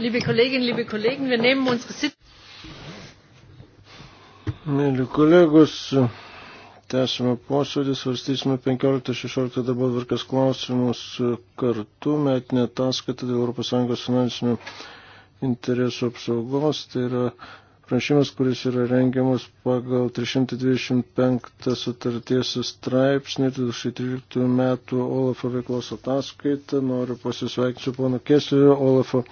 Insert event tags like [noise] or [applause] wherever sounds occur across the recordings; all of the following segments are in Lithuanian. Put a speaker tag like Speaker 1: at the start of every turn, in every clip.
Speaker 1: Liebe Kolleginnen, liebe Kollegen, wir nehmen unsere Sitzung.
Speaker 2: Mėly kolegos, tęsime posėdį, svarstysime 15-16 dabar varkas klausimus kartu, metinė ataskaita dėl ES finansinių interesų apsaugos, tai yra pranešimas, kuris yra rengiamas pagal 325 sutarties straipsnį 2013 metų Olafo veiklos ataskaitą. Noriu pasisveikti su ponu Kesliu, Olafo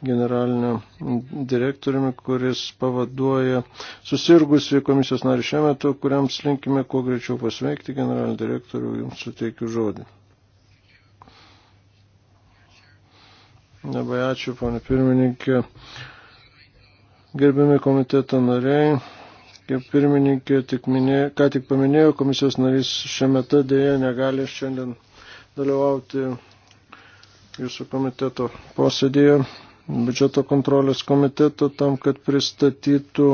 Speaker 2: generaliniu direktoriumi, kuris pavaduoja susirgusi komisijos narį šiuo metu, kuriams linkime kuo greičiau pasveikti. Generalinį direktorių jums suteikiu žodį. Labai ačiū, ponė pirmininkė. Gerbiami komiteto nariai, kaip pirmininkė tik minėjo, ką tik paminėjo, komisijos narys šiuo metu dėja negali šiandien dalyvauti jūsų komiteto posėdėje, biudžeto kontrolės komiteto, tam, kad pristatytų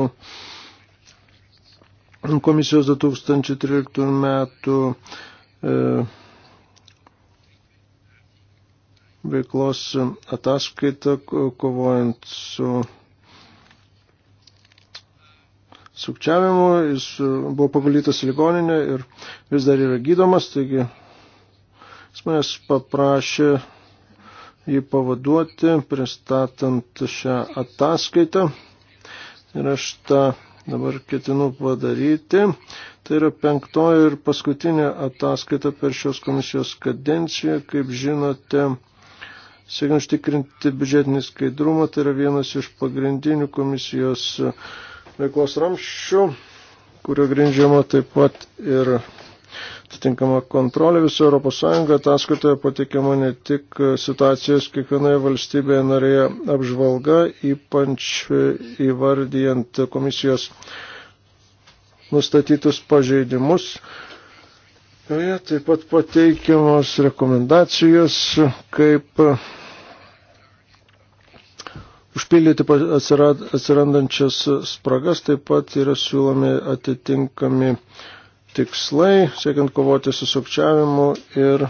Speaker 2: komisijos 2013 metų e, veiklos ataskaitą, kovojant su sukčiavimu, jis e, buvo paguldytas į ligoninę ir vis dar yra gydomas, taigi jis manęs paprašė jį pavaduoti, pristatant šią ataskaitą ir aš tą dabar ketinu padaryti. Tai yra penktoji ir paskutinė ataskaita per šios komisijos kadenciją. Kaip žinote, siekiant užtikrinti biudžetinį skaidrumą, tai yra vienas iš pagrindinių komisijos veiklos ramščių, kurio grindžiama taip pat ir atitinkama kontrolė viso Europos Sąjunga, ataskaitoje patikiama ne tik situacijos kiekvienoje valstybėje narėje apžvalga, ypač įvardyjant komisijos nustatytus pažeidimus. Joje taip pat pateikiamos rekomendacijos, kaip užpildyti atsirad, atsirandančias spragas, taip pat yra siūlomi atitinkami tikslai, siekiant kovoti su sukčiavimu ir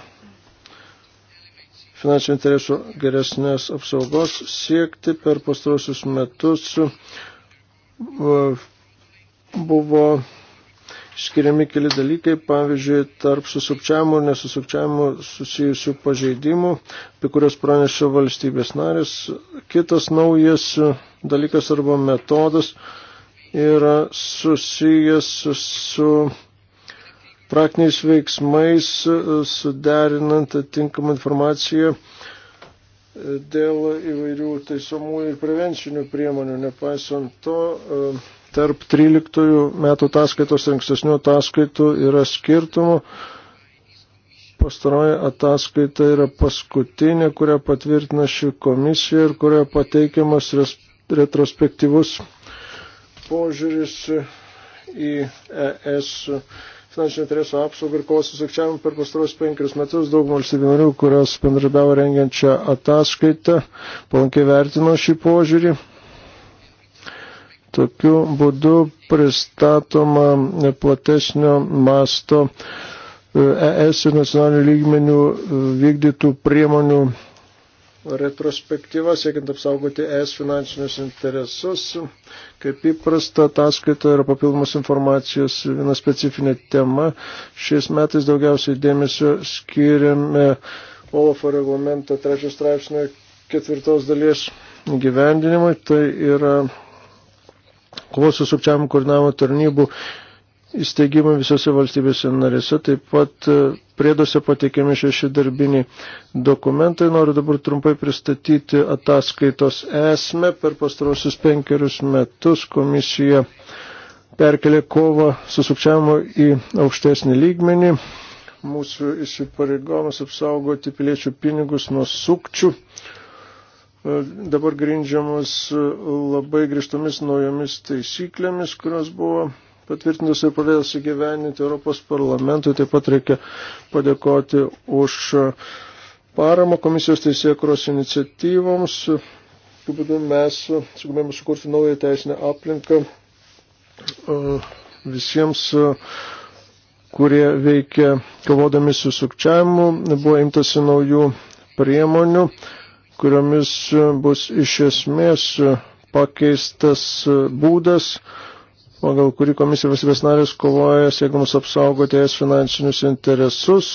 Speaker 2: finansinių interesų geresnės apsaugos siekti per pastarosius metus buvo skiriami keli dalykai, pavyzdžiui, tarp susukčiavimo ir nesusukčiavimo susijusių pažeidimų, apie kurios praneša valstybės narės. Kitas naujas dalykas arba metodas yra susijęs su praktiniais veiksmais, suderinant atitinkamą informaciją dėl įvairių taisomųjų ir prevencinių priemonių. Nepaisant to, tarp 13 metų ataskaitos ir ankstesnių ataskaitų yra skirtumų. Pastaroji ataskaita yra paskutinė, kurią patvirtina ši komisija ir kurioje pateikiamas retrospektyvus požiūris į ES finansinio interesų apsaugą ir kovos su sukčiavimu per pastaros penkerius metus daug valstybių narių, kurios bendradarbiavo rengiančią ataskaitą, palankiai vertino šį požiūrį. Tokiu būdu pristatoma platesnio masto ES e ir nacionalinių lygmenių vykdytų priemonių retrospektyva, siekiant apsaugoti ES finansinius interesus. Kaip įprasta, ataskaita yra papildomos informacijos viena specifinė tema. Šiais metais daugiausiai dėmesio skiriame OLAFO reglamento trečios straipsnio ketvirtos dalies gyvendinimui. Tai yra kovos su sukčiavimu koordinavimo tarnybų įsteigimą visose valstybėse narėse, taip pat e, prieduose pateikiami šeši darbiniai dokumentai. Noriu dabar trumpai pristatyti ataskaitos esmę. Per pastarosius penkerius metus komisija perkelė kovą su sukčiavimu į aukštesnį lygmenį. Mūsų įsipareigomas apsaugoti piliečių pinigus nuo sukčių E, dabar grindžiamas e, labai grįžtomis naujomis taisyklėmis, kurios buvo patvirtintos ir pradėtos įgyveninti Europos parlamentui. Taip pat reikia padėkoti už e, paramą komisijos teisėkuros iniciatyvoms. Tokiu būdu mes sugebėjome sukurti naują teisinę aplinką visiems kurie veikia kovodami su sukčiavimu, buvo imtasi naujų priemonių, kuriomis bus iš esmės pakeistas būdas, pagal kurį komisija valstybės narės kovoja siekdamas apsaugoti es finansinius interesus.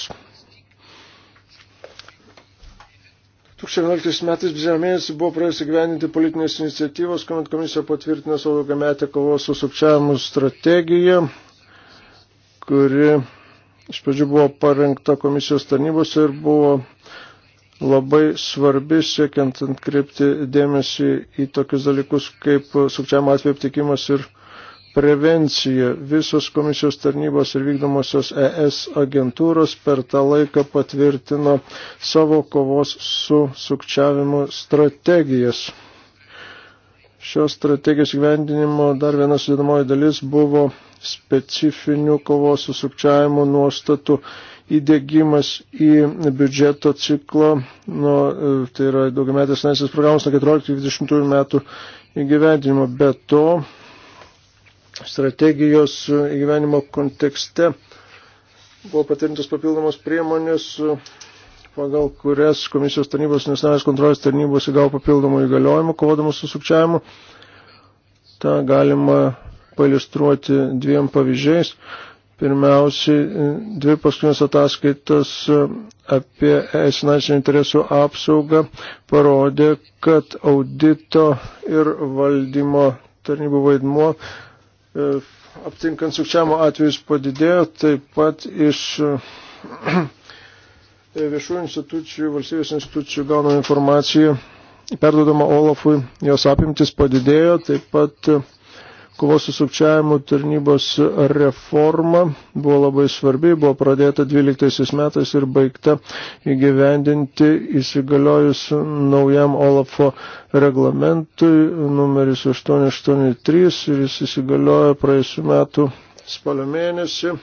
Speaker 2: 2011 metais birželio mėnesį buvo pradėjusi gyveninti politinės iniciatyvos, kuomet komisija patvirtino savo ilgametę kovos su sukčiavimu strategiją, kuri iš pradžių buvo parengta komisijos tarnybos ir buvo labai svarbi, siekiant atkreipti dėmesį į tokius dalykus kaip sukčiavimo atveju aptikimas ir prevencija. Visos komisijos tarnybos ir vykdomosios ES agentūros per tą laiką patvirtino savo kovos su sukčiavimu strategijas. Šios strategijos gyvendinimo dar viena sudėdamoji dalis buvo specifinių kovos su sukčiavimu nuostatų įdėgymas į biudžeto ciklo, nu, e, tai yra daugiametės finansinės programos nuo 14-20 metų įgyvendinimo. Be to, strategijos įgyvenimo kontekste buvo patvirtintos papildomos priemonės, pagal kurias komisijos tarnybos nesinavės kontrolės tarnybos įgavo papildomų įgaliojimų kovodamas su sukčiavimu. Ta galima pailustruoti dviem pavyzdžiais. Pirmiausiai, e, dvi paskutinės ataskaitos e, apie esinačinių interesų apsaugą parodė, kad audito ir valdymo tarnybų vaidmuo e, aptinkant sukčiamo atvejus padidėjo, taip pat iš viešų institucijų, valstybės institucijų gaunama informacija, perdodama Olafui, jos apimtis padidėjo, taip pat kovos su sukčiavimu tarnybos reforma buvo labai svarbi, buvo pradėta 12 metais ir baigta įgyvendinti įsigaliojus naujam Olafo reglamentui numeris 883 ir jis įsigaliojo praėjusiu metu spalio mėnesį.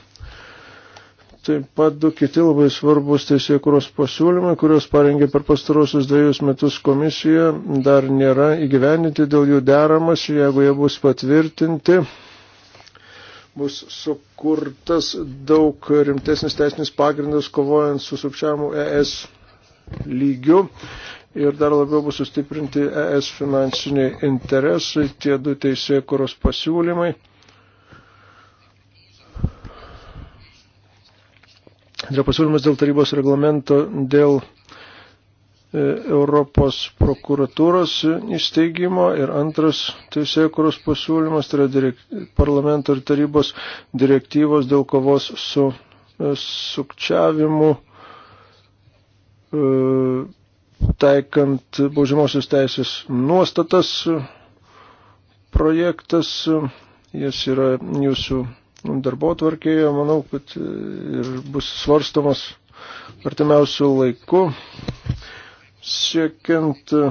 Speaker 2: Taip pat du kiti labai svarbus teisėkuros pasiūlymai, kuriuos parengė per pastarosius dviejus metus komisija, dar nėra įgyveninti dėl jų deramas, jeigu jie bus patvirtinti bus sukurtas daug rimtesnis teisinis pagrindas kovojant su sukčiavimu ES lygiu ir dar labiau bus sustiprinti ES finansiniai interesai, tie du teisėkuros pasiūlymai Yra pasiūlymas dėl tarybos reglamento dėl e, Europos prokuratūros įsteigimo ir antras teisėkuros pasiūlymas, tai yra direkt, parlamento ir tarybos direktyvos dėl kovos su e, sukčiavimu, e, taikant baudžiamosios teisės nuostatas projektas, jis yra jūsų darbo tvarkėje, manau, kad e, ir bus svarstamas artimiausių laikų, siekiant e,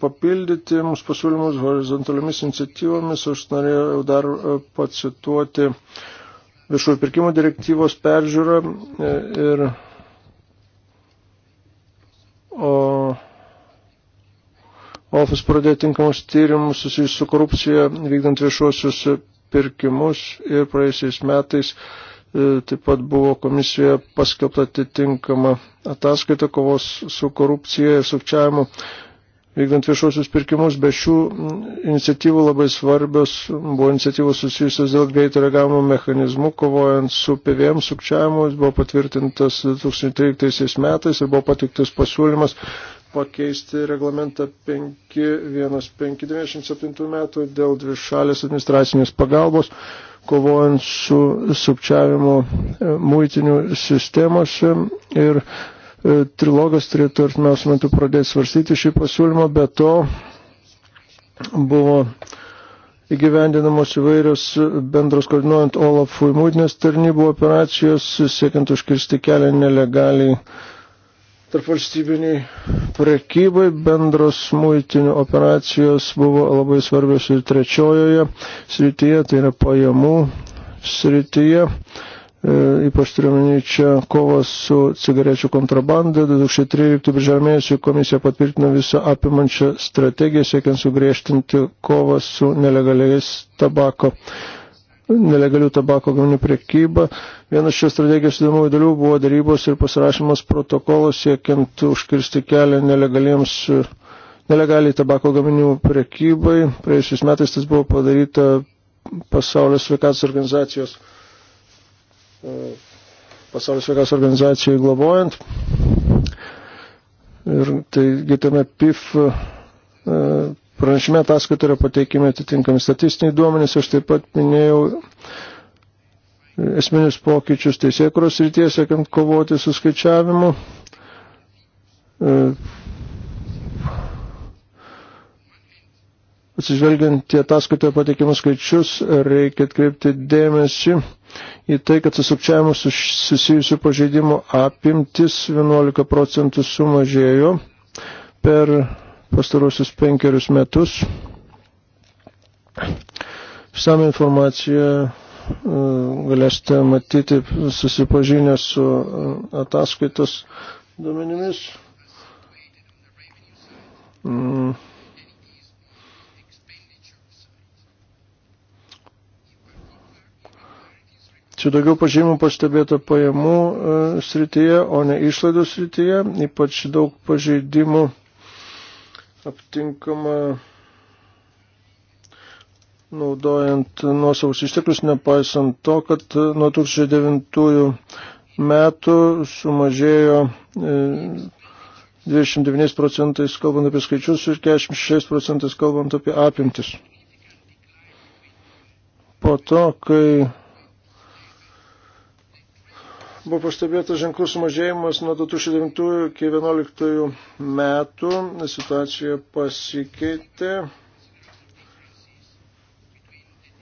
Speaker 2: papildyti mums pasiūlymus horizontaliomis iniciatyvomis. Aš norėjau dar e, pacituoti viešųjų pirkimų direktyvos peržiūrą ir o OFIS pradėjo tinkamus tyrimus susijusius su korupcija vykdant viešuosius pirkimus ir praėjusiais metais e, taip pat buvo komisijoje paskelbta atitinkama ataskaita kovos su korupcija ir sukčiavimu vykdant viešuosius pirkimus, be šių iniciatyvų labai svarbios buvo iniciatyvos susijusios dėl greito reagavimo mechanizmų, kovojant su PVM sukčiavimu, jis buvo patvirtintas 2013 metais ir buvo patiktas pasiūlymas pakeisti reglamentą 5.1.5.97 metų dėl dvišalės administracinės pagalbos, kovojant su sukčiavimu e, muitinių sistemose ir e, trilogas turėtų artimiausiu metu pradėti svarstyti šį pasiūlymą, bet to buvo įgyvendinamos įvairios bendros koordinuojant Olafui mūdinės tarnybų operacijos, siekiant užkirsti kelią nelegaliai tarpvalstybiniai prekybai bendros muitinių operacijos buvo labai svarbios ir trečiojoje srityje, tai yra pajamų srityje. E, ypač turiuomenį čia kovas su cigarečių kontrabanda. 2013 birželio mėnesį komisija patvirtino visą apimančią strategiją siekiant sugriežtinti kovą su nelegaliais tabako nelegalių tabako gaminių priekybą. Vienas šios strategijos įdomų dalių buvo darybos ir pasirašymas protokolos siekiant užkirsti kelią nelegaliems nelegaliai tabako gaminių prekybai. Praėjusiais metais tas buvo padaryta pasaulio sveikatos organizacijos e, pasaulio sveikatos organizacijai globojant. Ir taigi tame PIF e, Pranešime ataskaitoje yra pateikimi atitinkami statistiniai duomenys, aš taip pat minėjau esminius pokyčius teisėkuros rytie, sėkiant kovoti su skaičiavimu. E, Atsižvelgiant į ataskaitoje pateikimus skaičius, reikia atkreipti dėmesį į tai, kad susukčiavimų susijusių pažeidimų apimtis 11 procentų sumažėjo per pastarosius penkerius metus. Samą informaciją e, galėsite matyti susipažinę su e, ataskaitos duomenimis. Mm. Čia daugiau pažymų pastebėta pajamų e, srityje, o ne išlaidų srityje, ypač daug pažeidimų aptinkama naudojant nuosavus išteklius, nepaisant to, kad nuo 2009 metų sumažėjo 29 e, procentais kalbant apie skaičius ir 46 procentais kalbant apie apimtis. Po to, kai Buvo pastebėta ženklus sumažėjimas nuo 2009 iki 2011 metų. Situacija pasikeitė.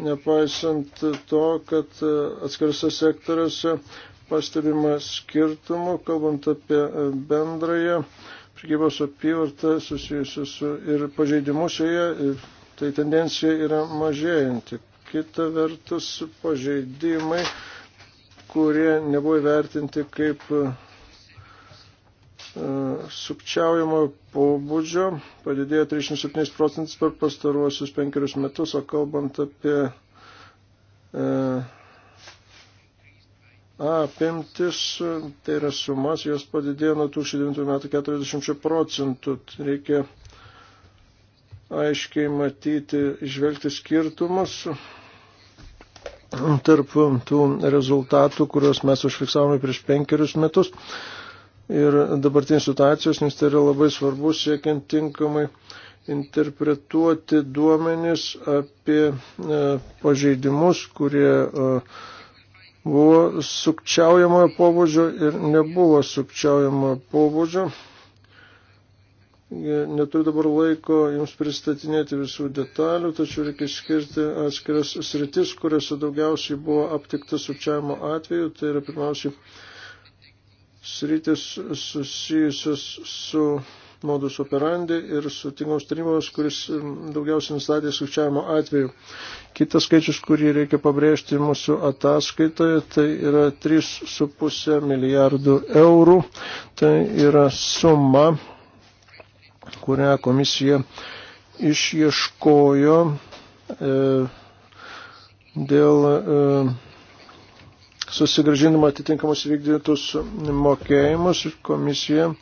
Speaker 2: Nepaisant to, kad atskirose sektoriuose pastebima skirtumų, kalbant apie bendrąją prekybos apyvartą susijusius su ir pažeidimus joje, tai tendencija yra mažėjanti. Kita vertus, pažeidimai kurie nebuvo įvertinti kaip e, sukčiaujamo pobūdžio padidėjo 37 procentus per pastaruosius penkerius metus, o kalbant apie e, apimtis, tai yra sumas, jos padidėjo nuo 2009 metų 40 procentų. Reikia aiškiai matyti, žvelgti skirtumus tarp tų rezultatų, kuriuos mes užfiksavome prieš penkerius metus. Ir dabartinės situacijos ministerija tai labai svarbus siekiant tinkamai interpretuoti duomenis apie e, pažeidimus, kurie e, buvo sukčiaujamojo pobūdžio ir nebuvo sukčiaujamojo pobūdžio. Neturiu dabar laiko jums pristatinėti visų detalių, tačiau reikia skirti atskiras sritis, kuriuose daugiausiai buvo aptikta sučiavimo atveju. Tai yra pirmiausiai sritis susijusios su modus operandi ir su tinkamos tarnybos, kuris daugiausiai nustatė sučiavimo atveju. Kitas skaičius, kurį reikia pabrėžti mūsų ataskaitoje, tai yra 3,5 milijardų eurų. Tai yra suma kurią komisija išieškojo e, dėl e, susigražinimo atitinkamus vykdytus mokėjimus. Komisija e,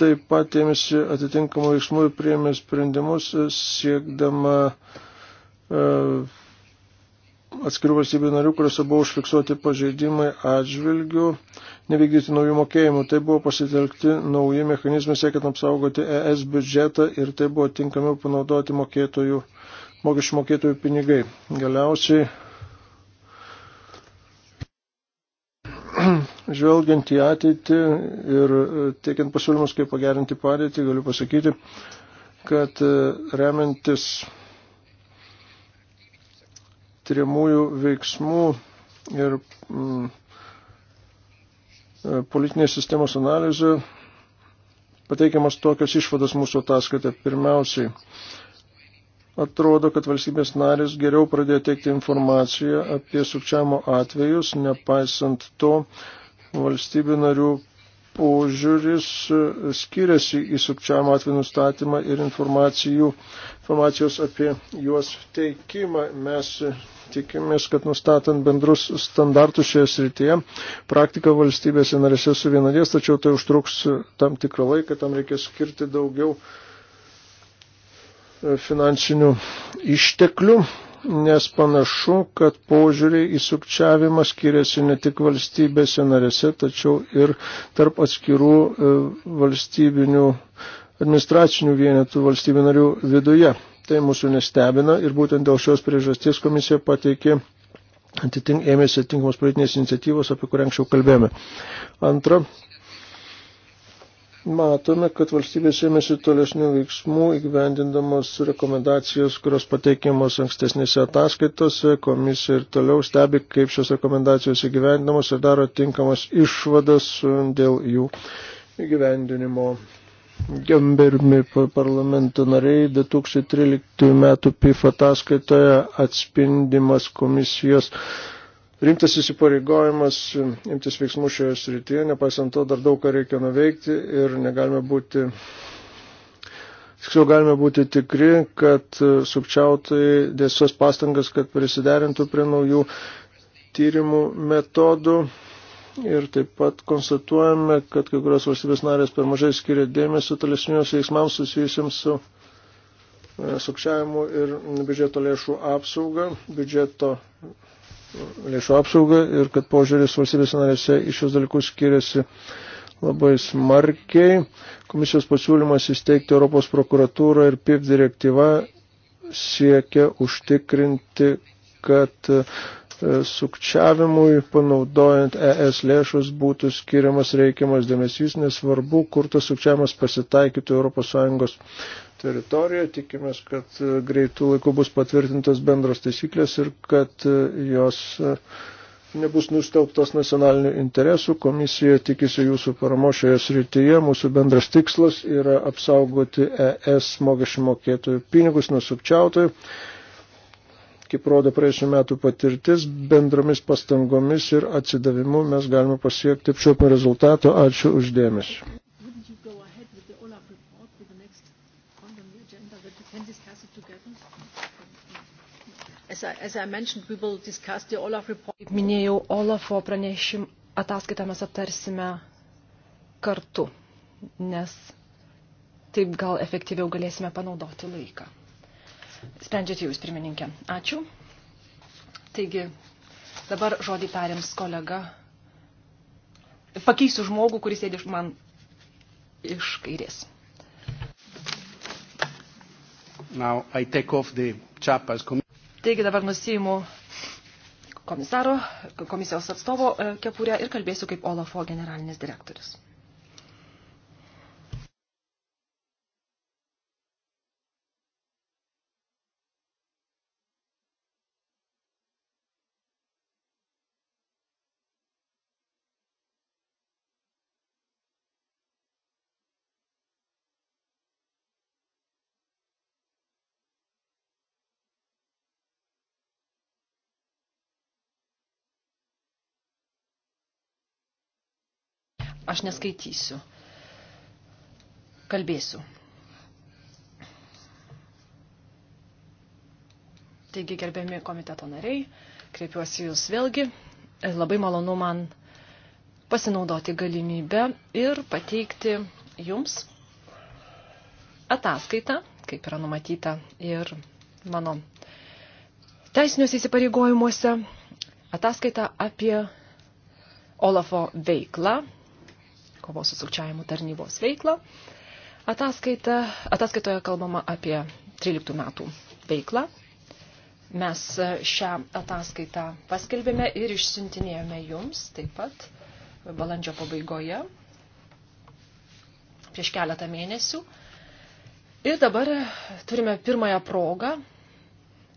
Speaker 2: taip pat ėmėsi atitinkamų veiksmų ir priėmė sprendimus e, siekdama e, atskirų valstybių narių, kuriuose buvo užfiksuoti pažeidimai atžvilgių, nevykdyti naujų mokėjimų. Tai buvo pasitelkti nauji mechanizmai siekiant apsaugoti ES biudžetą ir tai buvo tinkamiau panaudoti mokėtojų, mokesčių mokėtojų pinigai. Galiausiai, [clears throat] žvelgiant į ateitį ir e, teikiant pasiūlymus, kaip pagerinti padėtį, galiu pasakyti, kad e, remiantis tyriamųjų veiksmų ir mm, e, politinės sistemos analizė pateikiamas tokios išvados mūsų ataskaita. Pirmiausiai, atrodo, kad valstybės narės geriau pradėjo teikti informaciją apie sukčiamo atvejus, nepaisant to valstybių narių požiūris e, skiriasi į sukčiavimo atvejų nustatymą ir informacijos apie juos teikimą. Mes tikimės, kad nustatant bendrus standartus šioje srityje, praktika valstybėse narėse suvienodės, tačiau tai užtruks tam tikrą laiką, tam reikės skirti daugiau e, finansinių išteklių nes panašu, kad požiūriai į sukčiavimą skiriasi ne tik valstybėse narėse, tačiau ir tarp atskirų e, valstybinių administracinių vienetų valstybių narių viduje. Tai mūsų nestebina ir būtent dėl šios priežasties komisija pateikė atitink, ėmėsi atitinkamos politinės iniciatyvos, apie kurią anksčiau kalbėjome. Antra, matome, kad valstybės ėmėsi tolesnių veiksmų įgyvendindamos rekomendacijos, kurios pateikiamos ankstesnėse ataskaitose. Komisija ir toliau stebi, kaip šios rekomendacijos įgyvendinamos ir daro tinkamas išvadas dėl jų įgyvendinimo. Gembermi parlamento nariai 2013 metų PIF ataskaitoje atspindimas komisijos rimtas įsipareigojimas imtis veiksmų šioje srityje, nepaisant to dar daug ką reikia nuveikti ir negalime būti, tiksliau galime būti tikri, kad sukčiautojai dėsios pastangas, kad prisiderintų prie naujų tyrimų metodų. Ir taip pat konstatuojame, kad kai kurios valstybės narės per mažai skiria dėmesio tolesnius veiksmams susijusiams su e, sukčiavimu ir biudžeto lėšų apsauga. Biudžeto lėšų apsaugą ir kad požiūris valstybės narėse iš šios dalykus skiriasi labai smarkiai. Komisijos pasiūlymas įsteigti Europos prokuratūrą ir PIP direktyva siekia užtikrinti, kad e, sukčiavimui panaudojant ES lėšus būtų skiriamas reikiamas dėmesys, nesvarbu, kur tas sukčiavimas pasitaikytų ES teritorijoje. Tikimės, kad e, greitų laikų bus patvirtintos bendros taisyklės ir kad e, jos e, nebus nustauptos nacionalinių interesų. Komisija tikisi jūsų paramo šioje srityje. Mūsų bendras tikslas yra apsaugoti ES mokesčių mokėtojų pinigus nuo sukčiautojų. Kaip rodo praėjusiu metu patirtis, bendromis pastangomis ir atsidavimu mes galime pasiekti apčiopą rezultato. Ačiū uždėmesi.
Speaker 1: Kaip minėjau, Olafo pranešim ataskaitą mes aptarsime kartu, nes taip gal efektyviau galėsime panaudoti laiką. Sprendžiate jūs, pirmininkė. Ačiū. Taigi, dabar žodį perims kolega. Pakeisiu žmogų, kuris sėdi man iš kairės.
Speaker 3: Now I take off the chapas.
Speaker 1: Taigi dabar nusijimu komisaro, komisijos atstovo e, kepurę ir kalbėsiu kaip Olafo generalinis direktorius. Aš neskaitysiu. Kalbėsiu. Taigi, gerbiami komiteto nariai, kreipiuosi jūs vėlgi. Labai malonu man pasinaudoti galimybę ir pateikti jums ataskaitą, kaip yra numatyta ir mano teisiniuose įsipareigojimuose, ataskaitą apie Olafo veiklą kovos su sukčiavimu tarnybos veiklą. Ataskaita, ataskaitoje kalbama apie 13 metų veiklą. Mes šią ataskaitą paskelbėme ir išsiuntinėjome jums taip pat balandžio pabaigoje, prieš keletą mėnesių. Ir dabar turime pirmąją progą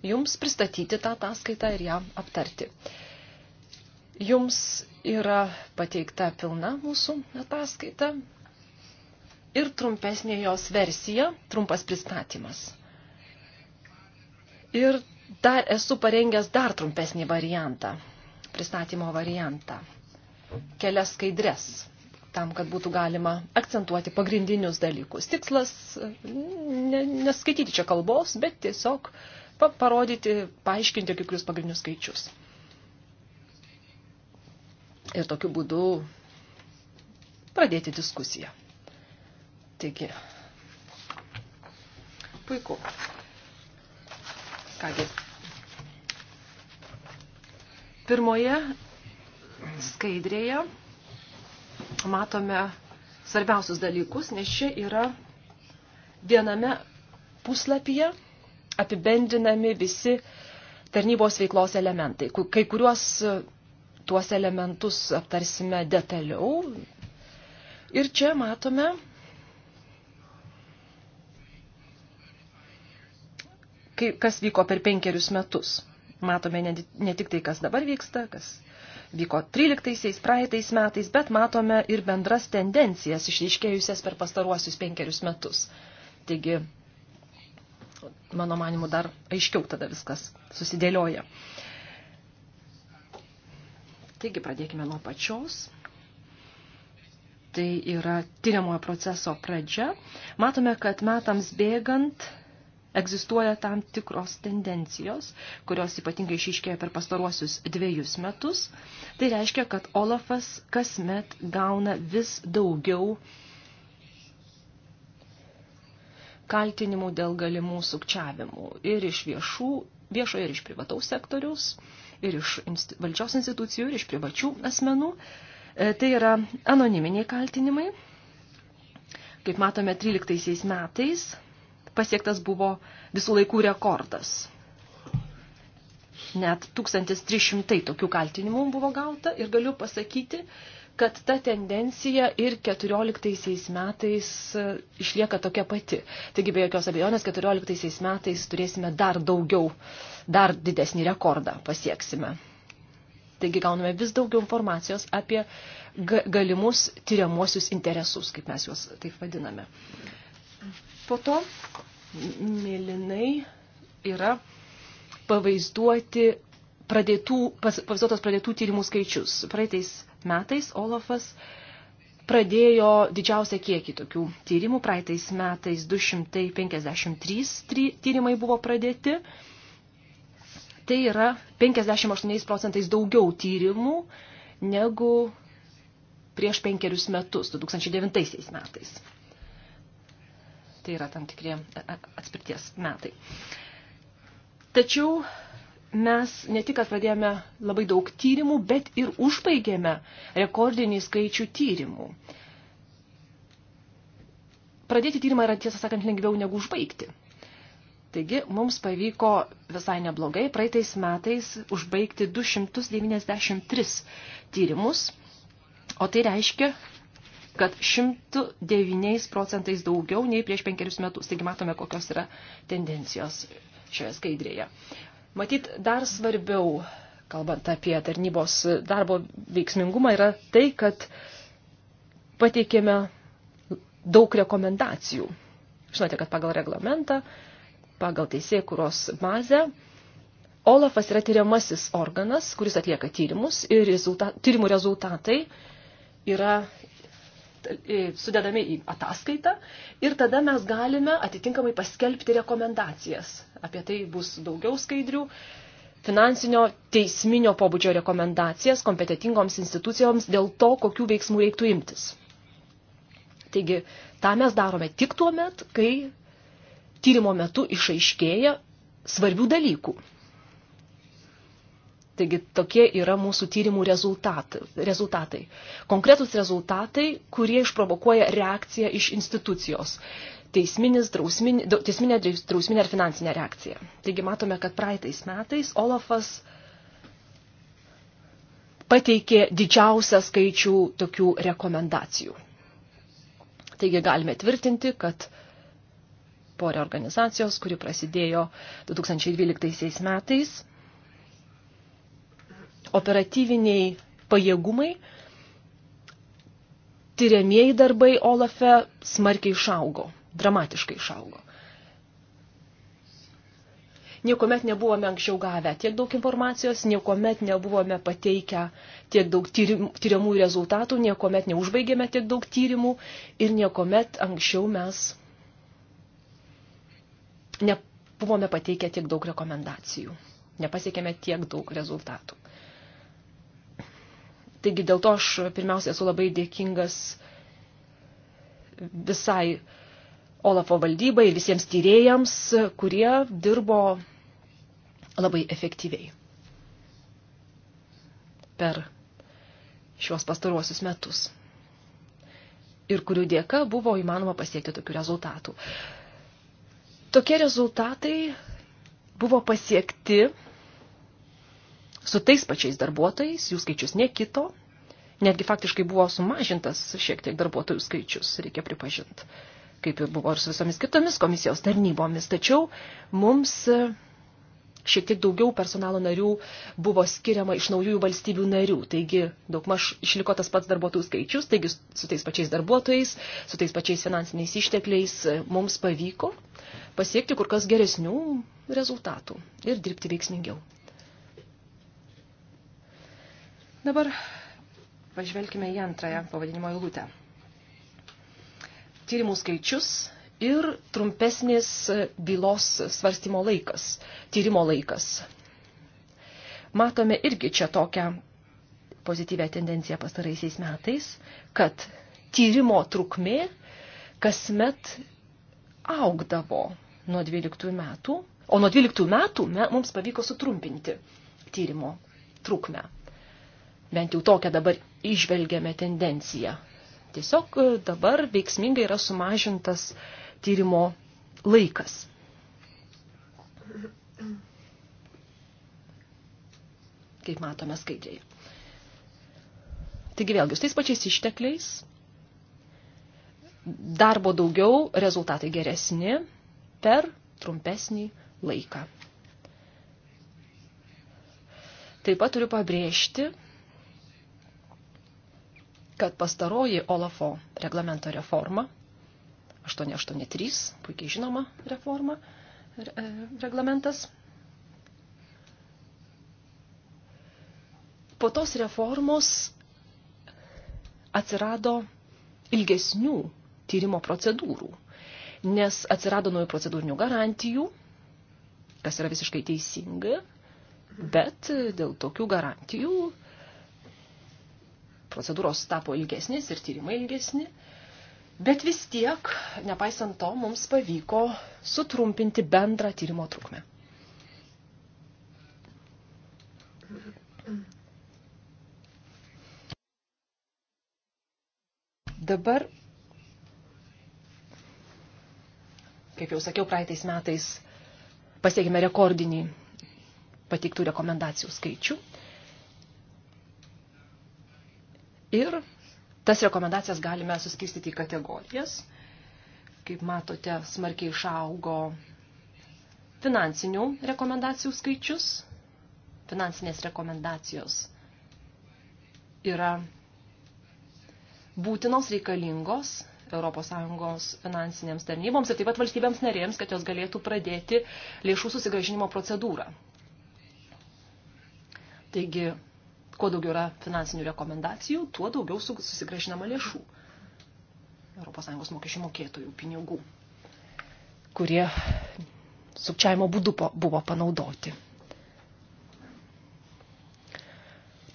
Speaker 1: jums pristatyti tą ataskaitą ir ją aptarti. Jums yra pateikta pilna mūsų ataskaita ir trumpesnė jos versija, trumpas pristatymas. Ir dar esu parengęs dar trumpesnį variantą, pristatymo variantą, kelias skaidres, tam, kad būtų galima akcentuoti pagrindinius dalykus. Tikslas ne, neskaityti čia kalbos, bet tiesiog parodyti, paaiškinti kiekvienus pagrindinius skaičius ir tokiu būdu pradėti diskusiją. Taigi, puiku. Kągi, pirmoje skaidrėje matome svarbiausius dalykus, nes čia yra viename puslapyje apibendinami visi tarnybos veiklos elementai. Kai kuriuos tuos elementus aptarsime detaliau. Ir čia matome kas vyko per penkerius metus. Matome ne, ne tik tai, kas dabar vyksta, kas vyko 13-aisiais, praeitais metais, bet matome ir bendras tendencijas išryškėjusias per pastaruosius penkerius metus. Taigi, mano manimu, dar aiškiau tada viskas susidėlioja. Uh, Taigi pradėkime nuo pačios. Tai yra tyriamojo proceso pradžia. Matome, kad metams bėgant egzistuoja tam tikros tendencijos, kurios ypatingai išiškėjo per pastaruosius dviejus metus. Tai reiškia, kad Olafas kasmet gauna vis daugiau kaltinimų dėl galimų sukčiavimų ir iš viešų, viešo ir iš privataus sektoriaus ir iš valdžios institucijų, ir iš privačių asmenų. E, tai yra anoniminiai kaltinimai. Kaip matome, 13 metais pasiektas buvo visų laikų rekordas. Net 1300 tokių kaltinimų buvo gauta ir galiu pasakyti, kad ta tendencija ir 14 metais e, išlieka tokia pati. Taigi be jokios abejonės 14 metais turėsime dar daugiau, dar didesnį rekordą pasieksime. Taigi gauname vis daugiau informacijos apie galimus tyriamuosius interesus, kaip mes juos taip vadiname. Po to mėlynai yra pavaizduoti pradėtų, pavaizduotos pradėtų tyrimų skaičius. Praeitais metais Olafas pradėjo didžiausią kiekį tokių tyrimų. Praeitais metais 253 tyrimai buvo pradėti. Tai yra 58 procentais daugiau tyrimų negu prieš penkerius metus, 2009 metais. Tai yra tam tikrie atspirties metai. Tačiau mes ne tik, kad pradėjome labai daug tyrimų, bet ir užbaigėme rekordinį skaičių tyrimų. Pradėti tyrimą yra, tiesą sakant, lengviau negu užbaigti. Taigi, mums pavyko visai neblogai praeitais metais užbaigti 293 tyrimus, o tai reiškia, kad 109 procentais daugiau nei prieš penkerius metus. Taigi matome, kokios yra tendencijos šioje skaidrėje. Matyt, dar svarbiau, kalbant apie tarnybos darbo veiksmingumą, yra tai, kad pateikėme daug rekomendacijų. Žinote, kad pagal reglamentą, pagal teisėkuros bazę, Olafas yra tyriamasis organas, kuris atlieka tyrimus ir rezultat, tyrimų rezultatai yra e, sudedami į ataskaitą ir tada mes galime atitinkamai paskelbti rekomendacijas apie tai bus daugiau skaidrių, finansinio teisminio pobūdžio rekomendacijas kompetitingoms institucijoms dėl to, kokių veiksmų reiktų imtis. Taigi, tą mes darome tik tuo met, kai tyrimo metu išaiškėja svarbių dalykų. Taigi tokie yra mūsų tyrimų rezultatai. Konkretus rezultatai, kurie išprovokuoja reakciją iš institucijos teisminis, drausmin, teisminė, drausminė ar finansinė reakcija. Taigi matome, kad praeitais metais Olafas pateikė didžiausią skaičių tokių rekomendacijų. Taigi galime tvirtinti, kad po reorganizacijos, kuri prasidėjo 2012 metais, operatyviniai pajėgumai, tyriamieji darbai Olafe smarkiai išaugo dramatiškai išaugo. Niekuomet nebuvome anksčiau gavę tiek daug informacijos, niekuomet nebuvome pateikę tiek daug tyrimų rezultatų, niekuomet neužbaigėme tiek daug tyrimų ir niekuomet anksčiau mes nebuvome pateikę tiek daug rekomendacijų, nepasiekėme tiek daug rezultatų. Taigi dėl to aš pirmiausia esu labai dėkingas visai uh, Olafo valdybai, visiems tyrėjams, kurie dirbo labai efektyviai per šiuos pastaruosius metus ir kurių dėka buvo įmanoma pasiekti tokių rezultatų. Tokie rezultatai buvo pasiekti su tais pačiais darbuotojais, jų skaičius nekito, netgi faktiškai buvo sumažintas šiek tiek darbuotojų skaičius, reikia pripažinti kaip ir buvo ir su visomis kitomis komisijos tarnybomis. Tačiau mums e, šiek tiek daugiau personalo narių buvo skiriama iš naujųjų valstybių narių. Taigi daugmaž išliko tas pats darbuotojų skaičius, taigi su tais pačiais darbuotojais, su tais pačiais finansiniais ištekliais e, mums pavyko pasiekti kur kas geresnių rezultatų ir dirbti veiksmingiau. Dabar pažvelkime į antrąją pavadinimo eilutę tyrimų skaičius ir trumpesnis bylos svarstymo laikas, tyrimo laikas. Matome irgi čia tokią pozityvę tendenciją pastaraisiais metais, kad tyrimo trukmė kasmet augdavo nuo 12 metų, o nuo 12 metų me, mums pavyko sutrumpinti tyrimo trukmę. Bent jau tokią dabar išvelgiame tendenciją Tiesiog e, dabar veiksmingai yra sumažintas tyrimo laikas. Kaip matome skaidrėje. Taigi vėlgi, su tais pačiais ištekliais darbo daugiau, rezultatai geresni per trumpesnį laiką. Taip pat turiu pabrėžti, kad pastaroji Olafo reglamento reforma, 883, puikiai žinoma reforma, e, reglamentas, po tos reformos atsirado ilgesnių tyrimo procedūrų, nes atsirado naujų procedūrinių garantijų, kas yra visiškai teisinga, bet dėl tokių garantijų procedūros tapo ilgesnės ir tyrimai ilgesni. Bet vis tiek, nepaisant to, mums pavyko sutrumpinti bendrą tyrimo trukmę. Dabar, kaip jau sakiau, praeitais metais pasiekime rekordinį pateiktų rekomendacijų skaičių. Ir tas rekomendacijas galime suskirstyti į kategorijas. Kaip matote, smarkiai išaugo finansinių rekomendacijų skaičius. Finansinės rekomendacijos yra būtinos reikalingos ES finansinėms tarnyboms ir taip pat valstybėms narėms, kad jos galėtų pradėti lėšų susigražinimo procedūrą. Taigi kuo daugiau yra finansinių rekomendacijų, tuo daugiau susigražinama lėšų ES mokesčių mokėtojų pinigų, kurie sukčiavimo būdu buvo panaudoti.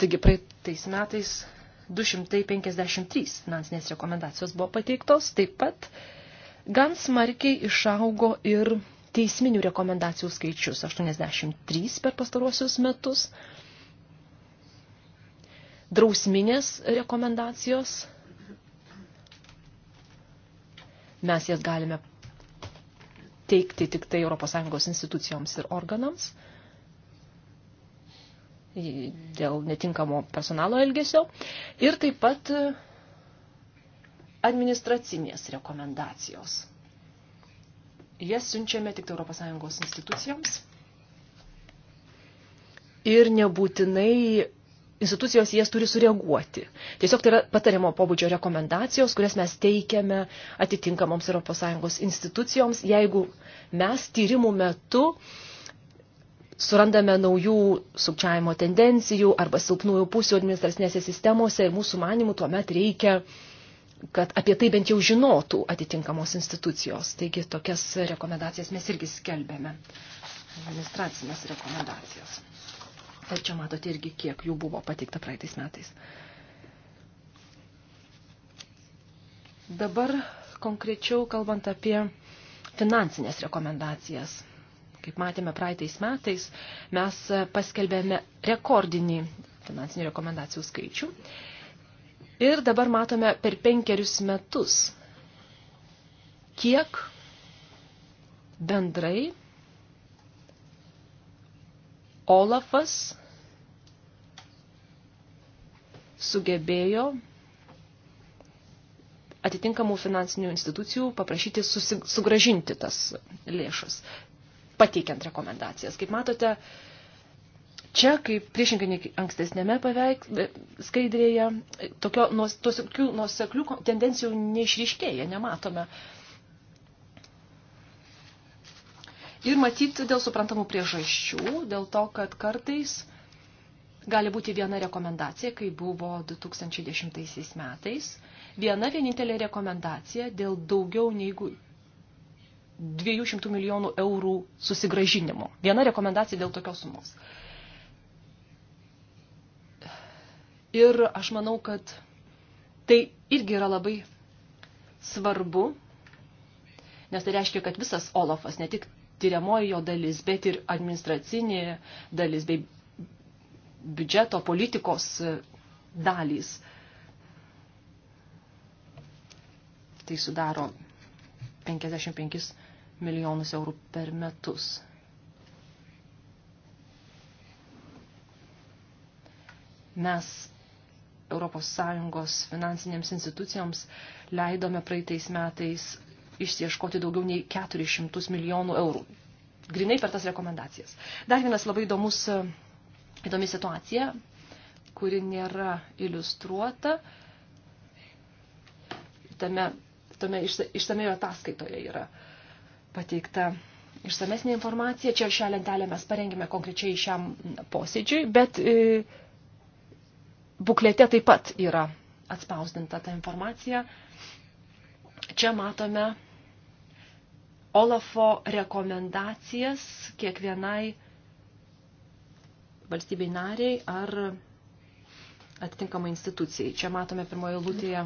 Speaker 1: Taigi praeitais metais 253 finansinės rekomendacijos buvo pateiktos, taip pat gan smarkiai išaugo ir teisminių rekomendacijų skaičius 83 per pastaruosius metus – drausminės rekomendacijos. Mes jas galime teikti tik tai ES institucijoms ir organams dėl netinkamo personalo elgesio ir taip pat e, administracinės rekomendacijos. Jas siunčiame tik tai ES institucijoms ir nebūtinai institucijos jas turi sureaguoti. Tiesiog tai yra patarimo pobūdžio rekomendacijos, kurias mes teikiame atitinkamoms ES institucijoms, jeigu mes tyrimų metu surandame naujų sukčiavimo tendencijų arba silpnųjų pusių administracinėse sistemose ir mūsų manimų tuomet reikia, kad apie tai bent jau žinotų atitinkamos institucijos. Taigi tokias rekomendacijas mes irgi skelbėme, administracinės rekomendacijas. Ir čia matote irgi, kiek jų buvo pateikta praeitais metais. Dabar konkrečiau kalbant apie finansinės rekomendacijas. Kaip matėme praeitais metais, mes paskelbėme rekordinį finansinių rekomendacijų skaičių. Ir dabar matome per penkerius metus, kiek bendrai Olafas sugebėjo atitinkamų finansinių institucijų paprašyti susi, sugražinti tas lėšas, pateikiant rekomendacijas. Kaip matote, čia, kaip priešingai ankstesnėme paveik skaidrėje, tokio, nuos, tokių nuoseklių tendencijų neišryškėja, nematome. Ir matyti dėl suprantamų priežasčių, dėl to, kad kartais gali būti viena rekomendacija, kai buvo 2010 metais. Viena vienintelė rekomendacija dėl daugiau negu 200 milijonų eurų susigražinimo. Viena rekomendacija dėl tokios sumos. Ir aš manau, kad tai irgi yra labai svarbu, nes tai reiškia, kad visas Olafas, ne tik tyriamoji jo dalis, bet ir administracinė dalis bei biudžeto politikos dalys. Tai sudaro 55 milijonus eurų per metus. Mes ES finansinėms institucijoms leidome praeitais metais išieškoti daugiau nei 400 milijonų eurų. Grinai per tas rekomendacijas. Dar vienas labai įdomus įdomi situacija, kuri nėra iliustruota. Tame, tame išsamei ataskaitoje yra pateikta išsamesnė informacija. Čia šią lentelę mes parengėme konkrečiai šiam posėdžiui, bet e, buklete taip pat yra atspausdinta ta informacija. Čia matome Olafo rekomendacijas kiekvienai valstybei nariai ar atitinkamai institucijai. Čia matome pirmoje lūtėje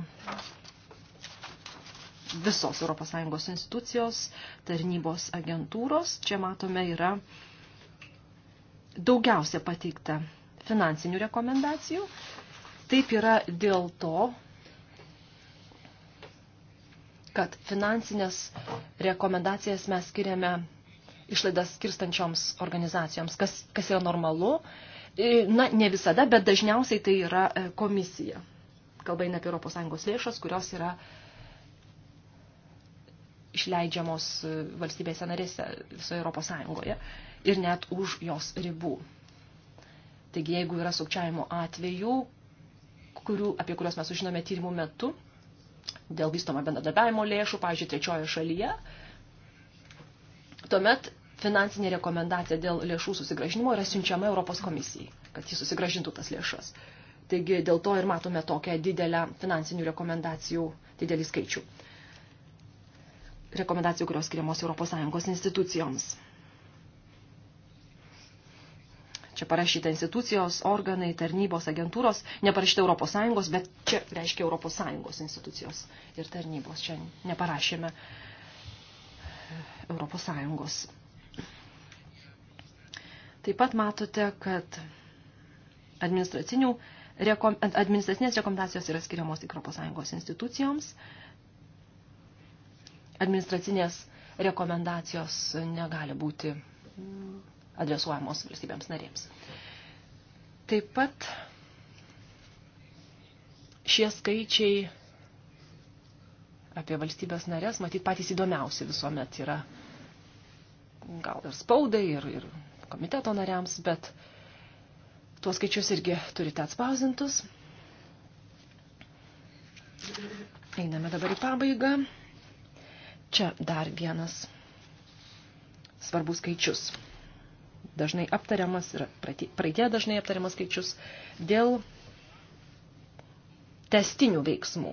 Speaker 1: visos ES institucijos, tarnybos agentūros. Čia matome yra daugiausia pateikta finansinių rekomendacijų. Taip yra dėl to, kad finansinės rekomendacijas mes skiriame išlaidas skirstančioms organizacijoms, kas, kas yra normalu. E, na, ne visada, bet dažniausiai tai yra e, komisija. Kalba eina apie ES lėšas, kurios yra išleidžiamos e, valstybėse narėse visoje ES ir net už jos ribų. Taigi, jeigu yra sukčiavimo atvejų, kurių, apie kuriuos mes sužinome tyrimų metu, dėl vystoma bendradarbiavimo lėšų, pavyzdžiui, trečiojo šalyje, tuomet finansinė rekomendacija dėl lėšų susigražinimo yra siunčiama Europos komisijai, kad jis susigražintų tas lėšas. Taigi dėl to ir matome tokią didelę finansinių rekomendacijų, didelį skaičių. Rekomendacijų, kurios skiriamos ES institucijoms. Čia parašyta institucijos, organai, tarnybos, agentūros, neparašyta ES, bet čia reiškia ES institucijos ir tarnybos. Čia neparašėme ES Taip pat matote, kad administracinių rekom, administracinės rekomendacijos yra skiriamos tik ES institucijoms. Administracinės rekomendacijos negali būti adresuojamos valstybėms narėms. Taip pat šie skaičiai apie valstybės narės, matyt, patys įdomiausi visuomet yra gal ir spaudai, ir, ir komiteto nariams, bet tuos skaičius irgi turite atspausintus. Einame dabar į pabaigą. Čia dar vienas svarbus skaičius. Dažnai aptariamas ir praeitie dažnai aptariamas skaičius dėl testinių veiksmų.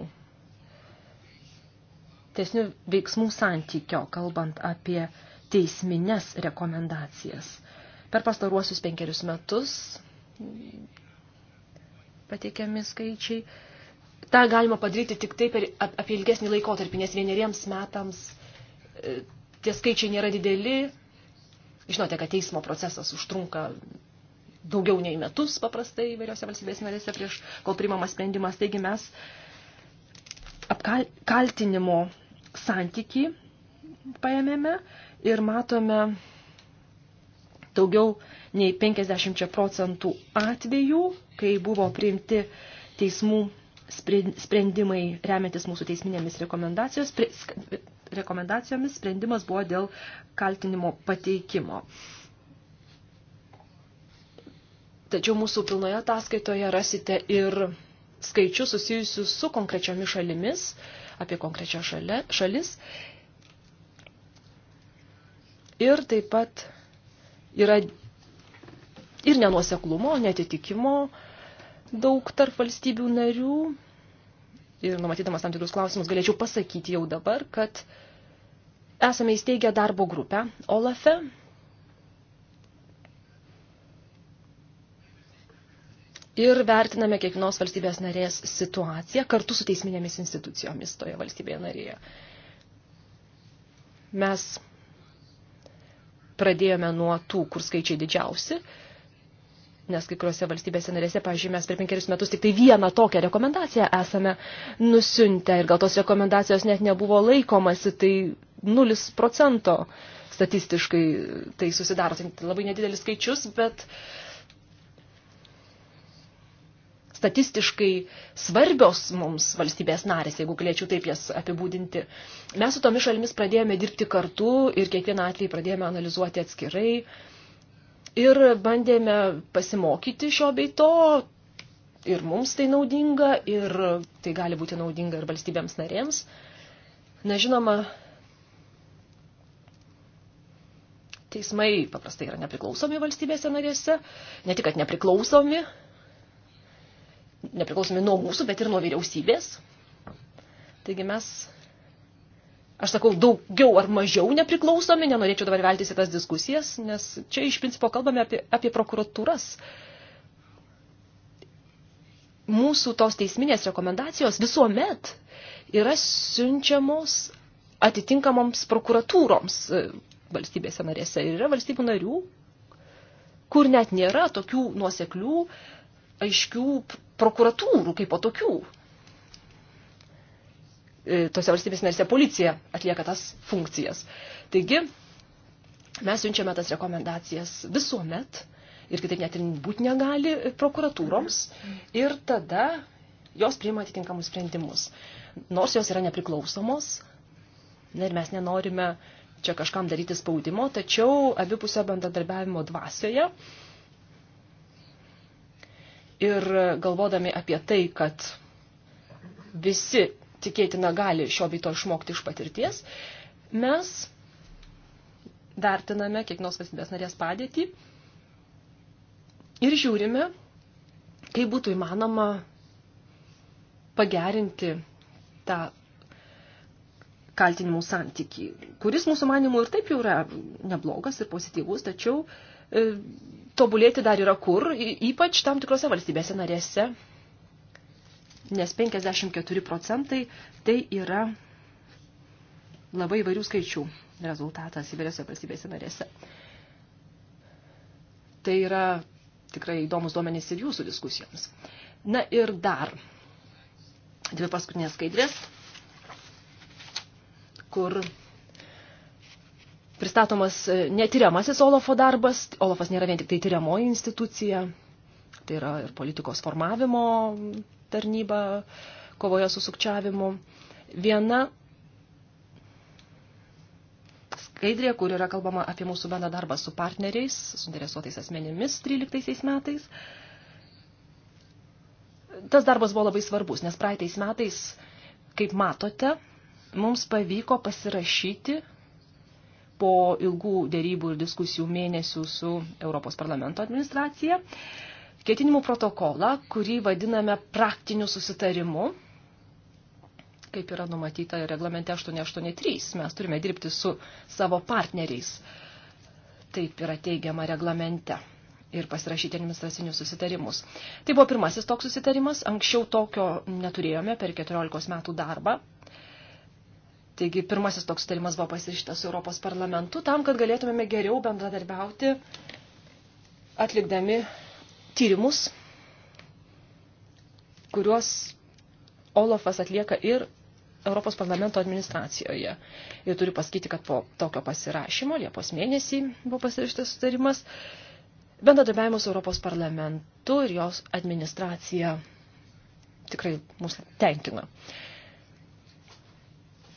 Speaker 1: Testinių veiksmų santykio, kalbant apie teisminės rekomendacijas. Per pastaruosius penkerius metus pateikiami skaičiai. Ta galima padaryti tik taip per, apie ilgesnį laikotarpį, nes vieneriems metams e, tie skaičiai nėra dideli. Žinote, kad teismo procesas užtrunka daugiau nei metus paprastai įvairiose valstybės narėse prieš, kol priimamas sprendimas. Taigi mes apkaltinimo santyki paėmėme ir matome daugiau nei 50 procentų atvejų, kai buvo priimti teismų sprendimai remiantis mūsų teisminėmis rekomendacijomis, sprendimas buvo dėl kaltinimo pateikimo. Tačiau mūsų pilnoje ataskaitoje rasite ir skaičius susijusius su konkrečiomis šalimis, apie konkrečią šalia, šalis. Ir taip pat yra ir nenuoseklumo, netitikimo daug tarp valstybių narių. Ir numatydamas tam tikrus klausimus galėčiau pasakyti jau dabar, kad esame įsteigę darbo grupę OLAFE. Ir vertiname kiekvienos valstybės narės situaciją kartu su teisminėmis institucijomis toje valstybėje narėje. Mes pradėjome nuo tų, kur skaičiai didžiausi, nes kai kuriuose valstybėse narėse, pažiūrėjau, mes per penkerius metus tik tai vieną tokią rekomendaciją esame nusiuntę ir gal tos rekomendacijos net nebuvo laikomasi, tai 0 procento statistiškai tai susidaro, tai labai nedidelis skaičius, bet uh, statistiškai svarbios mums valstybės narės, jeigu galėčiau taip jas apibūdinti. Mes su tomis šalimis pradėjome dirbti kartu ir kiekvieną atvejį pradėjome analizuoti atskirai ir bandėme pasimokyti šio bei to. Ir mums tai naudinga, ir tai gali būti naudinga ir valstybėms narėms. Na žinoma, teismai paprastai yra nepriklausomi valstybėse narėse, ne tik, kad nepriklausomi, nepriklausomi nuo mūsų, bet ir nuo vyriausybės. Taigi mes, aš sakau, daugiau ar mažiau nepriklausomi, nenorėčiau dabar veltis į tas diskusijas, nes čia iš principo kalbame apie, apie prokuratūras. Mūsų tos teisminės rekomendacijos visuomet yra siunčiamos atitinkamoms prokuratūroms e, valstybėse narėse. Ir yra valstybių narių, kur net nėra tokių nuoseklių, aiškių prokuratūrų kaip po tokių. E, tose valstybės narėse policija atlieka tas funkcijas. Taigi, mes siunčiame tas rekomendacijas visuomet ir kitaip net ir būti negali prokuratūroms ir tada jos priima atitinkamus sprendimus. Nors jos yra nepriklausomos, na ir mes nenorime čia kažkam daryti spaudimo, tačiau abipusio bendradarbiavimo dvasioje ir galvodami apie tai, kad visi tikėtina gali šio byto išmokti iš patirties, mes vertiname kiekvienos valstybės narės padėtį ir žiūrime, kaip būtų įmanoma pagerinti tą kaltinimų santyki, kuris mūsų manimų ir taip jau yra neblogas ir pozityvus, tačiau e, tobulėti dar yra kur, ypač tam tikrose valstybėse narėse, nes 54 procentai tai yra labai įvairių skaičių rezultatas įvairiose valstybėse narėse. Tai yra tikrai įdomus duomenys ir jūsų diskusijoms. Na ir dar dvi paskutinės skaidrės, kur pristatomas e, netyriamasis Olofo darbas. Olofas nėra vien tik tai tyriamoji institucija, tai yra ir politikos formavimo tarnyba kovoje su sukčiavimu. Viena skaidrė, kur yra kalbama apie mūsų bendrą darbą su partneriais, suinteresuotais asmenimis 13 metais. Tas darbas buvo labai svarbus, nes praeitais metais, kaip matote, mums pavyko pasirašyti po ilgų dėrybų ir diskusijų mėnesių su Europos parlamento administracija ketinimų protokolą, kurį vadiname praktiniu susitarimu, kaip yra numatyta reglamente 883. Mes turime dirbti su savo partneriais, taip yra teigiama reglamente, ir pasirašyti administracinius susitarimus. Tai buvo pirmasis toks susitarimas, anksčiau tokio neturėjome per 14 metų darbą Taigi pirmasis toks sutarimas buvo pasirašytas su Europos parlamentu tam, kad galėtumėme geriau bendradarbiauti atlikdami tyrimus, kuriuos Olafas atlieka ir Europos parlamento administracijoje. Ir turiu pasakyti, kad po tokio pasirašymo, Liepos mėnesį buvo pasirašytas sutarimas, bendradarbiavimas su Europos parlamentu ir jos administracija tikrai mus tenkina.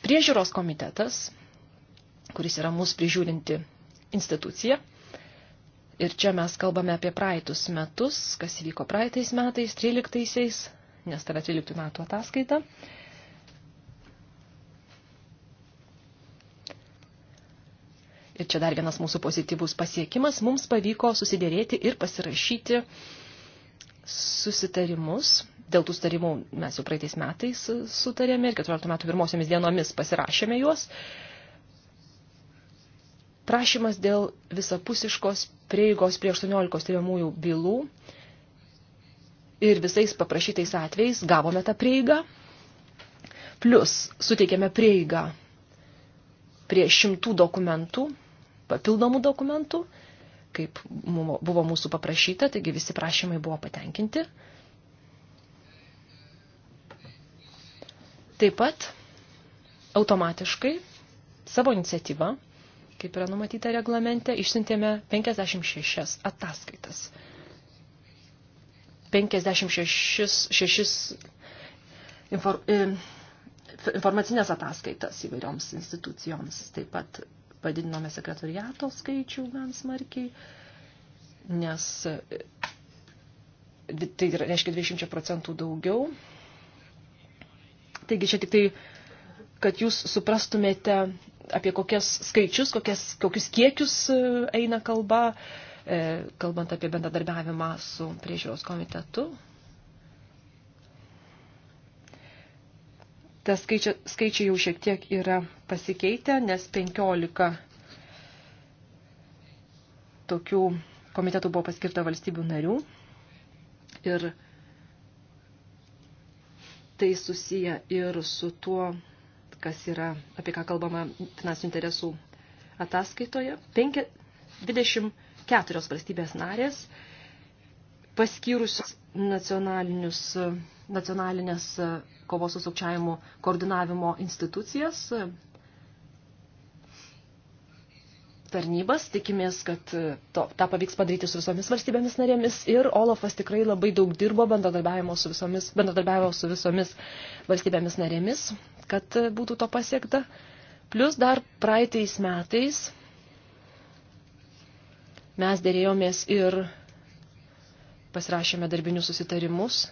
Speaker 1: Priežiūros komitetas, kuris yra mūsų prižiūrinti institucija, ir čia mes kalbame apie praeitus metus, kas įvyko praeitais metais, 13-aisiais, nes tai yra 13 metų ataskaita. Ir čia dar vienas mūsų pozityvus pasiekimas, mums pavyko susidėrėti ir pasirašyti uh, susitarimus. Dėl tų sutarimų mes jau praeitais metais sutarėme ir 14 metų pirmosiomis dienomis pasirašėme juos. Prašymas dėl visapusiškos prieigos prie 18 tyriamųjų bylų ir visais paprašytais atvejais gavome tą prieigą, plus suteikėme prieigą prie šimtų dokumentų, papildomų dokumentų, kaip buvo mūsų paprašyta, taigi visi prašymai buvo patenkinti. Taip pat automatiškai savo iniciatyvą, kaip yra numatyta reglamente, išsintėme 56 ataskaitas. 56 šešis, infor, e, informacinės ataskaitas įvairioms institucijoms, taip pat padidinome sekretariato skaičių gan smarkiai, nes e, tai reiškia 20 procentų daugiau. Taigi čia tik tai, kad jūs suprastumėte, apie kokias skaičius, kokias, kokius kiekius e, eina kalba, e, kalbant apie bendradarbiavimą su priežiūros komitetu tas skaičia, skaičiai jau šiek tiek yra pasikeitę, nes 15 tokių komitetų buvo paskirta valstybių narių ir tai susiję ir su tuo, kas yra, apie ką kalbama finansinių interesų ataskaitoje. 5, 24 valstybės narės paskyrusios nacionalinės kovos su sukčiavimu koordinavimo institucijas, tarnybas. Tikimės, kad to, tą pavyks padaryti su visomis valstybėmis narėmis ir Olafas tikrai labai daug dirbo bendradarbiavimo su visomis, bendradarbiavo su visomis valstybėmis narėmis, kad būtų to pasiekta. Plus dar praeitais metais mes dėrėjomės ir pasirašėme darbinius susitarimus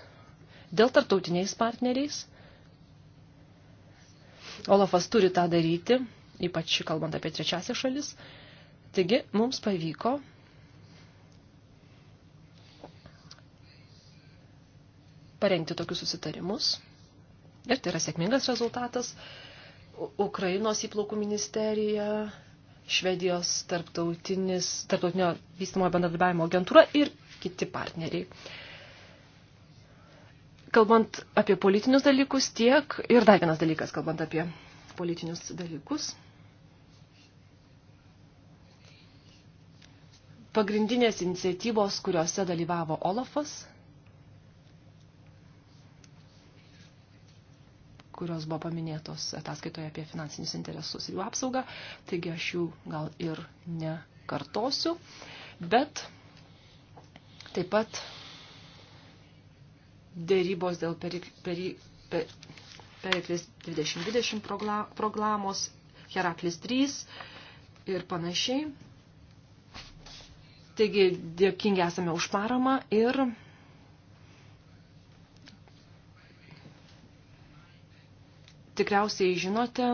Speaker 1: dėl tartautiniais partneriais. Olafas turi tą daryti, ypač kalbant apie trečiasią šalis. Taigi, mums pavyko parengti tokius susitarimus. Ir tai yra sėkmingas rezultatas. Ukrainos įplaukų ministerija, Švedijos tarptautinio vystimo bendradarbiavimo agentūra ir kiti partneriai. Kalbant apie politinius dalykus tiek, ir dar vienas dalykas, kalbant apie politinius dalykus. Pagrindinės iniciatyvos, kuriuose dalyvavo Olafas, kurios buvo paminėtos ataskaitoje apie finansinius interesus ir jų apsaugą, taigi aš jų gal ir nekartosiu, bet Taip pat dėrybos dėl Periklis 2020 programos, Heraklis 3 ir panašiai. Taigi dėkingi esame už paramą ir tikriausiai žinote,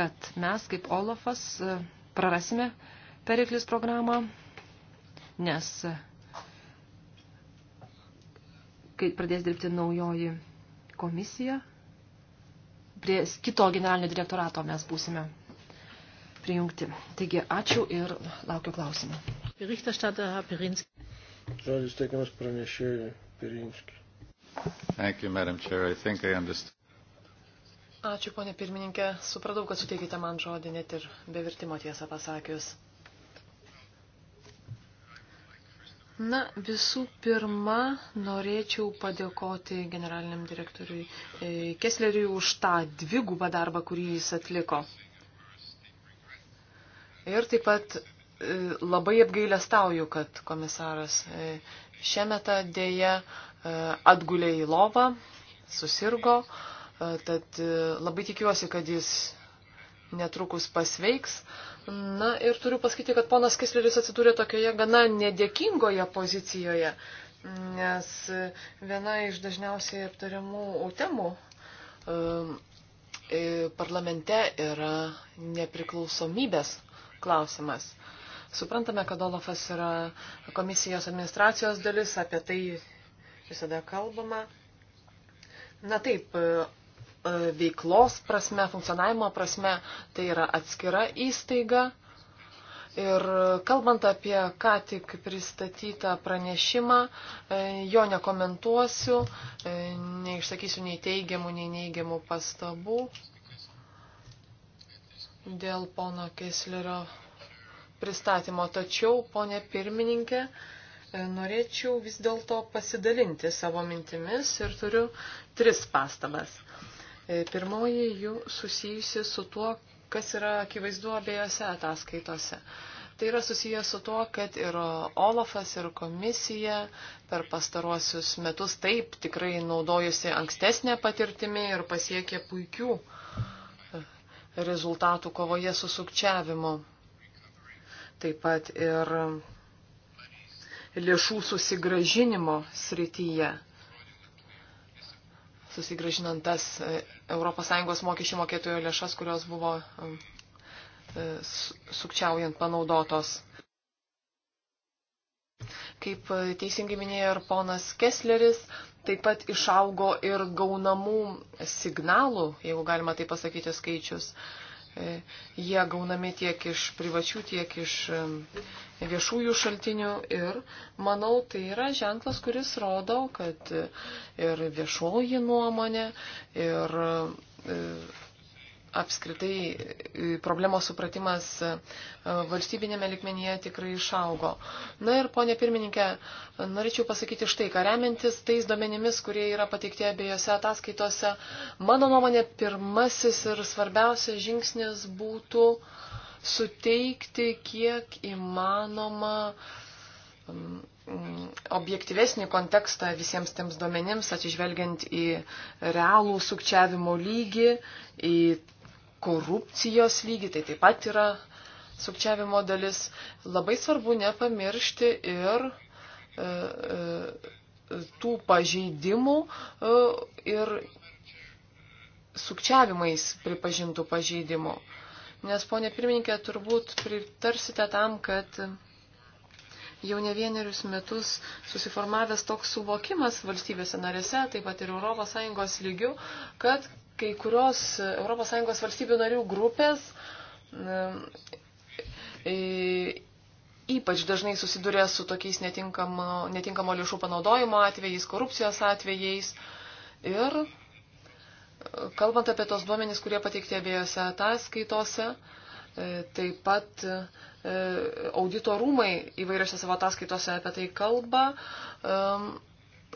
Speaker 1: kad mes kaip Olafas prarasime Periklis programą nes kai pradės dirbti naujoji komisija, prie kito generalinio direktorato mes būsime prijungti. Taigi, ačiū ir laukiu klausimų.
Speaker 2: Žodis teikiamas pranešėjai Pirinski.
Speaker 3: Thank you, Madam Chair. I think I understand.
Speaker 4: Ačiū, ponė pirmininkė. Supratau, kad suteikite man žodį net ir be vertimo tiesą pasakius. Na, visų pirma, norėčiau padėkoti generaliniam direktoriui e, Kesleriui už tą dvigubą darbą, kurį jis atliko. Ir taip pat e, labai apgailestauju, kad komisaras e, šiemetą dėja atgulė į lovą, susirgo, tad labai tikiuosi, kad jis netrukus pasveiks. Na ir turiu pasakyti, kad ponas Kisleris atsidūrė tokioje gana nedėkingoje pozicijoje, nes viena iš dažniausiai aptariamų temų um, parlamente yra nepriklausomybės klausimas. Suprantame, kad Olafas yra komisijos administracijos dalis, apie tai visada kalbama. Na taip, E, veiklos prasme, funkcionavimo prasme, tai yra atskira įstaiga. Ir kalbant apie ką tik pristatytą pranešimą, e, jo nekomentuosiu, e, neišsakysiu nei teigiamų, nei neigiamų pastabų dėl pono Keslerio pristatymo. Tačiau, ponė pirmininkė, norėčiau vis dėlto pasidalinti savo mintimis ir turiu tris pastabas. E, pirmoji jų susijusi su tuo, kas yra akivaizdu abiejose ataskaitose. Tai yra susijęs su tuo, kad ir Olafas, ir komisija per pastaruosius metus taip tikrai naudojusi ankstesnė patirtimi ir pasiekė puikių e, rezultatų kovoje su sukčiavimu. Taip pat ir lėšų susigražinimo srityje susigražinant tas ES mokesčių mokėtojo lėšas, kurios buvo e, e, sukčiaujant panaudotos. Kaip e, teisingai minėjo ir ponas Kessleris, taip pat išaugo ir gaunamų signalų, jeigu galima tai pasakyti, skaičius. Uh, E, jie gaunami tiek iš privačių, tiek iš e, viešųjų šaltinių ir, manau, tai yra ženklas, kuris rodo, kad ir viešoji nuomonė, ir e, apskritai e, problemos supratimas e, valstybinėme likmenyje tikrai išaugo. Na ir, ponė pirmininkė, norėčiau pasakyti štai, ką remiantis tais duomenimis, kurie yra pateikti abiejose ataskaitose, mano nuomonė, pirmasis ir svarbiausias žingsnis būtų suteikti kiek įmanoma objektyvesnį kontekstą visiems tiems duomenims, atsižvelgiant į realų sukčiavimo lygį, į korupcijos lygį, tai taip pat yra sukčiavimo dalis. Labai svarbu nepamiršti ir e, e, tų pažeidimų e, ir sukčiavimais pripažintų pažeidimų. Nes, ponė pirmininkė, turbūt pritarsite tam, kad jau ne vienerius metus susiformavęs toks suvokimas valstybėse narėse, taip pat ir ES lygių, kad kai kurios ES valstybių narių grupės e, e, ypač dažnai susiduria su tokiais netinkamo, netinkamo lėšų panaudojimo atvejais, korupcijos atvejais. Ir e, kalbant apie tos duomenys, kurie pateikti abiejose ataskaitose, taip pat audito rūmai įvairiose savo ataskaitose apie tai kalba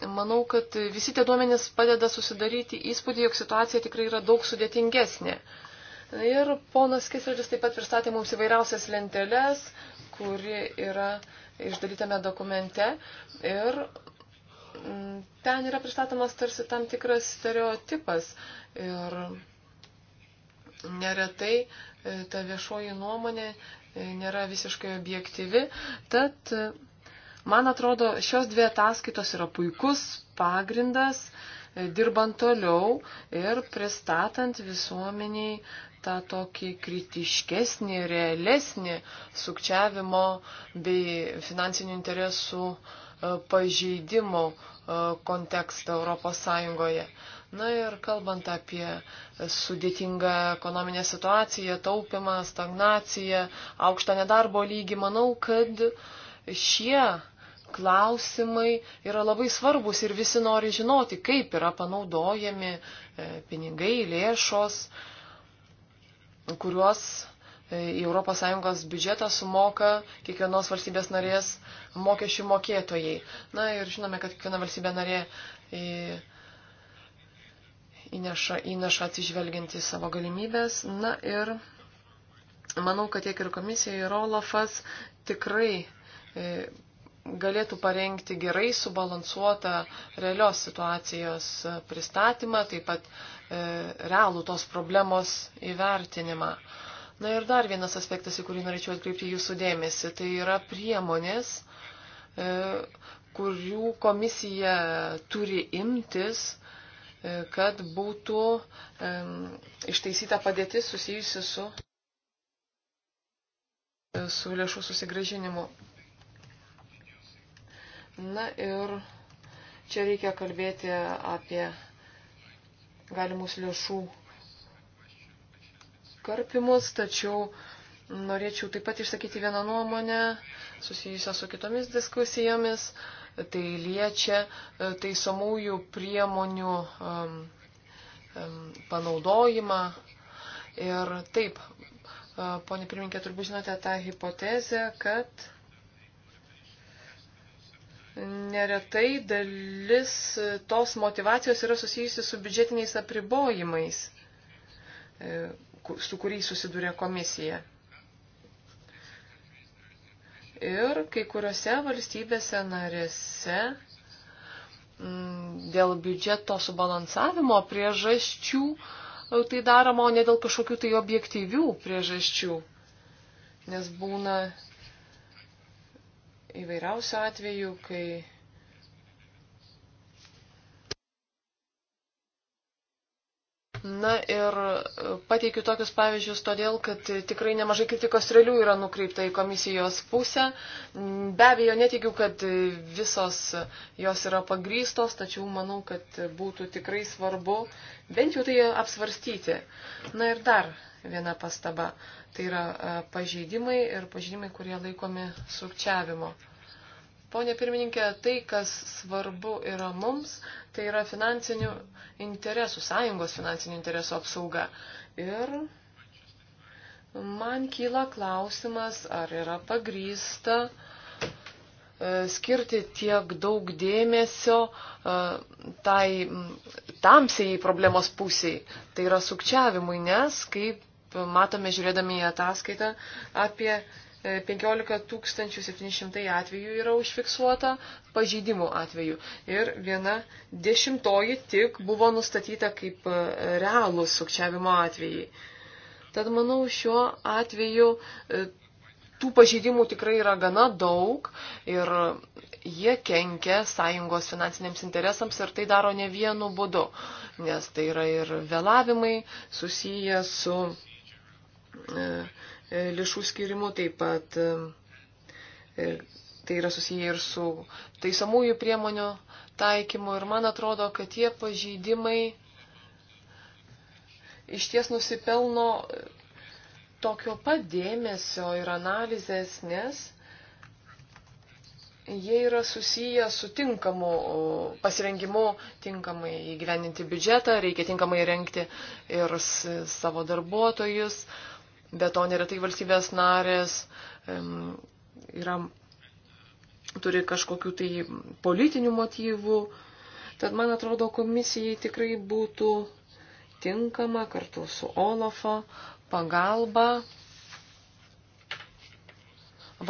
Speaker 4: manau, kad visi tie duomenys padeda susidaryti įspūdį, jog situacija tikrai yra daug sudėtingesnė. Ir ponas Kisredis taip pat pristatė mums įvairiausias lenteles, kuri yra išdalytame dokumente. Ir mm, ten yra pristatomas tarsi tam tikras stereotipas. Ir neretai e, ta viešoji nuomonė e, nėra visiškai objektyvi. Tad Man atrodo, šios dvi ataskaitos yra puikus pagrindas e, dirbant toliau ir pristatant visuomeniai tą tokį kritiškesnį, realesnį sukčiavimo bei finansinių interesų e, pažeidimo e, kontekstą Europos Sąjungoje. Na ir kalbant apie sudėtingą ekonominę situaciją, taupimą, stagnaciją, aukštą nedarbo lygį, manau, kad šie klausimai yra labai svarbus ir visi nori žinoti, kaip yra panaudojami e, pinigai, lėšos, kuriuos e, į ES biudžetą sumoka kiekvienos valstybės narės mokesčių mokėtojai. Na ir žinome, kad kiekviena valstybė narė e, įneša, įneša atsižvelgiant į savo galimybės. Na ir manau, kad tiek ir komisija, ir Olafas tikrai galėtų parengti gerai subalansuotą realios situacijos pristatymą, taip pat e, realų tos problemos įvertinimą. Na ir dar vienas aspektas, į kurį norėčiau atkreipti jūsų dėmesį, tai yra priemonės, e, kurių komisija turi imtis, e, kad būtų e, išteisyta padėtis susijusi su, e, su lėšų susigražinimu. Na ir čia reikia kalbėti apie galimus lėšų karpimus, tačiau norėčiau taip pat išsakyti vieną nuomonę susijusią su kitomis diskusijomis. Tai liečia e, taisomųjų priemonių um, um, panaudojimą. Ir taip, e, ponė pirminkė, turbūt žinote tą hipotezę, kad neretai dalis tos motivacijos yra susijusi su biudžetiniais apribojimais, e, su kuriais susiduria komisija. Ir kai kuriuose valstybėse narėse mm, dėl biudžeto subalansavimo priežasčių e, tai daroma, o ne dėl kažkokių tai objektyvių priežasčių. Nes būna įvairiausių atvejų, kai Na ir pateikiu tokius pavyzdžius todėl, kad tikrai nemažai kritikos realių yra nukreipta į komisijos pusę. Be abejo, netikiu, kad visos jos yra pagrystos, tačiau manau, kad būtų tikrai svarbu bent jau tai apsvarstyti. Na ir dar viena pastaba. Tai yra e, pažeidimai ir pažeidimai, kurie laikomi sukčiavimo. Pone pirmininkė, tai, kas svarbu yra mums, tai yra finansinių interesų, sąjungos finansinių interesų apsauga. Ir man kyla klausimas, ar yra pagrysta e, skirti tiek daug dėmesio e, tai tamsiai problemos pusiai, tai yra sukčiavimui, nes, kaip matome, žiūrėdami į ataskaitą, apie 15 e, 700 atvejų yra užfiksuota pažydimų atvejų. Ir viena dešimtoji tik buvo nustatyta kaip e, realūs sukčiavimo atvejai. Tad manau, šiuo atveju e, tų pažydimų tikrai yra gana daug ir jie kenkia sąjungos finansiniams interesams ir tai daro ne vienu būdu, nes tai yra ir vėlavimai susiję su E, e, lišų skirimu, taip pat e, tai yra susiję ir su taisamųjų priemonių taikymu. Ir man atrodo, kad tie pažeidimai iš ties nusipelno tokio pat dėmesio ir analizės, nes jie yra susiję su tinkamu pasirengimu, tinkamai įgyveninti biudžetą, reikia tinkamai renkti ir savo darbuotojus, Be to neretai valstybės narės um, yra, turi kažkokių tai politinių motyvų. Tad, man atrodo, komisijai tikrai būtų tinkama kartu su Olafo pagalba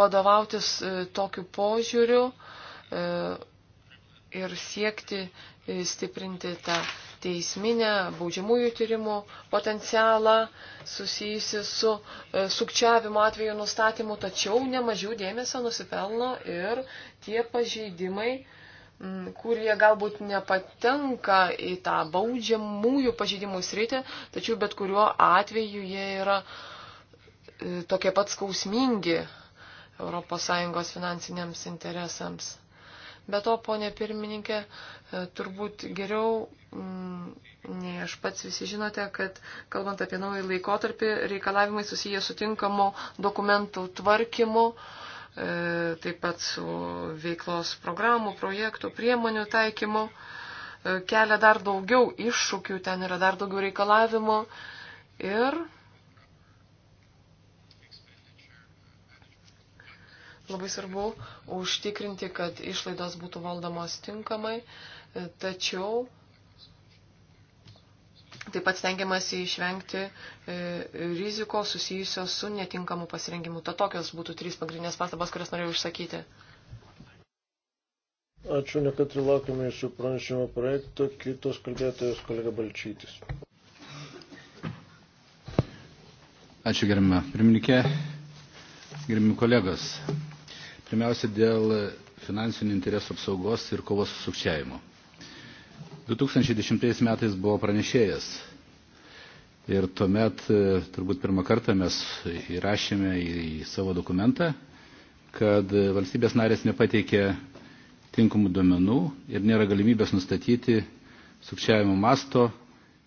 Speaker 4: vadovautis e, tokiu požiūriu e, ir siekti e, stiprinti tą teisminę baudžiamųjų tyrimų potencialą susijusi su e, sukčiavimo atveju nustatymu, tačiau nemažiau dėmesio nusipelno ir tie pažeidimai, kurie galbūt nepatenka į tą baudžiamųjų pažeidimų sritį, tačiau bet kuriuo atveju jie yra e, tokie pat skausmingi ES finansiniams interesams. Be to, ponė pirmininkė, e, turbūt geriau, mm, nei aš pats visi žinote, kad kalbant apie naują laikotarpį, reikalavimai susiję su tinkamo dokumentų tvarkymu, e, taip pat su veiklos programų, projektų, priemonių taikymu, e, kelia dar daugiau iššūkių, ten yra dar daugiau reikalavimų ir Labai svarbu užtikrinti, kad išlaidos būtų valdomos tinkamai, tačiau taip pat stengiamasi išvengti e, rizikos susijusios su netinkamu pasirengimu. Ta tokios būtų trys pagrindinės pastabas, kurias norėjau išsakyti.
Speaker 2: Ačiū, nekantri laukime jūsų pranešimo projekto. Kitos kalbėtojas kolega Balčytis.
Speaker 3: Ačiū, gerbime pirmininkė, gerbimi kolegos. Pirmiausia, dėl finansinių interesų apsaugos ir kovos su sukčiavimu. 2010 metais buvo pranešėjas ir tuomet e, turbūt pirmą kartą mes įrašėme į savo dokumentą, kad e, valstybės narės nepateikė tinkamų duomenų ir nėra galimybės nustatyti sukčiavimo masto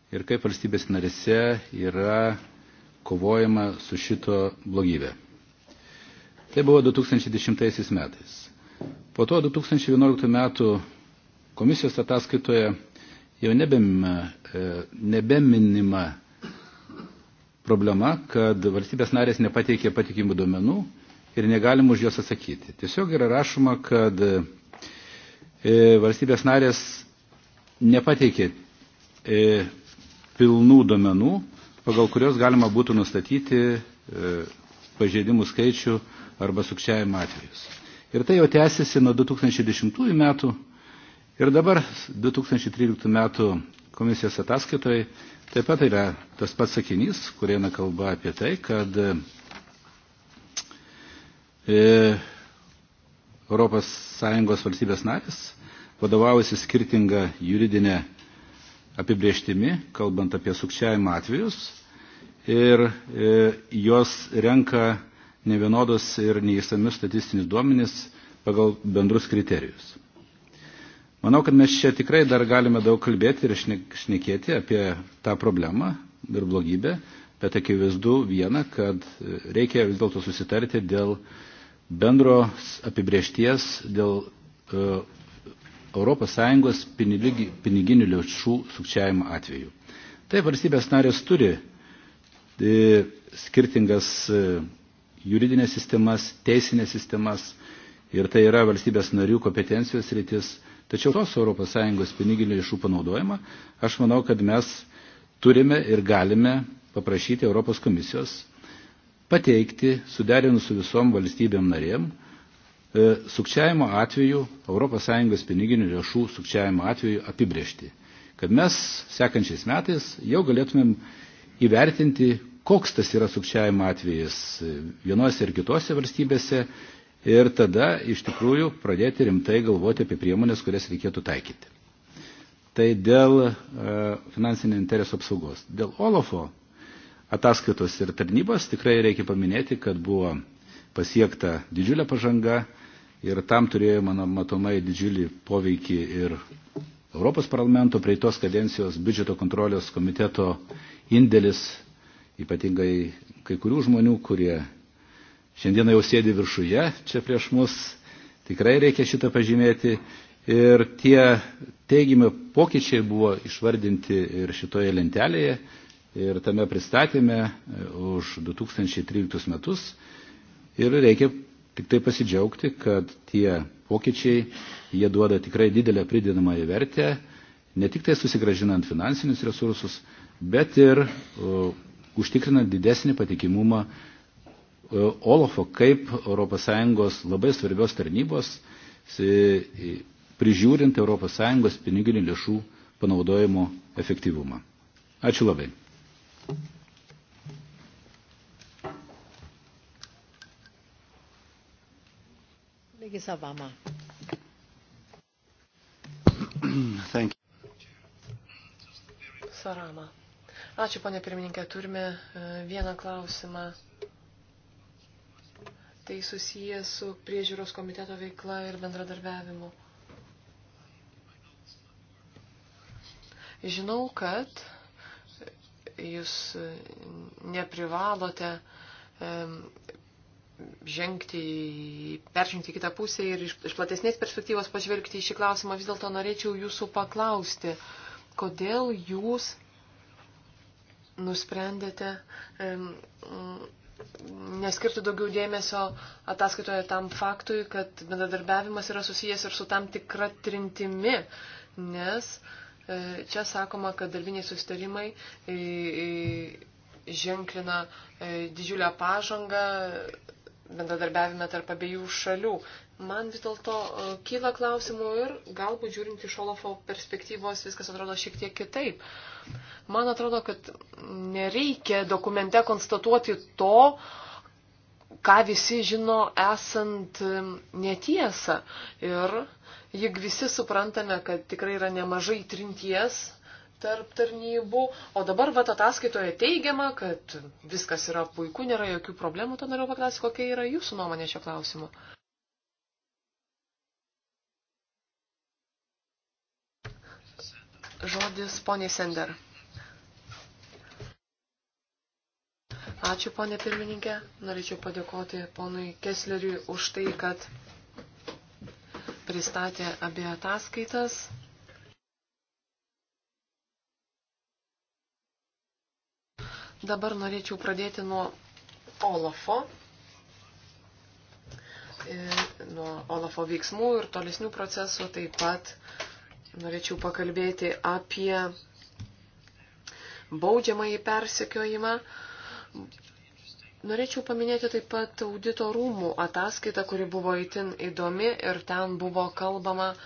Speaker 3: ir kaip valstybės narėse yra kovojama su šito blogybė. Tai buvo 2010 metais. Po to 2011 metų komisijos ataskaitoje jau nebemima, e, nebeminima problema, kad valstybės narės nepateikė patikimų duomenų ir negalim už juos atsakyti. Tiesiog yra rašoma, kad e, valstybės narės nepateikė e, pilnų duomenų, pagal kurios galima būtų nustatyti pažeidimų skaičių arba sukčiavimo atvejus. Ir tai jau tęsiasi nuo 2010 metų ir dabar 2013 metų komisijos ataskaitoje taip pat yra tas pats sakinys, kuriame kalba apie tai, kad e, Europos Sąjungos valstybės narės vadovaujasi skirtinga juridinė apibrieštimi, kalbant apie sukčiavimo atvejus ir e, jos renka nevienodus ir neįsamius statistinius duomenis pagal bendrus kriterijus. Manau, kad mes čia tikrai dar galime daug kalbėti ir šnekėti apie tą problemą ir blogybę, bet akivaizdu viena, kad reikia vis dėlto susitarti dėl bendros apibriešties, dėl ES piniginių lėšų sukčiavimo atveju. Taip, valstybės narės turi skirtingas e, juridinės sistemas, teisinės sistemas ir tai yra valstybės narių kompetencijos rytis. Tačiau tos ES piniginių lėšų panaudojimą aš manau, kad mes turime ir galime paprašyti Europos komisijos pateikti, suderinus su visom valstybėm narėm, e, sukčiavimo atveju, ES piniginių lėšų sukčiavimo atveju apibriežti. Kad mes sekančiais metais jau galėtumėm įvertinti, koks tas yra sukčiavimo atvejis vienose ir kitose valstybėse ir tada iš tikrųjų pradėti rimtai galvoti apie priemonės, kurias reikėtų taikyti. Tai dėl e, finansinio interesų apsaugos. Dėl OLAFO ataskaitos ir tarnybos tikrai reikia paminėti, kad buvo pasiekta didžiulė pažanga ir tam turėjo, mano matomai, didžiulį poveikį ir Europos parlamento prie tos kadencijos biudžeto kontrolės komiteto indėlis, ypatingai kai kurių žmonių, kurie šiandieną jau sėdi viršuje čia prieš mus, tikrai reikia šitą pažymėti. Ir tie teigiami pokyčiai buvo išvardinti ir šitoje lentelėje, ir tame pristatėme e, už 2013 metus. Ir reikia tik tai pasidžiaugti, kad tie pokyčiai, jie duoda tikrai didelę pridedamąją vertę, ne tik tai susigražinant finansinius resursus, bet ir užtikrinant didesnį patikimumą Olofo kaip ES labai svarbios tarnybos, prižiūrint ES piniginių lėšų panaudojimo efektyvumą. Ačiū labai.
Speaker 4: Sarama. Ačiū, ponė pirmininkė. Turime e, vieną klausimą. Tai susiję su priežiūros komiteto veikla ir bendradarbiavimu. Žinau, kad jūs neprivalote e, žengti, peržengti kitą pusę ir iš, iš platesnės perspektyvos pažvelgti į šį klausimą, vis dėlto norėčiau jūsų paklausti, kodėl jūs nusprendėte neskirti daugiau dėmesio ataskaitoje tam faktui, kad bendradarbiavimas yra susijęs ir su tam tikra trintimi, nes e, čia sakoma, kad darbiniai susitarimai e, e, ženklina didžiulę pažangą bendradarbiavime tarp abiejų šalių. Man vis dėlto e, kyla klausimų ir galbūt žiūrint iš Olofo perspektyvos viskas atrodo šiek tiek kitaip. Man atrodo, kad nereikia dokumente konstatuoti to, ką visi žino esant e, netiesa. Ir juk visi suprantame, kad tikrai yra nemažai trinties tarp tarnybų, o dabar vat ataskaitoje teigiama, kad viskas yra puiku, nėra jokių problemų, to noriu paklausti, kokia yra jūsų nuomonė šio klausimu. Uh, Žodis poniai Sender. Ačiū, ponė pirmininkė. Norėčiau padėkoti ponui Kesleriui už tai, kad pristatė abie ataskaitas. Dabar norėčiau pradėti nuo Olafo, nuo Olafo veiksmų ir tolesnių procesų, taip pat norėčiau pakalbėti apie baudžiamąjį persekiojimą. Norėčiau paminėti taip pat audito rūmų ataskaitą, kuri buvo itin įdomi ir ten buvo kalbama e,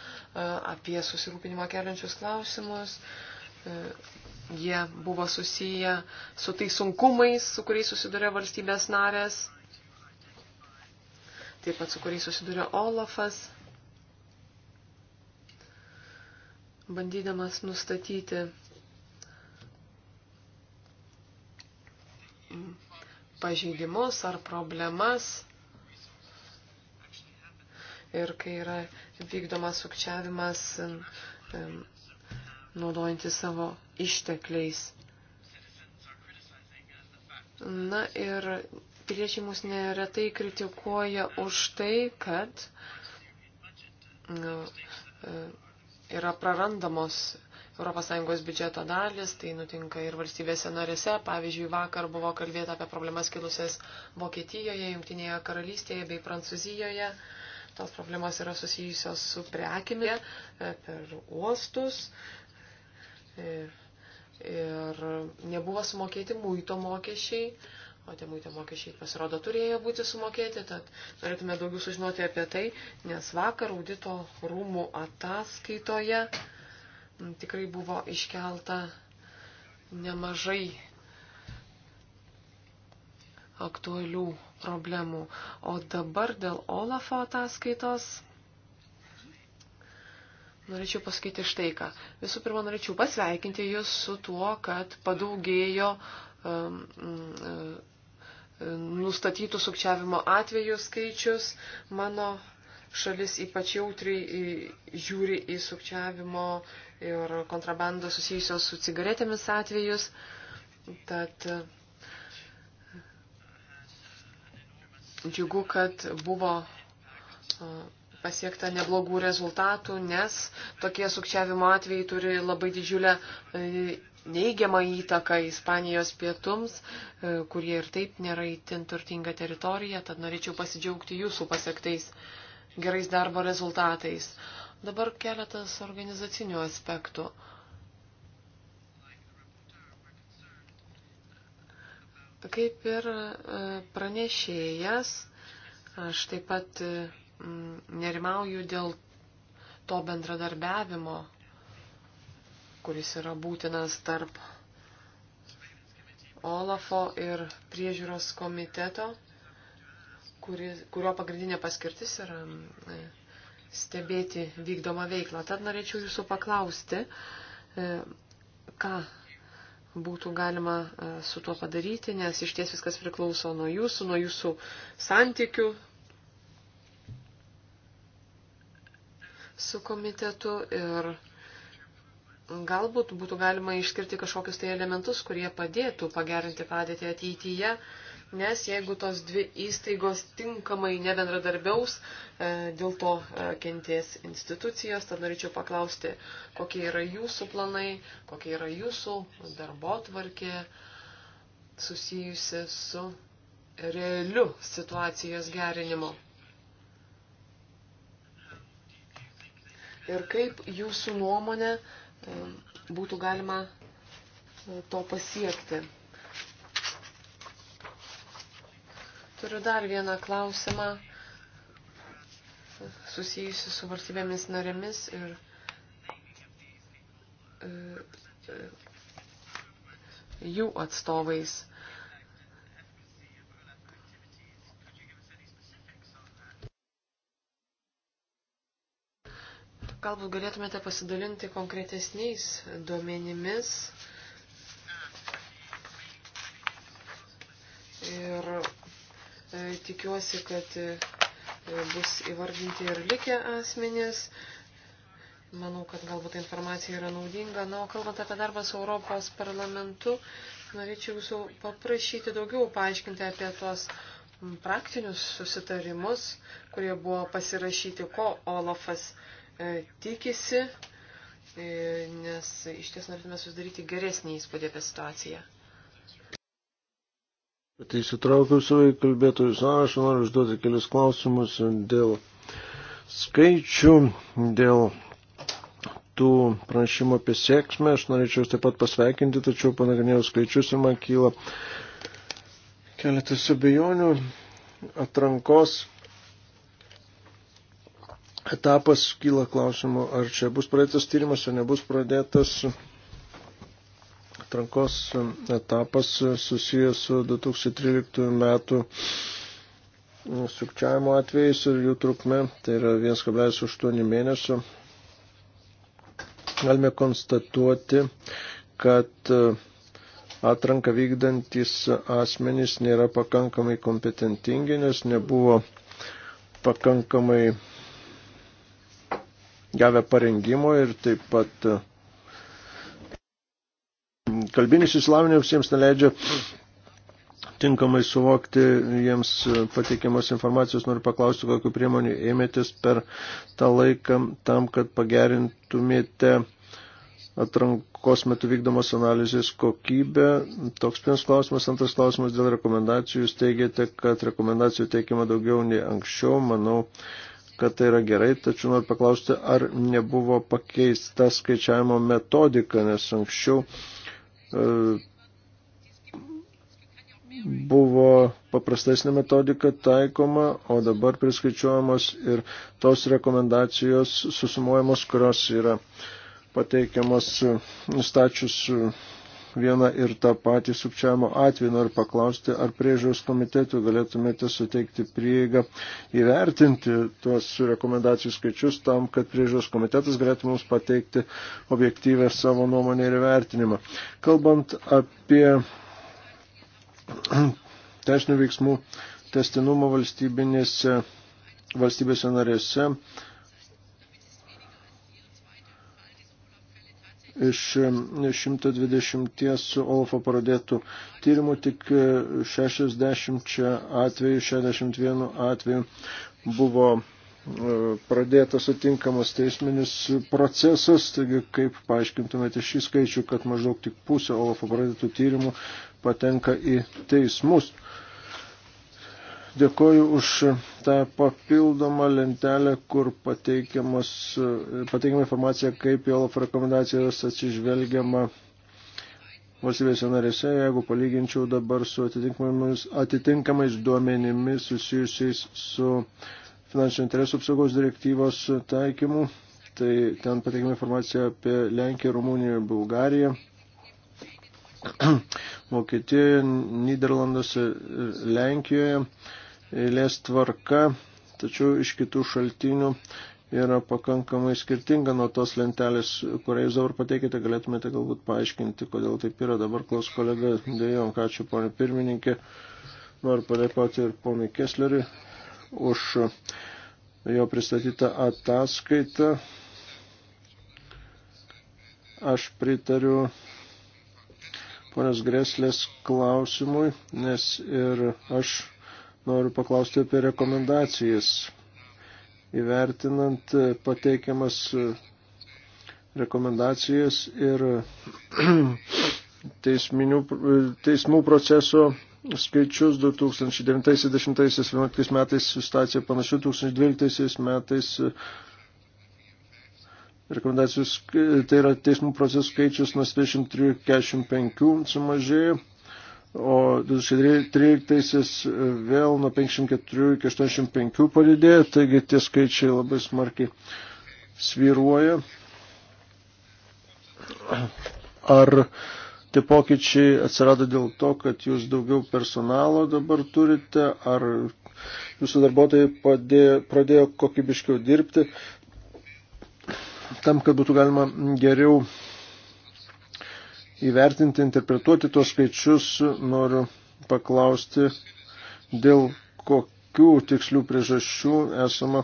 Speaker 4: apie susirūpinimo keliančius klausimus. E, jie buvo susiję su tai sunkumais, su kuriais susiduria valstybės narės, taip pat su kuriais susiduria Olafas. bandydamas nustatyti pažeidimus ar problemas. Ir kai yra vykdomas sukčiavimas, naudojantys savo ištekliais. Na ir piliečiai mus neretai kritikuoja už tai, kad nu, yra prarandamos ES biudžeto dalis, tai nutinka ir valstybėse narėse. Pavyzdžiui, vakar buvo kalbėta apie problemas kilusias Vokietijoje, Junktinėje karalystėje bei Prancūzijoje. Tos problemos yra susijusios su prekimi e, per uostus. Ir, e, ir nebuvo sumokėti muito mokesčiai o tie muito mokesčiai pasirodo turėjo būti sumokėti, tad norėtume daugiau sužinoti apie tai, nes vakar audito rūmų ataskaitoje tikrai buvo iškelta nemažai aktualių problemų. O dabar dėl Olafo ataskaitos Norėčiau pasakyti štai ką. Visų pirma, norėčiau pasveikinti Jūs su tuo, kad padaugėjo um, um, nustatytų sukčiavimo atvejų skaičius. Mano šalis ypač jautriai žiūri į sukčiavimo ir kontrabandą susijusios su cigaretėmis atvejus. Tad džiugu, kad buvo pasiekta neblogų rezultatų, nes tokie sukčiavimo atvejai turi labai didžiulę neigiamą įtaką Ispanijos pietums, e, kurie ir taip nėra įtin turtinga teritorija, tad norėčiau pasidžiaugti jūsų pasiektais gerais darbo rezultatais. Dabar keletas organizacinių aspektų. Kaip ir e, pranešėjas, aš taip pat nerimauju dėl to bendradarbiavimo kuris yra būtinas tarp Olafo ir priežiūros komiteto, kuri, kurio pagrindinė paskirtis yra e, stebėti vykdomą veiklą. Tad norėčiau jūsų paklausti, e, ką būtų galima e, su tuo padaryti, nes iš ties viskas priklauso nuo jūsų, nuo jūsų santykių su komitetu ir Galbūt būtų galima išskirti kažkokius tai elementus, kurie padėtų pagerinti padėtį ateityje, nes jeigu tos dvi įstaigos tinkamai nebendradarbiaus, e, dėl to e, kenties institucijos, tad norėčiau paklausti, kokie yra jūsų planai, kokie yra jūsų darbo tvarkė susijusi su realiu situacijos gerinimu. Ir kaip jūsų nuomonė, uh, E, būtų galima e, to pasiekti. Turiu dar vieną klausimą susijusi su valstybėmis narėmis ir e, jų atstovais. Galbūt galėtumėte pasidalinti konkretesniais duomenimis ir e, tikiuosi, kad e, bus įvardinti ir likę asmenys. Manau, kad galbūt ta informacija yra naudinga. Na, o kalbant apie darbą su Europos parlamentu, norėčiau jūsų paprašyti daugiau paaiškinti apie tuos praktinius susitarimus, kurie buvo pasirašyti, ko Olafas E, tikisi, e, nes iš ties norėtume susidaryti geresnį įspūdį apie situaciją.
Speaker 2: Tai įsitraukiau savo į kalbėtojų sąrašą, noriu užduoti kelius klausimus dėl skaičių, dėl tų pranešimų apie sėkmę. Aš norėčiau taip pat pasveikinti, tačiau panagrinėjau skaičius ir man kyla keletas abejonių atrankos etapas kyla klausimų, ar čia bus pradėtas tyrimas, ar nebus pradėtas atrankos etapas susijęs su 2013 metų sukčiavimo atvejais ir jų trukme, tai yra 1,8 mėnesio. Galime konstatuoti, kad atranką vykdantis asmenys nėra pakankamai kompetentingi, nes nebuvo pakankamai gavę parengimo ir taip pat e, kalbinis įsilavinimas jiems neleidžia tinkamai suvokti jiems e, pateikiamos informacijos. Noriu paklausti, kokiu priemonių ėmėtės per tą laiką tam, kad pagerintumėte atrankos metu vykdomos analizės kokybę. Toks pirmas klausimas. Antras klausimas dėl rekomendacijų. Jūs teigiate, kad rekomendacijų teikiama daugiau nei anksčiau. Manau, kad tai yra gerai, tačiau noriu paklausti, ar nebuvo pakeista skaičiavimo metodika, nes anksčiau e, buvo paprastesnė metodika taikoma, o dabar priskaičiuojamos ir tos rekomendacijos susumuojamos, kurios yra pateikiamos nustačius vieną ir tą patį sukčiavimo atvejį. Noriu paklausti, ar priežiūros komitetų galėtumėte suteikti prieigą įvertinti tuos rekomendacijų skaičius tam, kad priežiūros komitetas galėtų mums pateikti objektyvę savo nuomonę ir įvertinimą. Kalbant apie teisinių veiksmų testinumą valstybinėse valstybėse narėse, Iš 120 OLAFO pradėtų tyrimų tik 60 atvejų, 61 atvejų buvo e, pradėtas atinkamas teisminis procesas, taigi kaip paaiškintumėte šį skaičių, kad maždaug tik pusė OLAFO pradėtų tyrimų patenka į teismus. Dėkoju už tą papildomą lentelę, kur pateikiama informacija, kaip į OLAF rekomendacijas atsižvelgiama valstybėse narėse, jeigu palyginčiau dabar su atitinkamais, atitinkamais duomenimis susijusiais su finansinių interesų apsaugos direktyvos taikymu, tai ten pateikiama informacija apie Lenkiją, Rumuniją [clears throat] ir Bulgariją. Vokietijoje, Niderlanduose, Lenkijoje eilės tvarka, tačiau iš kitų šaltinių yra pakankamai skirtinga nuo tos lentelės, kurią jūs dabar pateikite, galėtumėte galbūt paaiškinti, kodėl taip yra. Dabar klaus kolega, dėjom, ačiū ponė pirmininkė, noriu padėkoti ir ponui Kesleriui už jo pristatytą ataskaitą. Aš pritariu ponės Greslės klausimui, nes ir aš Noriu paklausti apie rekomendacijas. Įvertinant e, pateikiamas e, rekomendacijas ir [clears throat] teisminių, e, teismų proceso skaičius 2009-2011 metais situacija panaši 2012 metais rekomendacijų, tai yra teismų procesų skaičius nuo 23-45 sumažėjo, o 2013 vėl nuo 54 iki 85 padidėjo, taigi tie skaičiai labai smarkiai sviruoja. Ar tie pokyčiai atsirado dėl to, kad jūs daugiau personalo dabar turite, ar jūsų darbuotojai padėjo, pradėjo kokybiškiau dirbti, tam, kad būtų galima geriau įvertinti, interpretuoti tuos skaičius, noriu paklausti, dėl kokių tikslių priežasčių esama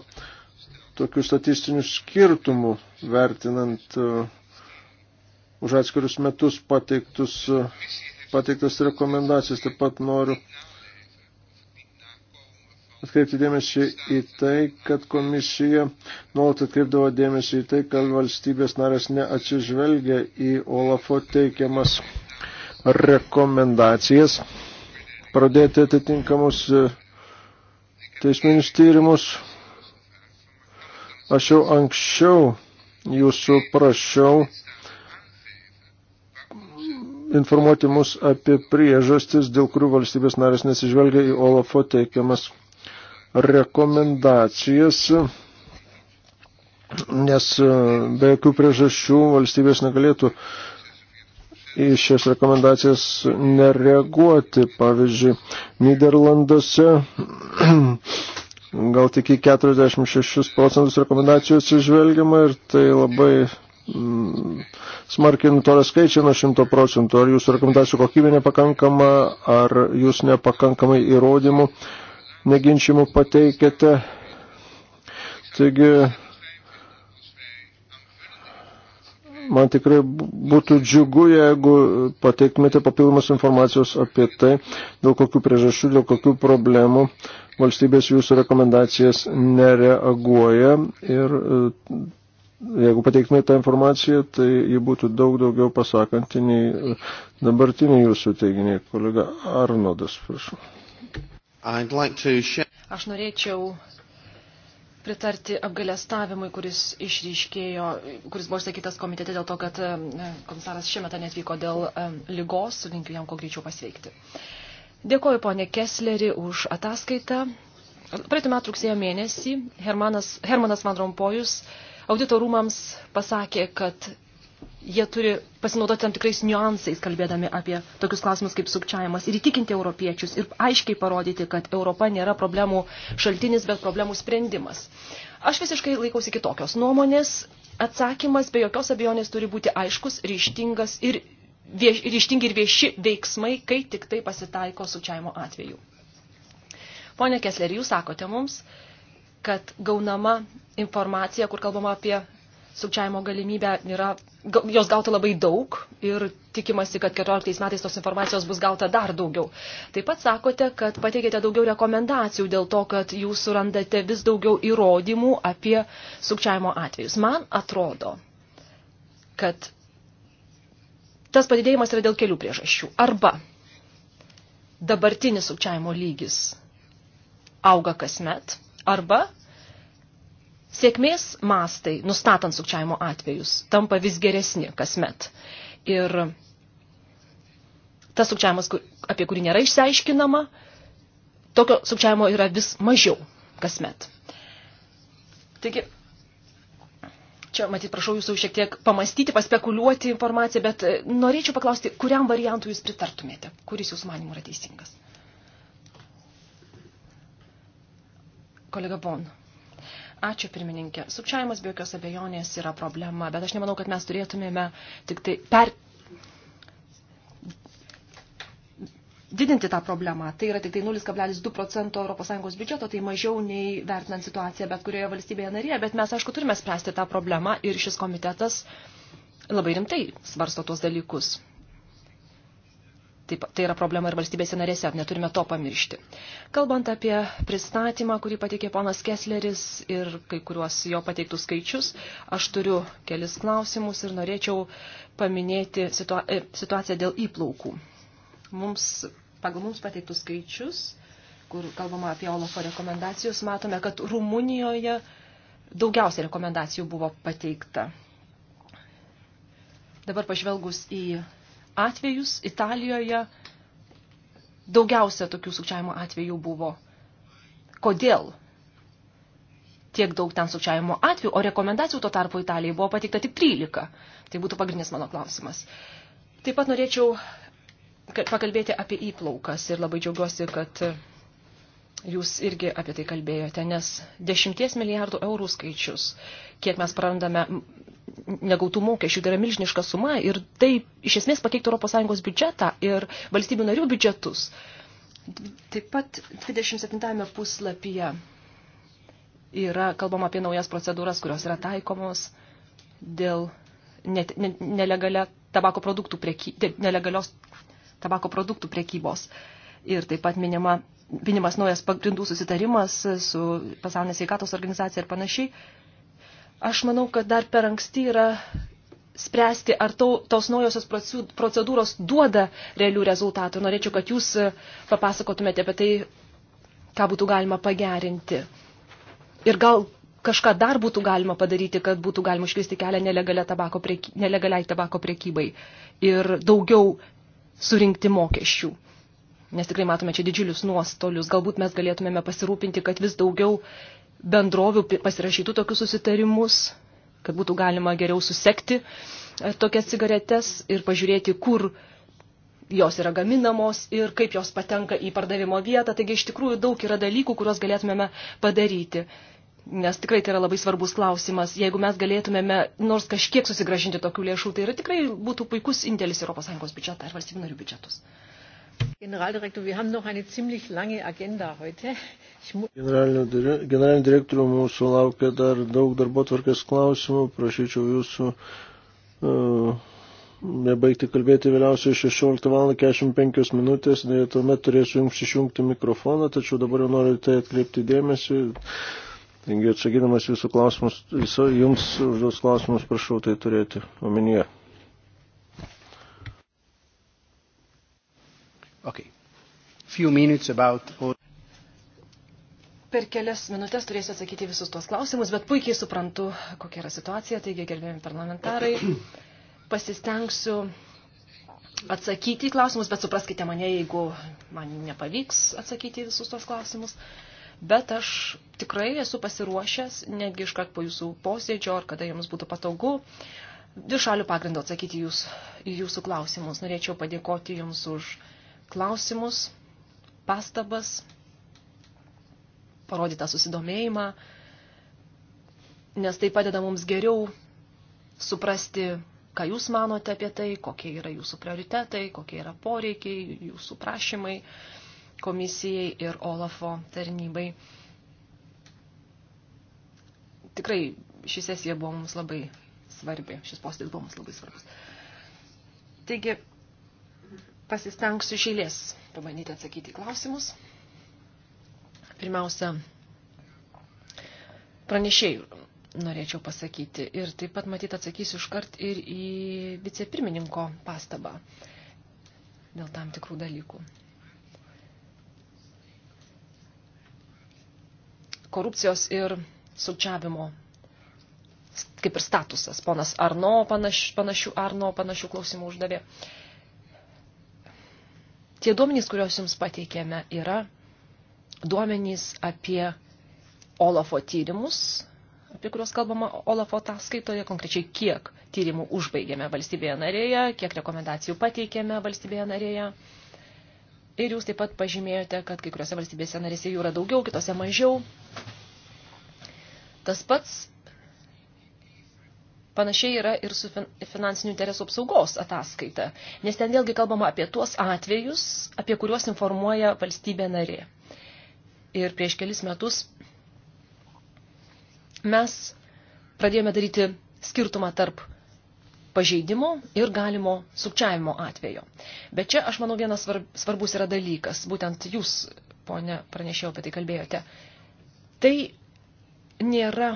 Speaker 2: tokių statistinių skirtumų vertinant uh, už atskirius metus pateiktus, uh, pateiktas rekomendacijas. Taip pat noriu atkreipti dėmesį į tai, kad komisija nuolat atkreipdavo dėmesį į tai, kad valstybės narės neatsižvelgia į Olafo teikiamas rekomendacijas pradėti atitinkamus e, teisminius tyrimus. Aš jau anksčiau jūsų prašiau informuoti mus apie priežastis, dėl kurių valstybės narės nesižvelgia į Olafo teikiamas rekomendacijas rekomendacijas, nes e, be jokių priežasčių valstybės negalėtų į šias rekomendacijas nereaguoti. Pavyzdžiui, Niderlanduose gal tik į 46 procentus rekomendacijų atsižvelgiama ir tai labai mm, smarkiai nutolę skaičiai nuo 100 procentų. Ar jūsų rekomendacijų kokybė nepakankama, ar jūs nepakankamai įrodymų neginčiamų pateikėte. Taigi, man tikrai būtų džiugu, jeigu pateiktumėte papildomas informacijos apie tai, dėl kokių priežasčių, dėl kokių problemų valstybės jūsų rekomendacijas nereaguoja. Ir e, jeigu pateiktumėte tą informaciją, tai ji būtų daug daugiau pasakanti nei dabartiniai jūsų teiginiai. Kolega Arnodas, prašau. Aš
Speaker 1: norėčiau pritarti apgalėstavimui, kuris išryškėjo, kuris buvo išsakytas komitete dėl to, kad e, komisaras šiemetą netvyko dėl e, lygos, linkiu jam kuo greičiau pasveikti. Dėkoju ponė Kessleri už ataskaitą. Praeitų metų rugsėjo mėnesį Hermanas, Hermanas Van Rompojus audito rūmams pasakė, kad jie turi pasinaudoti tam tikrais niuansais, kalbėdami apie tokius klausimus kaip sukčiavimas ir įtikinti europiečius ir aiškiai parodyti, kad Europa nėra problemų šaltinis, bet problemų sprendimas. Aš visiškai laikausi kitokios nuomonės. Atsakymas be jokios abejonės turi būti aiškus, ryštingas ir vieš, ryštingi ir vieši veiksmai, kai tik tai pasitaiko sukčiavimo atveju. Pone Kesleri, jūs sakote mums, kad gaunama informacija, kur kalbama apie sukčiavimo galimybę yra, jos gauta labai daug ir tikimasi, kad 14 metais tos informacijos bus gauta dar daugiau. Taip pat sakote, kad pateikėte daugiau rekomendacijų dėl to, kad jūs surandate vis daugiau įrodymų apie sukčiavimo atvejus. Man atrodo, kad tas padidėjimas yra dėl kelių priežasčių. Arba dabartinis sukčiavimo lygis auga kasmet, arba Sėkmės mastai, nustatant sukčiavimo atvejus, tampa vis geresni kasmet. Ir tas sukčiavimas, apie kurį nėra išsiaiškinama, tokio sukčiavimo yra vis mažiau kasmet. Taigi, čia, matyt, prašau jūsų šiek tiek pamastyti, paspekuliuoti informaciją, bet e, norėčiau paklausti, kuriam variantui jūs pritartumėte, kuris jūsų manimų yra teisingas. Kolega Von. Bon. Ačiū pirmininkė. Sukčiavimas be jokios abejonės yra problema, bet aš nemanau, kad mes turėtumėme tik tai per didinti tą problemą. Tai yra tik tai 0,2 procento ES biudžeto, tai mažiau nei vertinant situaciją bet kurioje valstybėje narėje, bet mes, aišku, turime spręsti tą problemą ir šis komitetas labai rimtai svarsto tuos dalykus. Taip, tai yra problema ir valstybėse narėse, neturime to pamiršti. Kalbant apie pristatymą, kurį pateikė ponas Kessleris ir kai kuriuos jo pateiktų skaičius, aš turiu kelis klausimus ir norėčiau paminėti situa e, situaciją dėl įplaukų. Mums, pagal mums pateiktų skaičius, kur kalbama apie Olafo rekomendacijus, matome, kad Rumunijoje daugiausia rekomendacijų buvo pateikta. Dabar pažvelgus į atvejus. Italijoje daugiausia tokių sukčiavimo atvejų buvo. Kodėl tiek daug ten sukčiavimo atvejų, o rekomendacijų tuo tarpu Italijai buvo pateikta tik 13. Tai būtų pagrindinis mano klausimas. Taip pat norėčiau pakalbėti apie įplaukas ir labai džiaugiuosi, kad jūs irgi apie tai kalbėjote, nes 10 milijardų eurų skaičius, kiek mes prarandame negautų mokesčių, tai yra milžiniška suma ir tai iš esmės pakeiktų ES biudžetą ir valstybių narių biudžetus. Taip pat 27 puslapyje yra kalbama apie naujas procedūras, kurios yra taikomos dėl ne, ne, nelegalia tabako produktų preky, dėl nelegalios tabako produktų prekybos. Ir taip pat minima, minimas naujas pagrindų susitarimas su pasaulinės sveikatos organizacija ir panašiai. Aš manau, kad dar per anksti yra spręsti, ar to, tos naujosios procedūros duoda realių rezultatų. Norėčiau, kad jūs e, papasakotumėte apie tai, ką būtų galima pagerinti. Ir gal kažką dar būtų galima padaryti, kad būtų galima iškvisti kelią nelegaliai tabako, prieky, nelegaliai tabako priekybai ir daugiau surinkti mokesčių. Nes tikrai matome čia didžiulius nuostolius. Galbūt mes galėtumėme pasirūpinti, kad vis daugiau bendrovių pasirašytų tokius susitarimus, kad būtų galima geriau susekti e, tokias cigaretes ir pažiūrėti, kur jos yra gaminamos ir kaip jos patenka į pardavimo vietą. Taigi iš tikrųjų daug yra dalykų, kuriuos galėtumėme padaryti. Nes tikrai tai yra labai svarbus klausimas. Jeigu mes galėtumėme nors kažkiek susigražinti tokių lėšų, tai yra tikrai būtų puikus indėlis ES biudžetą ar valstybių narių biudžetus. Generalinio
Speaker 2: direktorių mūsų laukia dar daug darbo tvarkės klausimų. Prašyčiau jūsų uh, nebaigti kalbėti vėliausiai 16 val. 45 minutės. Dėja, tuomet turėsiu jums išjungti mikrofoną, tačiau dabar jau noriu tai atkreipti dėmesį. Taigi atsakydamas jūsų klausimus, jums užduos klausimus prašau tai turėti
Speaker 3: omenyje. Okay. Few minutes about
Speaker 1: per kelias minutės turėsiu atsakyti visus tuos klausimus, bet puikiai suprantu, kokia yra situacija, taigi gerbėjami parlamentarai, [clears throat] pasistengsiu atsakyti į klausimus, bet supraskite mane, jeigu man nepavyks atsakyti į visus tuos klausimus. Bet aš tikrai esu pasiruošęs, netgi iškart po jūsų posėdžio, ar kada jums būtų patogu, dvišalių pagrindą atsakyti jūs, į jūsų klausimus. Norėčiau padėkoti jums už uh, klausimus, pastabas, parodytą susidomėjimą, nes tai padeda mums geriau suprasti, ką jūs manote apie tai, kokie yra jūsų prioritetai, kokie yra poreikiai, jūsų prašymai komisijai ir Olafo tarnybai. Tikrai ši sesija buvo mums labai svarbi, šis posėdis buvo mums labai svarbus. Taigi, pasistengsiu šeilės pabandyti atsakyti klausimus. Pirmiausia, pranešėjų norėčiau pasakyti. Ir taip pat matyt atsakysiu iškart ir į vicepirmininko pastabą dėl tam tikrų dalykų. Korupcijos ir sukčiavimo kaip ir statusas. Ponas Arno panaš, panašių Arno panašių klausimų uždavė. Uh, Tie duomenys, kuriuos jums pateikėme, yra duomenys apie Olafo tyrimus, apie kuriuos kalbama Olafo ataskaitoje, konkrečiai kiek tyrimų užbaigėme valstybėje narėje, kiek rekomendacijų pateikėme valstybėje narėje. Ir jūs taip pat pažymėjote, kad kai kuriuose valstybėse narėse jų yra daugiau, kitose mažiau. Tas pats Panašiai yra ir su finansinių interesų apsaugos ataskaita, nes ten vėlgi kalbama apie tuos atvejus, apie kuriuos informuoja valstybė narė. Ir prieš kelis metus mes pradėjome daryti skirtumą tarp pažeidimo ir galimo sukčiavimo atvejo. Bet čia, aš manau, vienas svarbus yra dalykas, būtent jūs, ponė, pranešėjau apie tai kalbėjote. Tai nėra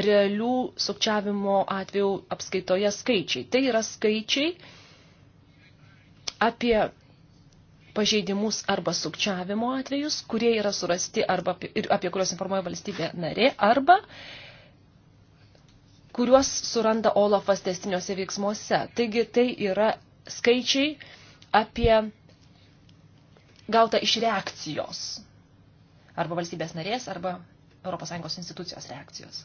Speaker 1: realių sukčiavimo atvejų apskaitoje skaičiai. Tai yra skaičiai apie pažeidimus arba sukčiavimo atvejus, kurie yra surasti arba ir apie kuriuos informuoja valstybė narė, arba kuriuos suranda Olafas testiniuose veiksmuose. Taigi tai yra skaičiai apie gautą iš reakcijos arba valstybės narės arba ES institucijos reakcijos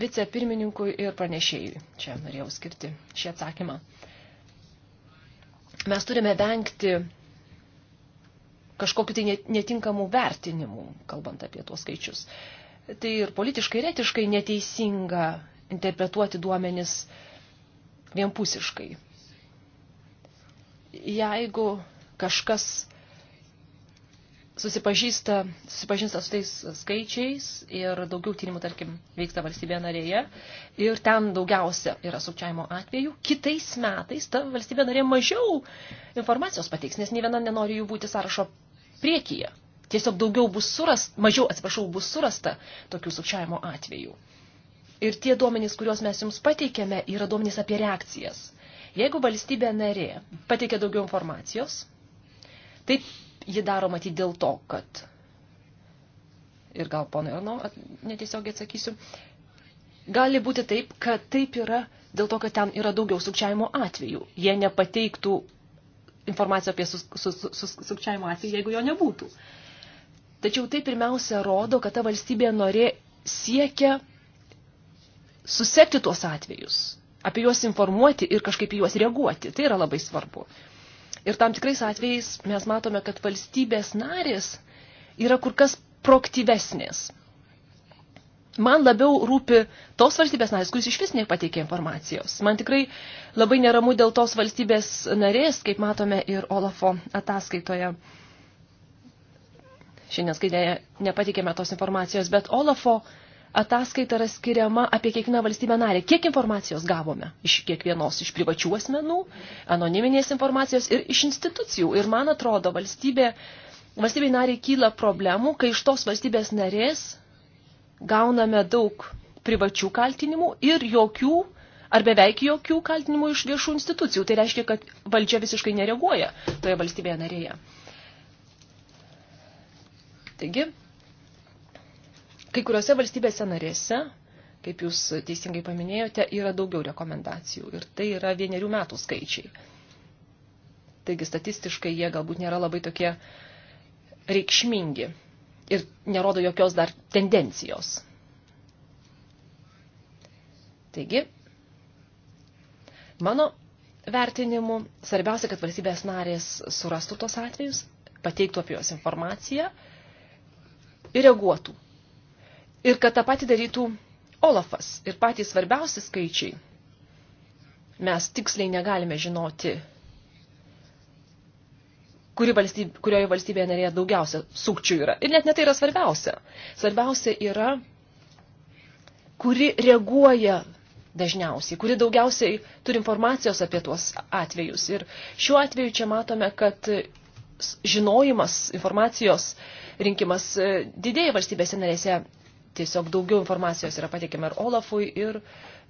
Speaker 1: vicepirmininkui ir pranešėjui. Čia norėjau skirti šį atsakymą. Mes turime vengti kažkokiu tai netinkamų vertinimų, kalbant apie tuos skaičius. Tai ir politiškai ir etiškai neteisinga interpretuoti duomenis vienpusiškai. Jeigu kažkas susipažįsta, susipažįsta su tais skaičiais ir daugiau tyrimų, tarkim, vyksta valstybėje narėje ir ten daugiausia yra sukčiavimo atvejų. Kitais metais ta valstybė narė mažiau informacijos pateiks, nes nei viena nenori jų būti sąrašo priekyje. Tiesiog daugiau bus surasta, mažiau, atsiprašau, bus surasta tokių sukčiavimo atvejų. Ir tie duomenys, kuriuos mes jums pateikėme, yra duomenys apie reakcijas. Jeigu valstybė narė pateikia daugiau informacijos, tai ji daro matyti dėl to, kad ir gal ponai Arno netiesiogiai atsakysiu, gali būti taip, kad taip yra dėl to, kad ten yra daugiau sukčiavimo atvejų. Jie nepateiktų informaciją apie sus, sus, sus, sukčiavimo atvejį, jeigu jo nebūtų. Tačiau tai pirmiausia rodo, kad ta valstybė norė siekia susekti tuos atvejus, apie juos informuoti ir kažkaip į juos reaguoti. Tai yra labai svarbu. Ir tam tikrais atvejais mes matome, kad valstybės narės yra kur kas proaktyvesnės. Man labiau rūpi tos valstybės narės, kuris iš vis nepateikė informacijos. Man tikrai labai neramu dėl tos valstybės narės, kaip matome ir Olafo ataskaitoje. Šiandien skaitėje nepateikėme tos informacijos, bet Olafo uh, ataskaita yra skiriama apie kiekvieną valstybę narę. Kiek informacijos gavome iš kiekvienos, iš privačių asmenų, anoniminės informacijos ir iš institucijų. Ir man atrodo, valstybė, valstybė nariai kyla problemų, kai iš tos valstybės narės gauname daug privačių kaltinimų ir jokių ar beveik jokių kaltinimų iš viešų institucijų. Tai reiškia, kad valdžia visiškai nereaguoja toje valstybėje narėje. Taigi, Kai kuriuose valstybėse narėse, kaip jūs teisingai paminėjote, yra daugiau rekomendacijų ir tai yra vienerių metų skaičiai. Taigi statistiškai jie galbūt nėra labai tokie reikšmingi ir nerodo jokios dar tendencijos. Taigi, mano vertinimu, svarbiausia, kad valstybės narės surastų tos atvejus, pateiktų apie juos informaciją ir reaguotų ir kad tą patį darytų Olafas. Ir patys svarbiausi skaičiai mes tiksliai negalime žinoti, kuri valstybė, kurioje valstybėje narėje daugiausia sukčių yra. Ir net netai yra svarbiausia. Svarbiausia yra, kuri reaguoja dažniausiai, kuri daugiausiai turi informacijos apie tuos atvejus. Ir šiuo atveju čia matome, kad žinojimas, informacijos rinkimas e, didėja valstybėse narėse tiesiog daugiau informacijos yra pateikiama ir Olafui, ir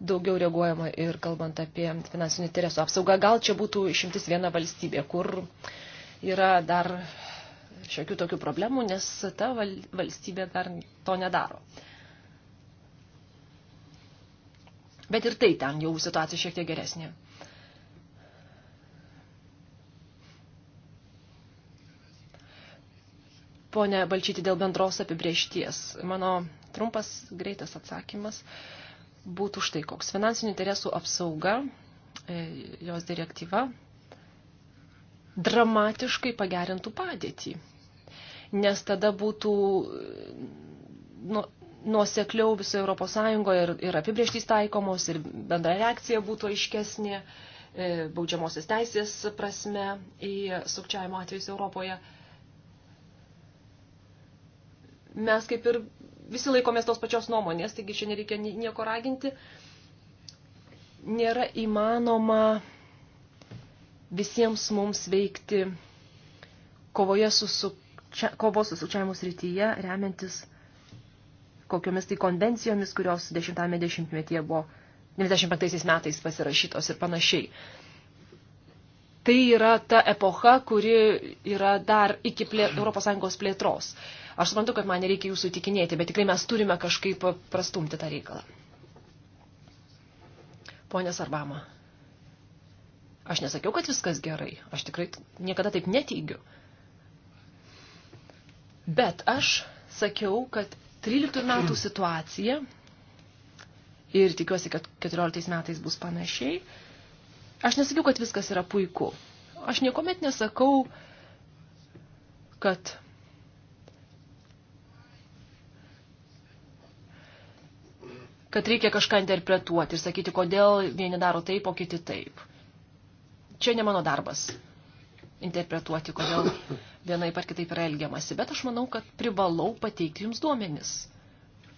Speaker 1: daugiau reaguojama ir kalbant apie finansinių interesų apsaugą. Gal čia būtų išimtis viena valstybė, kur yra dar šiokių tokių problemų, nes ta val valstybė dar to nedaro. Bet ir tai ten jau situacija šiek tiek geresnė. Pone Balčyti, dėl bendros apibriešties. Mano Trumpas, greitas atsakymas būtų štai koks. Finansinių interesų apsauga, e, jos direktyva dramatiškai pagerintų padėtį, nes tada būtų e, nu, nuosekliau viso Europos Sąjungoje ir, ir apibrieštys taikomos, ir bendra reakcija būtų aiškesnė e, baudžiamosios teisės prasme į sukčiavimo atvejus Europoje. Mes kaip ir visi laikomės tos pačios nuomonės, taigi čia nereikia nieko raginti. Nėra įmanoma visiems mums veikti kovoje su, su, čia, kovos su sukčiavimu srityje, remiantis kokiomis tai konvencijomis, kurios 10-ame dešimtmetyje buvo 95 metais pasirašytos ir panašiai. Tai yra ta epocha, kuri yra dar iki plė, ES plėtros. Aš suprantu, kad man nereikia jūsų įtikinėti, bet tikrai mes turime kažkaip prastumti tą reikalą. Pone Sarbama, aš nesakiau, kad viskas gerai. Aš tikrai niekada taip neteigiu. Bet aš sakiau, kad 13 metų [clears throat] situacija ir tikiuosi, kad 14 metais bus panašiai. Aš nesakiau, kad viskas yra puiku. Aš niekuomet nesakau, kad kad reikia kažką interpretuoti ir sakyti, kodėl vieni daro taip, o kiti taip. Čia ne mano darbas interpretuoti, kodėl vienaip ar kitaip yra elgiamasi, bet aš manau, kad privalau pateikti jums duomenis.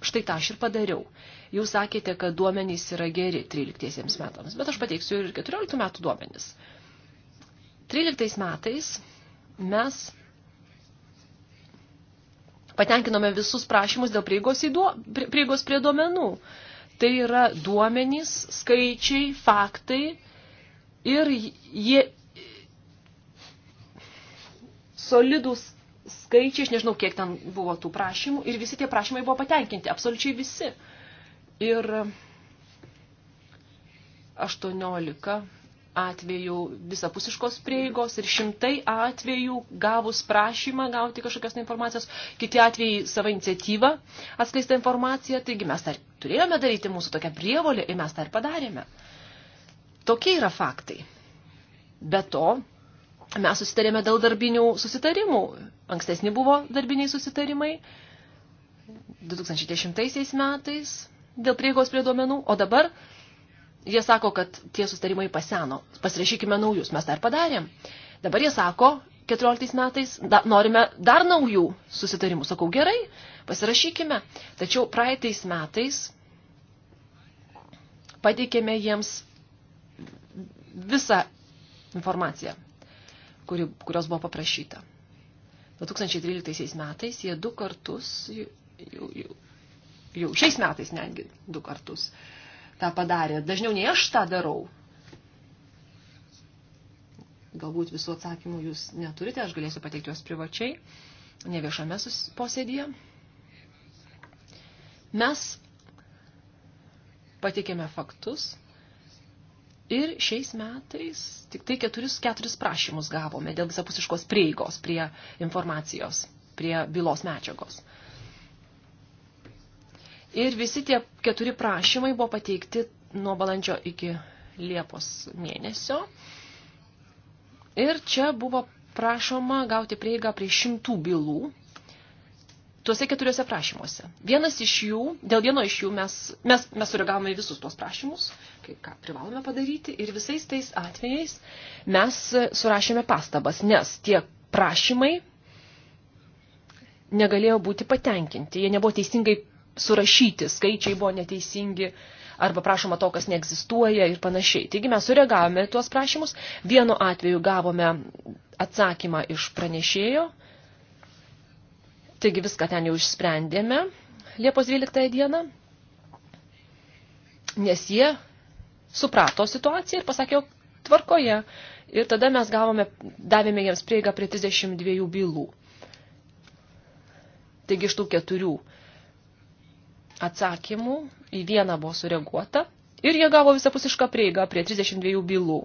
Speaker 1: Štai tą aš ir padariau. Jūs sakėte, kad duomenys yra geri 13 metams, bet aš pateiksiu ir 14 metų duomenys. 13 metais mes patenkinome visus prašymus dėl prieigos, duo, prieigos prie duomenų. Tai yra duomenys, skaičiai, faktai ir jie solidus skaičiai, aš nežinau, kiek ten buvo tų prašymų ir visi tie prašymai buvo patenkinti, absoliučiai visi. Ir 18 atvejų visapusiškos prieigos ir šimtai atvejų gavus prašymą gauti kažkokios tai informacijos, kiti atvejai savo iniciatyvą atskleista informacija, taigi mes dar turėjome daryti mūsų tokią prievolę ir mes tą ir padarėme. Tokie yra faktai. Be to, mes susitarėme dėl darbinių susitarimų. Ankstesni buvo darbiniai susitarimai 2010 metais dėl prieigos prie duomenų, o dabar Jie sako, kad tie sustarimai paseno. Pasirašykime naujus, mes dar padarėm. Dabar jie sako, 14 metais da, norime dar naujų susitarimų. Sakau, gerai, pasirašykime. Tačiau praeitais metais pateikėme jiems visą informaciją, kuri, kurios buvo paprašyta. 2013 metais jie du kartus, jau, jau, jau šiais metais netgi du kartus, uh, tą padarė. Dažniau nei aš tą darau. Galbūt visų atsakymų jūs neturite, aš galėsiu pateikti juos privačiai, ne viešame posėdyje. Mes pateikėme faktus ir šiais metais tik tai keturis, keturis prašymus gavome dėl visapusiškos prieigos prie informacijos, prie bylos medžiagos. Ir visi tie keturi prašymai buvo pateikti nuo balandžio iki Liepos mėnesio. Ir čia buvo prašoma gauti prieigą prie šimtų bylų tuose keturiuose prašymuose. Vienas iš jų, dėl vieno iš jų mes, mes, mes sureagavome į visus tuos prašymus, kai ką privalome padaryti, ir visais tais atvejais mes surašėme pastabas, nes tie prašymai negalėjo būti patenkinti, jie nebuvo teisingai surašyti, skaičiai buvo neteisingi arba prašoma to, kas neegzistuoja ir panašiai. Taigi mes sureagavome tuos prašymus. Vienu atveju gavome atsakymą iš pranešėjo, taigi viską ten jau išsprendėme Liepos 12 dieną, nes jie suprato situaciją ir pasakė, tvarkoje. Ir tada mes gavome, davėme jiems prieigą prie 32 bylų. Taigi iš tų keturių atsakymų, į vieną buvo sureaguota ir jie gavo visapusišką prieigą prie 32 bylų.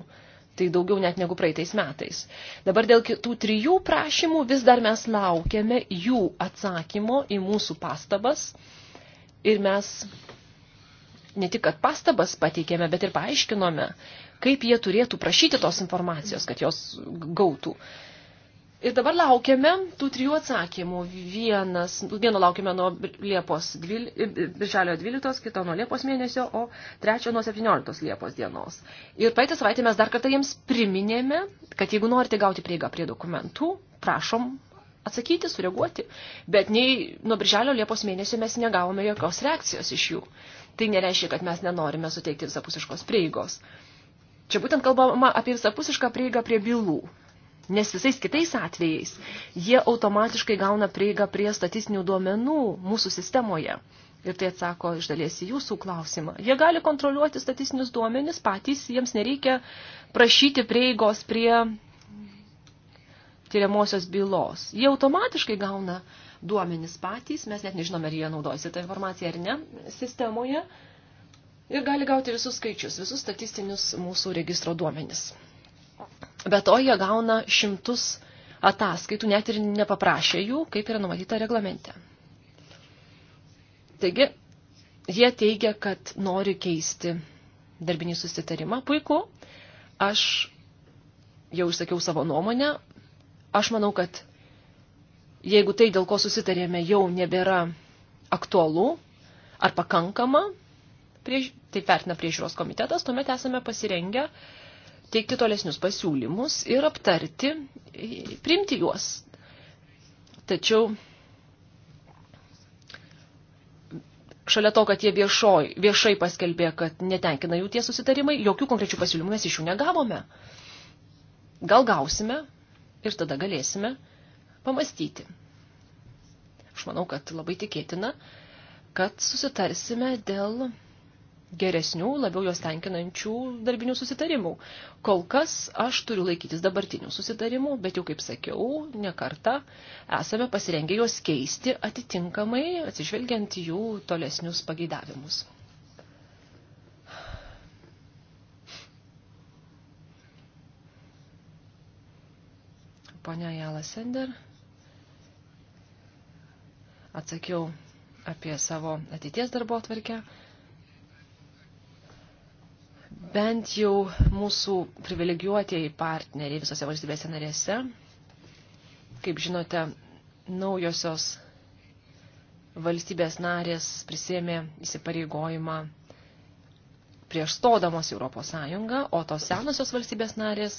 Speaker 1: Tai daugiau net negu praeitais metais. Dabar dėl kitų trijų prašymų vis dar mes laukiame jų atsakymo į mūsų pastabas. Ir mes ne tik, kad pastabas pateikėme, bet ir paaiškinome, kaip jie turėtų prašyti tos informacijos, kad jos gautų. Uh, Ir dabar laukiame tų trijų atsakymų. Vienas, vieno laukiame nuo Liepos dvil, birželio 12, kito nuo Liepos mėnesio, o trečio nuo 17 Liepos dienos. Ir praeitą savaitę mes dar kartą jiems priminėme, kad jeigu norite gauti prieigą prie dokumentų, prašom atsakyti, sureaguoti. Bet nei nuo birželio Liepos mėnesio mes negavome jokios reakcijos iš jų. Tai nereiškia, kad mes nenorime suteikti visapusiškos prieigos. Čia būtent kalbama apie visapusišką prieigą prie bylų Nes visais kitais atvejais jie automatiškai gauna prieigą prie statistinių duomenų mūsų sistemoje. Ir tai atsako iš dalies į jūsų klausimą. Jie gali kontroliuoti statistinius duomenis patys, jiems nereikia prašyti prieigos prie tyriamosios bylos. Jie automatiškai gauna duomenis patys, mes net nežinome, ar jie naudojasi tą informaciją ar ne sistemoje. Ir gali gauti visus skaičius, visus statistinius mūsų registro duomenis. Be to, jie gauna šimtus ataskaitų, net ir nepaprašė jų, kaip yra numatyta reglamente. Taigi, jie teigia, kad nori keisti darbinį susitarimą. Puiku, aš jau išsakiau savo nuomonę. Aš manau, kad jeigu tai, dėl ko susitarėme, jau nebėra aktualu ar pakankama, prieš, taip vertina priežiūros komitetas, tuomet esame pasirengę uh, teikti tolesnius pasiūlymus ir aptarti, priimti juos. Tačiau šalia to, kad jie viešoj, viešai paskelbė, kad netenkina jų tie susitarimai, jokių konkrečių pasiūlymų mes iš jų negavome. Gal gausime ir tada galėsime pamastyti. Aš manau, kad labai tikėtina, kad susitarsime dėl geresnių, labiau juos tenkinančių darbinių susitarimų. Kol kas aš turiu laikytis dabartinių susitarimų, bet jau kaip sakiau, nekarta esame pasirengę juos keisti atitinkamai, atsižvelgiant jų tolesnius pageidavimus. Ponia Jala Sender, atsakiau apie savo ateities darbo atvarkę bent jau mūsų privilegijuotieji partneriai visose valstybėse narėse, kaip žinote, naujosios valstybės narės prisėmė įsipareigojimą prieš stodamos Europos Sąjungą, o tos senosios valstybės narės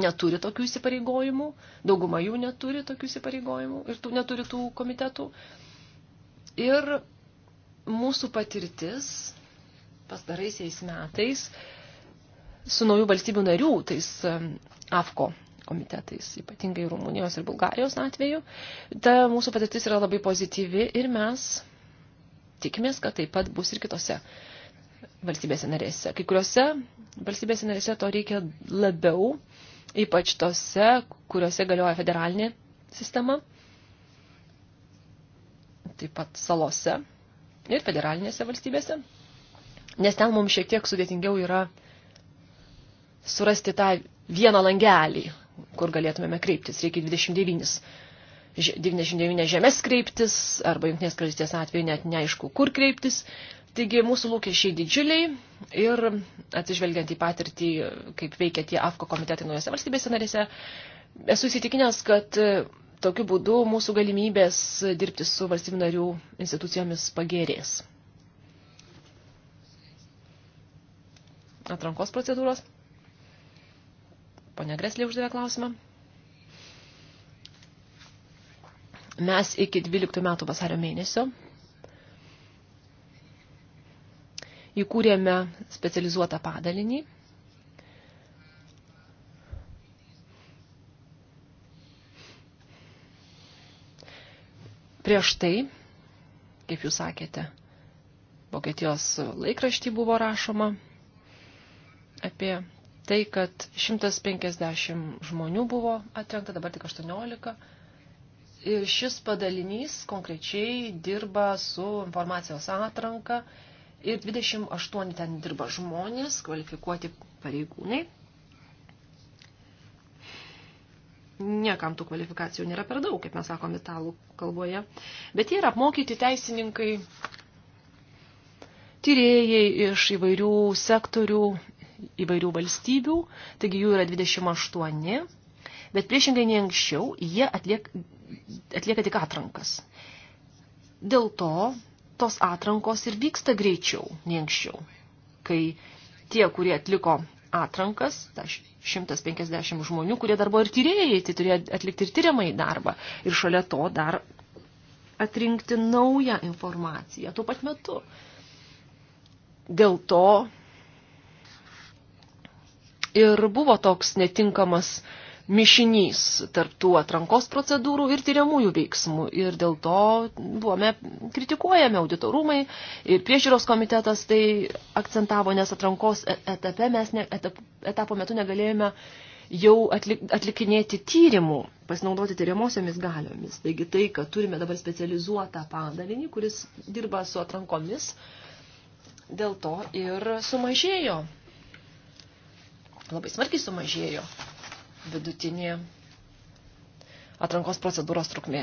Speaker 1: neturi tokių įsipareigojimų, dauguma jų neturi tokių įsipareigojimų ir tų, neturi tų komitetų. Ir mūsų patirtis pastaraisiais metais su naujų valstybių narių, tais AFKO komitetais, ypatingai Rumunijos ir Bulgarijos atveju. Ta mūsų patirtis yra labai pozityvi ir mes tikimės, kad taip pat bus ir kitose valstybėse narėse. Kai kuriuose valstybėse narėse to reikia labiau, ypač tose, kuriuose galioja federalinė sistema, taip pat salose ir federalinėse valstybėse nes ten mums šiek tiek sudėtingiau yra surasti tą vieną langelį, kur galėtumėme kreiptis. Reikia 29, 99 žemės kreiptis, arba jungtinės karalystės atveju net neaišku, kur kreiptis. Taigi mūsų lūkesčiai didžiuliai ir atsižvelgiant į patirtį, kaip veikia tie AFKO komitetai naujose valstybėse narėse, esu įsitikinęs, kad e, tokiu būdu mūsų galimybės dirbti su valstybių narių institucijomis pagerės. atrankos procedūros. Pone Greslė uždavė klausimą. Mes iki 12 metų vasario mėnesio įkūrėme specializuotą padalinį. Prieš tai, kaip jūs sakėte, Vokietijos laikraštį buvo rašoma – apie tai, kad 150 žmonių buvo atrenkta, dabar tik 18. Ir šis padalinys konkrečiai dirba su informacijos atranka ir 28 ten dirba žmonės, kvalifikuoti pareigūnai. Niekam tų kvalifikacijų nėra per daug, kaip mes sakom italų kalboje. Bet jie yra apmokyti teisininkai, tyrėjai iš įvairių sektorių įvairių valstybių, taigi jų yra 28, bet priešingai nei anksčiau, jie atliek, atlieka tik atrankas. Dėl to tos atrankos ir vyksta greičiau nei anksčiau, kai tie, kurie atliko atrankas, ta 150 žmonių, kurie dar buvo ir tyrėjai, tai turėjo atlikti ir tyriamai darbą. Ir šalia to dar atrinkti naują informaciją tuo pat metu. Dėl to ir buvo toks netinkamas mišinys tarp tų atrankos procedūrų ir tyriamųjų veiksmų. Ir dėl to buvome kritikuojami auditorumai ir priežiūros komitetas tai akcentavo, nes atrankos e- etape mes ne, etap, etapo metu negalėjome jau atlik, atlikinėti tyrimų, pasinaudoti tyriamosiomis galiomis. Taigi tai, kad turime dabar specializuotą padalinį, kuris dirba su atrankomis, dėl to ir sumažėjo labai smarkiai sumažėjo vidutinė atrankos procedūros trukmė.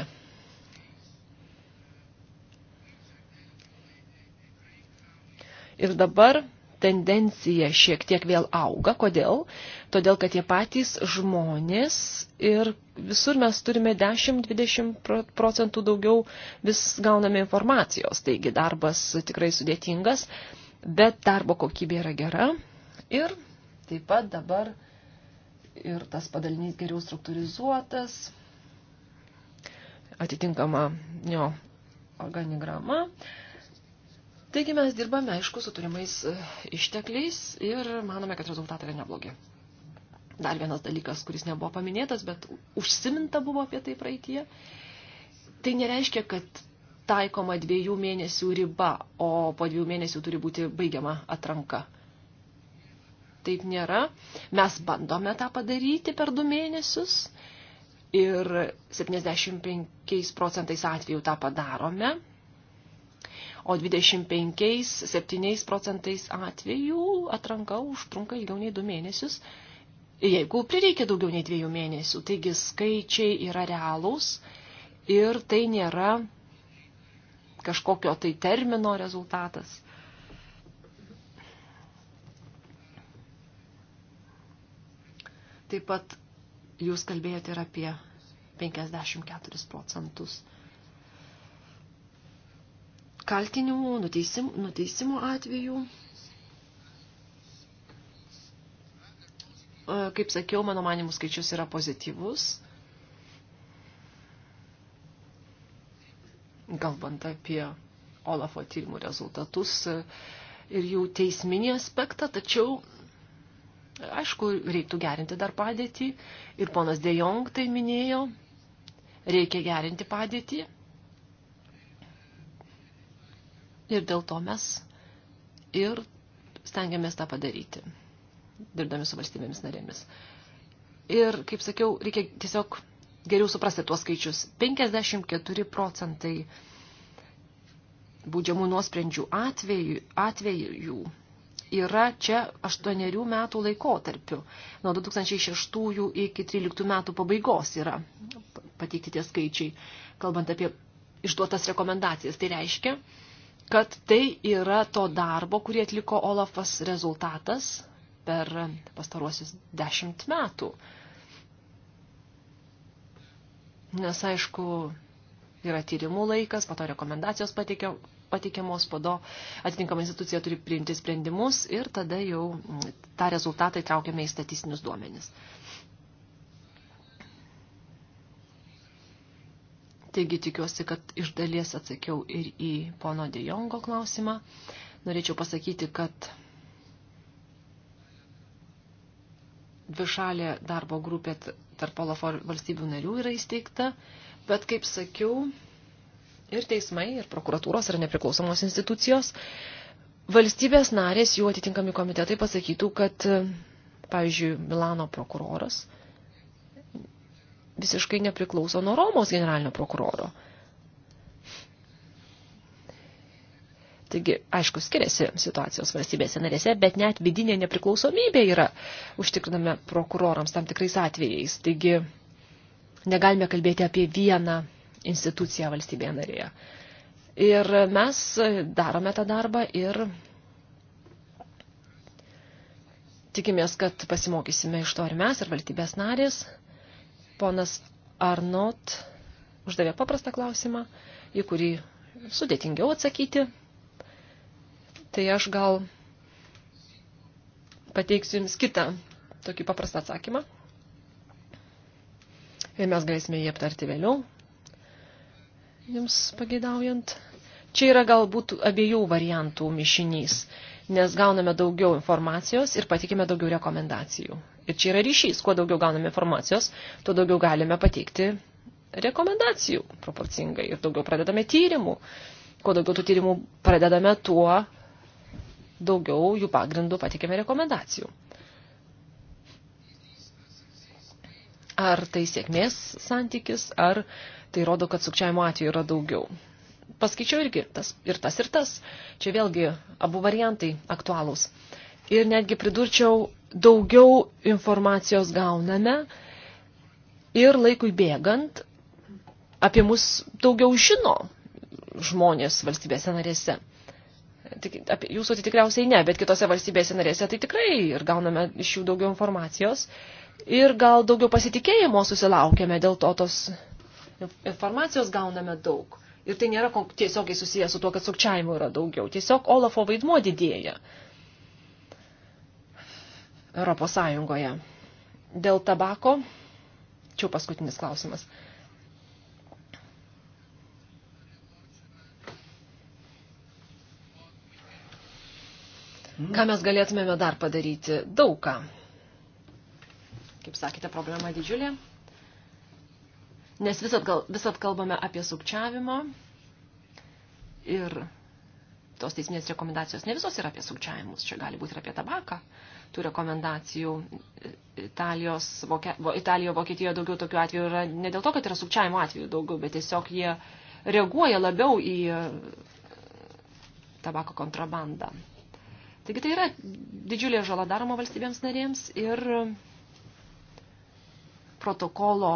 Speaker 1: Ir dabar tendencija šiek tiek vėl auga. Kodėl? Todėl, kad tie patys žmonės ir visur mes turime 10-20 procentų daugiau vis gauname informacijos. Taigi darbas tikrai sudėtingas, bet darbo kokybė yra gera ir Taip pat dabar ir tas padalinys geriau struktūrizuotas, atitinkama jo organigrama. Taigi mes dirbame, aišku, su turimais e, ištekliais ir manome, kad rezultatai yra neblogi. Dar vienas dalykas, kuris nebuvo paminėtas, bet užsiminta buvo apie tai praeitie. Tai nereiškia, kad taikoma dviejų mėnesių riba, o po dviejų mėnesių turi būti baigiama atranka taip nėra. Mes bandome tą padaryti per du mėnesius ir 75 procentais atvejų tą padarome, o 25-7 procentais atvejų atranka užtrunka ilgiau nei du mėnesius, jeigu prireikia daugiau nei dviejų mėnesių. Taigi skaičiai yra realūs ir tai nėra kažkokio tai termino rezultatas. Taip pat jūs kalbėjote ir apie 54 procentus kaltinimų, nuteisimų, nuteisimų atvejų. E, kaip sakiau, mano manimų skaičius yra pozityvus. Galbant apie Olafo tyrimų rezultatus ir jų teisminį aspektą, tačiau Aišku, reiktų gerinti dar padėtį ir ponas Dejong tai minėjo, reikia gerinti padėtį ir dėl to mes ir stengiamės tą padaryti, dirbdami su valstybėmis narėmis. Ir, kaip sakiau, reikia tiesiog geriau suprasti tuos skaičius. 54 procentai būdžiamų nuosprendžių atvejų, atvejų yra čia aštuonerių metų laikotarpiu. Nuo 2006 iki 13 metų pabaigos yra pateikti tie skaičiai, kalbant apie išduotas rekomendacijas. Tai reiškia, kad tai yra to darbo, kurį atliko Olafas rezultatas per pastaruosius dešimt metų. Nes, aišku, yra tyrimų laikas, pato rekomendacijos pateikia, pateikiamos, po to atitinkama institucija turi priimti sprendimus ir tada jau mm, tą rezultatą įtraukiame į statistinius duomenis. Taigi tikiuosi, kad iš dalies atsakiau ir į pono De Jongo klausimą. Norėčiau pasakyti, kad dvišalė darbo grupė tarp Olafo valstybių narių yra įsteigta, bet kaip sakiau, ir teismai, ir prokuratūros, ir nepriklausomos institucijos, valstybės narės jų atitinkami komitetai pasakytų, kad, pavyzdžiui, Milano prokuroras visiškai nepriklauso nuo Romos generalinio prokuroro. Taigi, aišku, skiriasi situacijos valstybėse narėse, bet net vidinė nepriklausomybė yra užtikrinama prokurorams tam tikrais atvejais. Taigi, negalime kalbėti apie vieną instituciją valstybėje narėje. Ir mes darome tą darbą ir tikimės, kad pasimokysime iš to ir mes, ir valstybės narės. Ponas Arnot uždavė paprastą klausimą, į kurį sudėtingiau atsakyti. Tai aš gal pateiksiu Jums kitą tokį paprastą atsakymą. Ir mes galėsime jį aptarti vėliau jums pageidaujant. Čia yra galbūt abiejų variantų mišinys, nes gauname daugiau informacijos ir patikime daugiau rekomendacijų. Ir čia yra ryšys, kuo daugiau gauname informacijos, tuo daugiau galime pateikti rekomendacijų proporcingai ir daugiau pradedame tyrimų. Kuo daugiau tų tyrimų pradedame, tuo daugiau jų pagrindų patikime rekomendacijų. Ar tai sėkmės santykis, ar uh, tai rodo, kad sukčiavimo atveju yra daugiau. Paskaičiau irgi tas, ir tas, ir tas. Čia vėlgi abu variantai aktualūs. Ir netgi pridurčiau, daugiau informacijos gauname ir laikui bėgant apie mus daugiau žino žmonės valstybėse narėse. Tik, apie, jūsų tai tikriausiai ne, bet kitose valstybėse narėse tai tikrai ir gauname iš jų daugiau informacijos ir gal daugiau pasitikėjimo susilaukėme dėl to tos informacijos gauname daug. Ir tai nėra tiesiogiai susijęs su to, kad sukčiavimo yra daugiau. Tiesiog Olafo vaidmuo didėja Europos Sąjungoje. Dėl tabako, čia paskutinis klausimas. Ką mes galėtumėme dar padaryti? Daugą. Kaip sakėte, problema didžiulė nes visat, visat kalbame apie sukčiavimą ir tos teisminės rekomendacijos ne visos yra apie sukčiavimus, čia gali būti ir apie tabaką. Tų rekomendacijų Italijos, Voke, Italijoje, Vokietijoje daugiau tokių atvejų yra ne dėl to, kad yra sukčiavimo atvejų daugiau, bet tiesiog jie reaguoja labiau į tabako kontrabandą. Taigi tai yra didžiulė žala daroma valstybėms narėms ir protokolo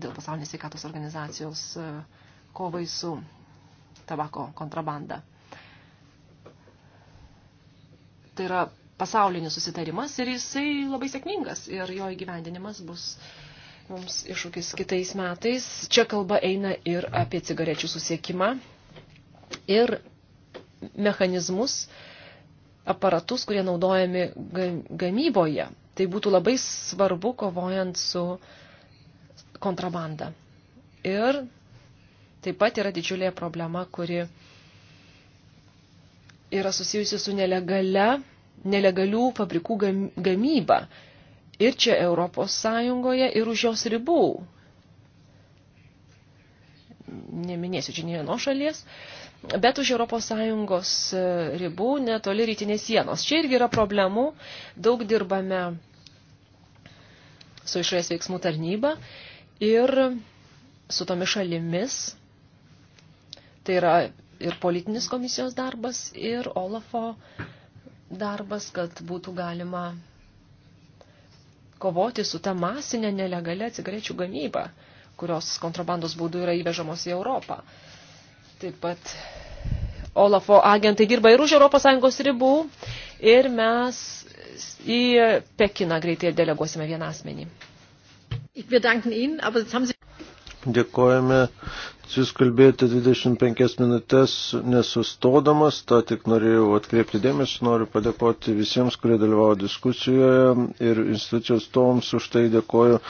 Speaker 1: dėl pasaulinės sveikatos organizacijos e, kovai su tabako kontrabanda. Tai yra pasaulinis susitarimas ir jisai labai sėkmingas ir jo įgyvendinimas bus mums iššūkis kitais metais. Čia kalba eina ir apie cigarečių susiekimą ir mechanizmus, aparatus, kurie naudojami gamyboje. Tai būtų labai svarbu kovojant su uh, kontrabandą. Ir taip pat yra didžiulė problema, kuri yra susijusi su nelegale, nelegalių fabrikų gamyba. Ir čia Europos Sąjungoje, ir už jos ribų. Neminėsiu čia nei vienos šalies, bet už Europos Sąjungos e, ribų netoli rytinės sienos. Čia irgi yra problemų. Daug dirbame su išorės veiksmų tarnyba ir su tomis šalimis. Tai yra ir politinis komisijos darbas, ir Olafo darbas, kad būtų galima kovoti su ta masinė nelegalia cigarečių gamyba, kurios kontrabandos būdų yra įvežamos į Europą. Taip pat Olafo agentai dirba ir už ES ribų ir mes į Pekiną greitai deleguosime vieną asmenį.
Speaker 2: Dėkojame, jūs kalbėjote 25 minutės nesustodamas, tą tik norėjau atkreipti dėmesį, noriu padėkoti visiems, kurie dalyvavo diskusijoje ir institucijos toms už tai dėkoju.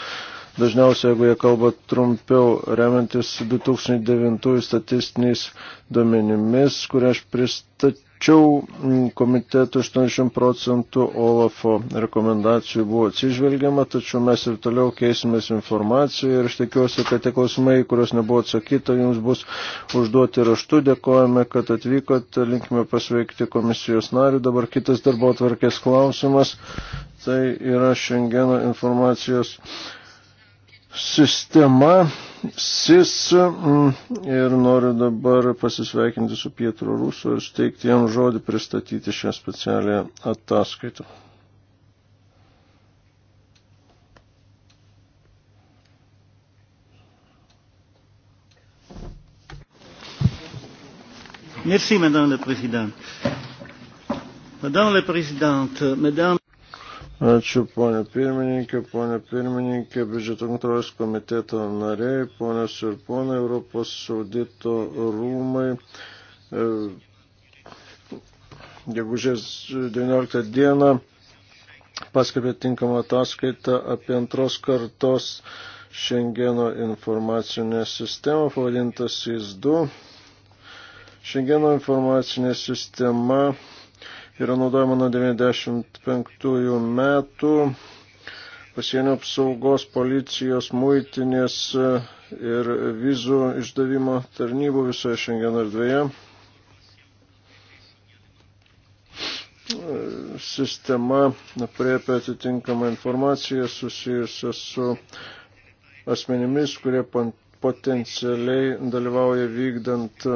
Speaker 2: Dažniausiai, jeigu jie kalba trumpiau, remiantis 2009 statistiniais duomenimis, kurie aš pristačiau, Tačiau mm, komitetų 80 procentų OLAFO rekomendacijų buvo atsižvelgiama, tačiau mes ir toliau keisimės informaciją ir aš tikiuosi, kad tie klausimai, kurios nebuvo atsakyta, jums bus užduoti raštu. Dėkojame, kad atvykot, linkime pasveikti komisijos narių. Dabar kitas darbo tvarkės klausimas, tai yra Šengeno informacijos sistema SIS mm, ir noriu dabar pasisveikinti su Pietro Rusu ir steigti jam žodį pristatyti šią specialią ataskaitą.
Speaker 3: Merci, Madame la Présidente.
Speaker 2: Madame la Présidente, Madame Ačiū, ponė pirmininkė, ponė pirmininkė, biudžeto kontrolės komiteto nariai, ponės ir ponai, Europos audito rūmai. E, gegužės 19 dieną paskelbė tinkamą ataskaitą apie antros kartos Šengeno informacinę sistemą, pavadintas SIS-2. Šengeno informacinė sistema yra naudojama nuo 95 metų pasienio apsaugos, policijos, muitinės ir vizų išdavimo tarnybų visoje šiandien erdvėje. Sistema apriepia atitinkamą informaciją susijusią su asmenimis, kurie potencialiai dalyvauja vykdant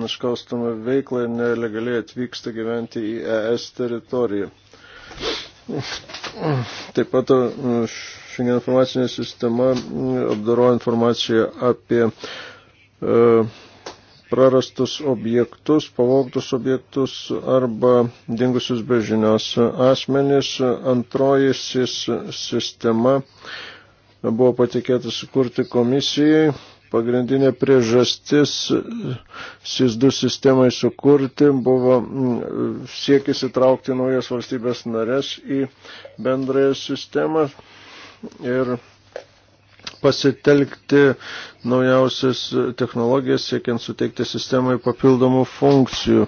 Speaker 2: nuskaustamą veiklą ir nelegaliai atvyksta gyventi į ES teritoriją. Taip pat e, šiandien informacinė sistema e, apdaro informaciją apie e, prarastus objektus, pavogtus objektus arba dingusius bežinios asmenys. Antroji sistema buvo patikėta sukurti komisijai Pagrindinė priežastis e, SIS-2 sistemai sukurti buvo siekis įtraukti naujas valstybės narės į bendrąją sistemą ir pasitelkti naujausias technologijas, siekiant suteikti sistemai papildomų funkcijų.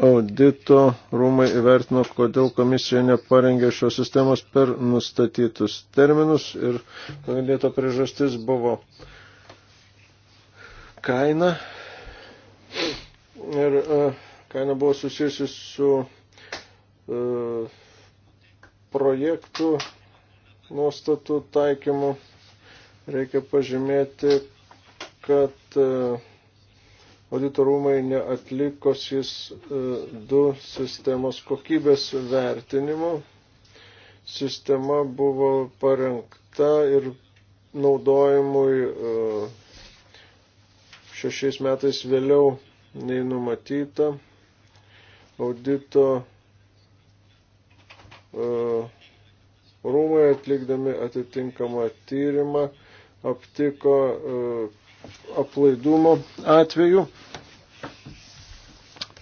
Speaker 2: Audito rūmai įvertino, kodėl komisija neparengė šios sistemos per nustatytus terminus ir pagrindėto priežastis buvo kaina. Ir uh, kaina buvo susijusi su uh, projektų nuostatų taikymu. Reikia pažymėti, kad uh, auditorumai neatliko šis e, du sistemos kokybės vertinimų. Sistema buvo parengta ir naudojimui e, šešiais metais vėliau nei numatyta. Audito e, rūmai atlikdami atitinkamą tyrimą aptiko aplaidumo atveju.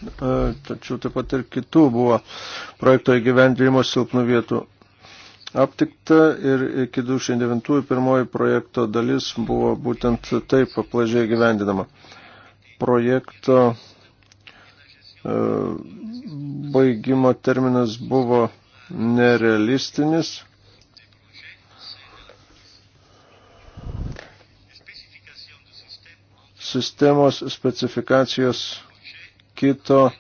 Speaker 2: E, tačiau taip pat ir kitų buvo projekto įgyvendinimo silpnų vietų aptikta ir iki 2009 pirmoji projekto dalis buvo būtent taip plažiai gyvendinama. Projekto e, baigimo terminas buvo nerealistinis sistemos specifikacijos kito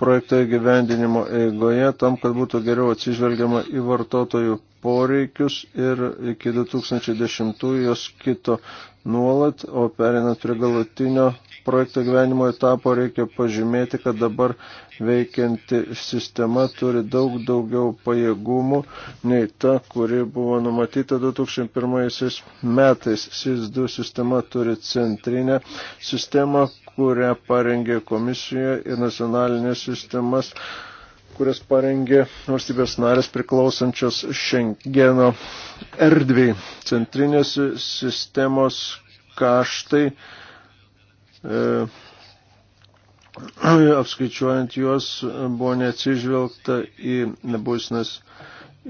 Speaker 2: projekto įgyvendinimo eigoje, tam, kad būtų geriau atsižvelgiama į vartotojų poreikius ir iki 2010 jos kito nuolat, o perinant prie galutinio projekto gyvenimo etapo reikia pažymėti, kad dabar veikianti sistema turi daug daugiau pajėgumų nei ta, kuri buvo numatyta 2001 metais. SIS-2 sistema turi centrinę sistemą, kurią parengė komisija ir nacionalinės sistemas kurias parengė valstybės narės priklausančios Šengeno erdviai. Centrinės sistemos kaštai E, apskaičiuojant juos buvo neatsižvelgta į nebūsinas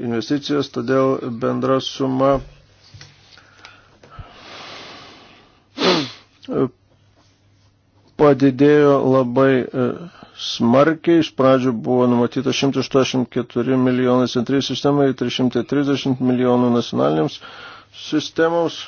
Speaker 2: investicijas, todėl bendra suma padidėjo labai e, smarkiai. Iš pradžių buvo numatyta 184 milijonai centrinės sistemai, 330 milijonų nacionaliniams sistemoms.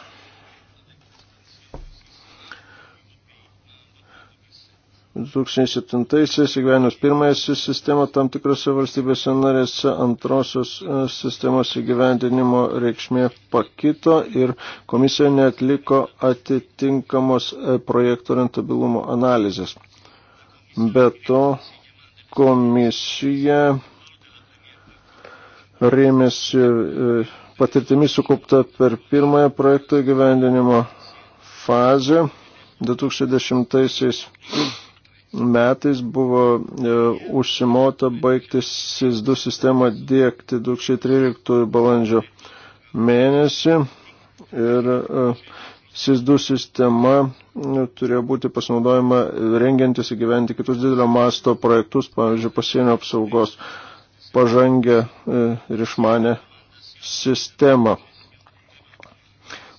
Speaker 2: 2007-aisiais įgyvenus pirmąją sistemą tam tikrose valstybėse narėse antrosios e, sistemos įgyvendinimo reikšmė pakito ir komisija netliko atitinkamos e, projektų rentabilumo analizės. Be to komisija rėmėsi e, patirtimi sukaupta per pirmąją projektų įgyvendinimo fazę 2010-aisiais metais buvo e, užsimota baigti SIS2 sistemą dėkti 2013 balandžio mėnesį ir e, SIS2 sistema e, turėjo būti pasinaudojama rengiantis įgyventi kitus didelio masto projektus, pavyzdžiui, pasienio apsaugos pažangę e, ir išmanę sistemą.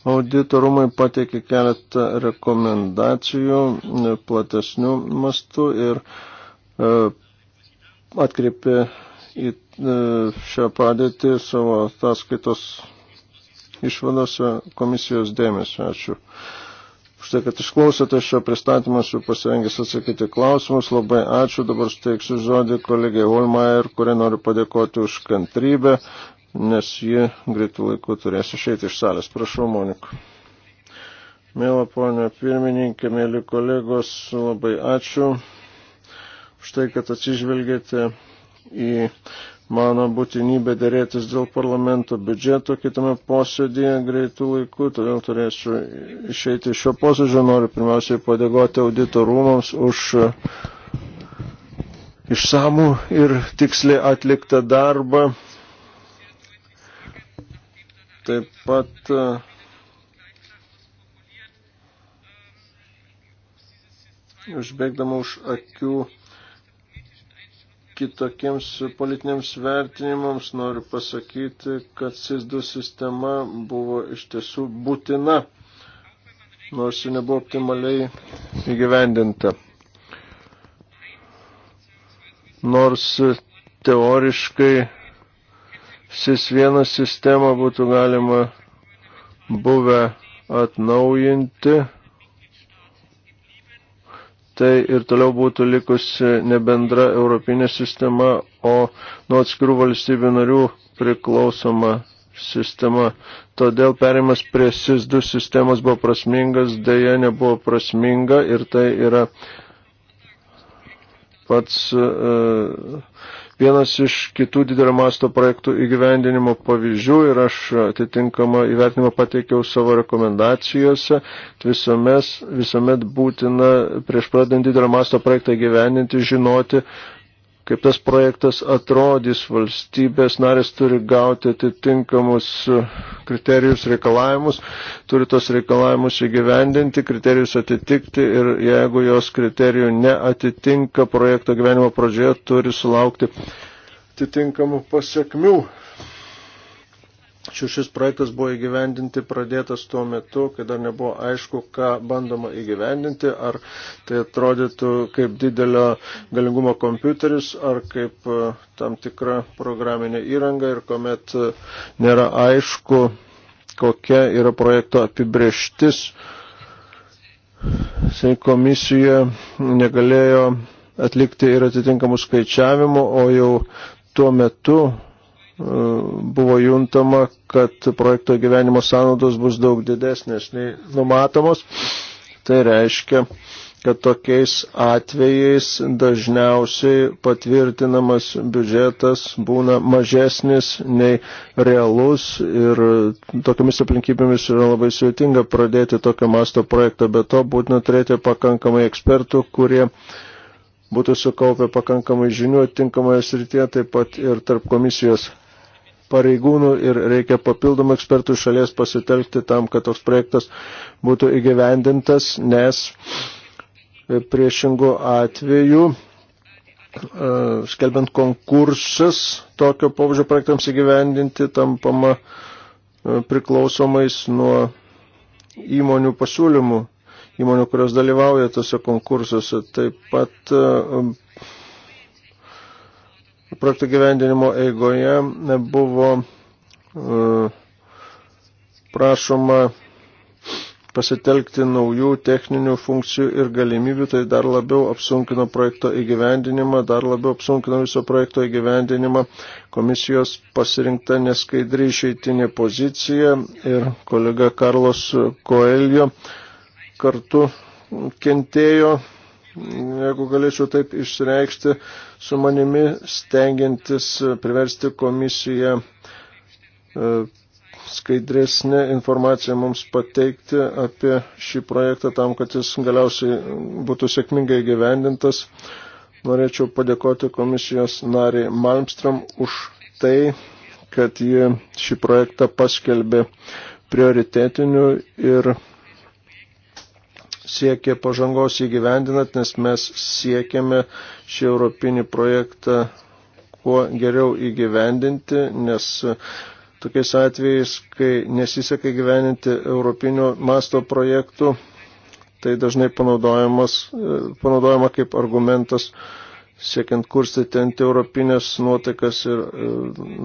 Speaker 2: Auditorumai pateikė keletą rekomendacijų e, platesnių mastų ir e, atkreipė į e, šią padėtį savo ataskaitos išvadose komisijos dėmesio. Ačiū. Štai, kad išklausėte šio pristatymą, esu pasirengęs atsakyti klausimus. Labai ačiū. Dabar steiksiu žodį kolegijai Holmeier, kurie noriu padėkoti už kantrybę, nes jie greitų laikų turės išeiti iš salės. Prašau, Monika. Mėla ponė pirmininkė, mėly kolegos, labai ačiū už tai, kad atsižvelgėte į mano būtinybę dėrėtis dėl parlamento biudžeto kitame posėdėje greitų laikų, todėl turėsiu išeiti iš šio posėdžio. Noriu pirmiausiai padėkoti auditorumams už išsamų ir tiksliai atliktą darbą Taip pat e, užbėgdama už akių kitokiems politiniams vertinimams noriu pasakyti, kad SIS-2 sistema buvo iš tiesų būtina, nors ji nebuvo optimaliai įgyvendinta. Nors teoriškai SIS-1 sistemą būtų galima buvę atnaujinti, tai ir toliau būtų likusi nebendra europinė sistema, o nuo atskirų valstybių narių priklausoma sistema. Todėl perimas prie SIS-2 sistemos buvo prasmingas, dėja nebuvo prasminga ir tai yra pats uh, vienas iš kitų didelio masto projektų įgyvendinimo pavyzdžių ir aš atitinkamą įvertinimą pateikiau savo rekomendacijose. Tai visuomet, visuomet būtina prieš pradant didelio masto projektą įgyvendinti žinoti, kaip tas projektas atrodys, valstybės narės turi gauti atitinkamus e, kriterijus reikalavimus, turi tos reikalavimus įgyvendinti, kriterijus atitikti ir jeigu jos kriterijų neatitinka projekto gyvenimo pradžioje, turi sulaukti atitinkamų pasiekmių. Tačiau šis projektas buvo įgyvendinti pradėtas tuo metu, kai dar nebuvo aišku, ką bandoma įgyvendinti, ar tai atrodytų kaip didelio galingumo kompiuteris, ar kaip e, tam tikra programinė įranga ir kuomet e, nėra aišku, kokia yra projekto apibrieštis. Sen tai komisija negalėjo atlikti ir atitinkamų skaičiavimų, o jau tuo metu buvo juntama, kad projekto gyvenimo sąnaudos bus daug didesnės nei numatomos. Tai reiškia, kad tokiais atvejais dažniausiai patvirtinamas biudžetas būna mažesnis nei realus ir tokiamis aplinkybėmis yra labai sudėtinga pradėti tokio masto projektą, bet to būtina turėti pakankamai ekspertų, kurie būtų sukaupę pakankamai žinių atinkamoje srityje, taip pat ir tarp komisijos pareigūnų ir reikia papildomų ekspertų šalies pasitelkti tam, kad toks projektas būtų įgyvendintas, nes e, priešingų atveju e, skelbiant konkursas tokio pobūdžio projektams įgyvendinti, tampama e, priklausomais nuo įmonių pasiūlymų, įmonių, kurios dalyvauja tose konkursuose. Taip pat projektų gyvendinimo eigoje buvo e, prašoma pasitelkti naujų techninių funkcijų ir galimybių, tai dar labiau apsunkino projekto įgyvendinimą, dar labiau apsunkino viso projekto įgyvendinimą komisijos pasirinkta neskaidri išeitinė pozicija ir kolega Karlos Koelio kartu kentėjo jeigu galėčiau taip išreikšti, su manimi stengiantis priversti komisiją e, skaidresnė informacija mums pateikti apie šį projektą tam, kad jis galiausiai būtų sėkmingai gyvendintas. Norėčiau padėkoti komisijos nariai Malmstrom už tai, kad ji šį projektą paskelbė prioritetiniu ir siekė pažangos įgyvendinant, nes mes siekiame šį europinį projektą kuo geriau įgyvendinti, nes tokiais atvejais, kai nesiseka įgyvendinti europinio masto projektų, tai dažnai panaudojama kaip argumentas siekiant kurstyti antieuropinės nuotaikas ir e,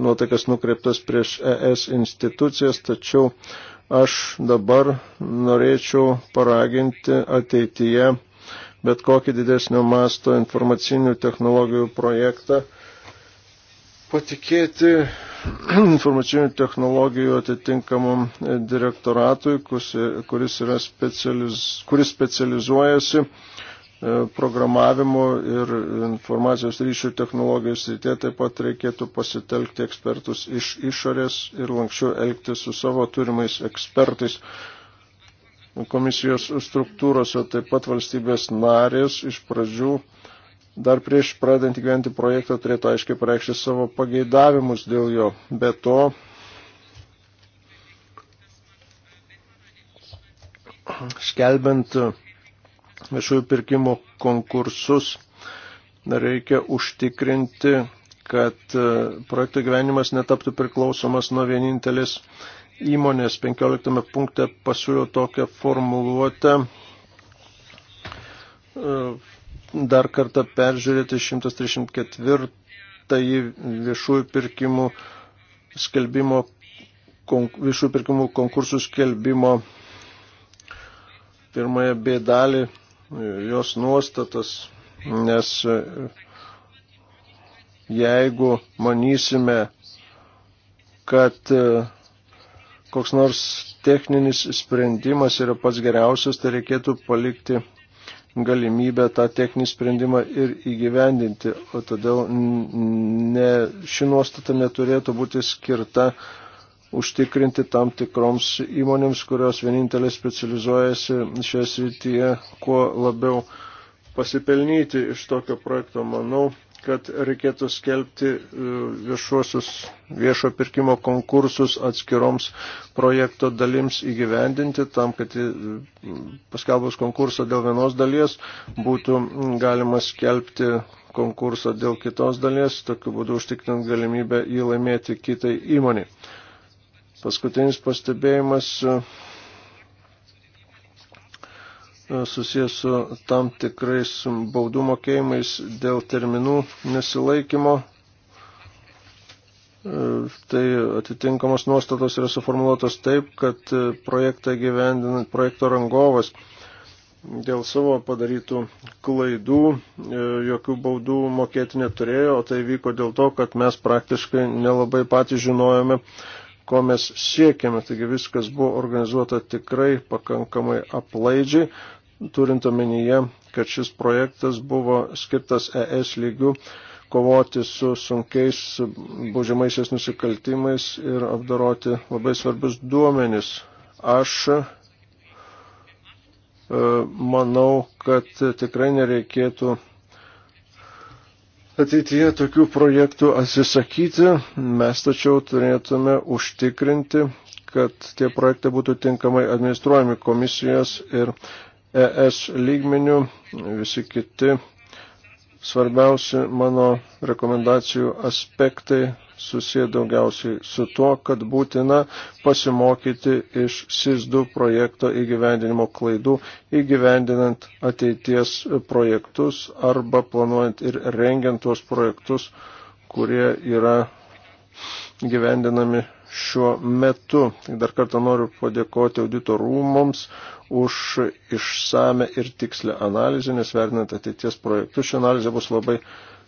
Speaker 2: nuotaikas nukreiptas prieš ES institucijas, tačiau uh, Aš dabar norėčiau paraginti ateityje bet kokį didesnio masto informacinių technologijų projektą patikėti [clears throat] informacinių technologijų atitinkamam direktoratui, kuris, yra specializ, kuris specializuojasi E, programavimo ir informacijos ryšių technologijos srityje taip pat reikėtų pasitelkti ekspertus iš išorės ir lankščiau elgtis su savo turimais ekspertais komisijos struktūrose, taip pat valstybės narės iš pradžių dar prieš pradant įgyventi projektą turėtų aiškiai pareikšti savo pageidavimus dėl jo. Be to, skelbiant viešųjų pirkimų konkursus reikia užtikrinti, kad e, projektų gyvenimas netaptų priklausomas nuo vienintelės įmonės. 15 punkte pasiūliau tokią formuluotę. E, dar kartą peržiūrėti 134 viešųjų pirkimų skelbimo, viešųjų pirkimų konkursų skelbimo pirmąją bėdalį jos nuostatas, nes e, jeigu manysime, kad e, koks nors techninis sprendimas yra pats geriausias, tai reikėtų palikti galimybę tą techninį sprendimą ir įgyvendinti, o todėl ne, ši nuostata neturėtų būti skirta užtikrinti tam tikroms įmonėms, kurios vienintelės specializuojasi šioje srityje, kuo labiau pasipelnyti iš tokio projekto. Manau, kad reikėtų skelbti e, viešuosius viešo pirkimo konkursus atskiroms projekto dalims įgyvendinti, tam, kad paskelbus konkursą dėl vienos dalies būtų galima skelbti konkursą dėl kitos dalies, tokiu būdu užtikrinant galimybę įlaimėti kitai įmonį. Paskutinis pastebėjimas e, susijęs su tam tikrais baudų mokėjimais dėl terminų nesilaikymo. E, tai atitinkamos nuostatos yra suformuoluotos taip, kad e, projektą gyvendinant projekto rangovas dėl savo padarytų klaidų jokių baudų mokėti neturėjo, o tai vyko dėl to, kad mes praktiškai nelabai patys žinojome, ko mes siekiame. Taigi viskas buvo organizuota tikrai pakankamai aplaidžiai, turint omenyje, kad šis projektas buvo skirtas ES lygių kovoti su sunkiais baudžiamaisiais nusikaltimais ir apdaroti labai svarbius duomenis. Aš e, manau, kad tikrai nereikėtų ateityje tokių projektų atsisakyti, mes tačiau turėtume užtikrinti, kad tie projektai būtų tinkamai administruojami komisijos ir ES lygmenių. Visi kiti svarbiausi mano rekomendacijų aspektai susiję daugiausiai su tuo, kad būtina pasimokyti iš SIS2 projekto įgyvendinimo klaidų, įgyvendinant ateities projektus arba planuojant ir rengiant tuos projektus, kurie yra gyvendinami šiuo metu. Dar kartą noriu padėkoti auditorumoms už išsame ir tikslę analizę, nes vertinant ateities projektus, ši analizė bus labai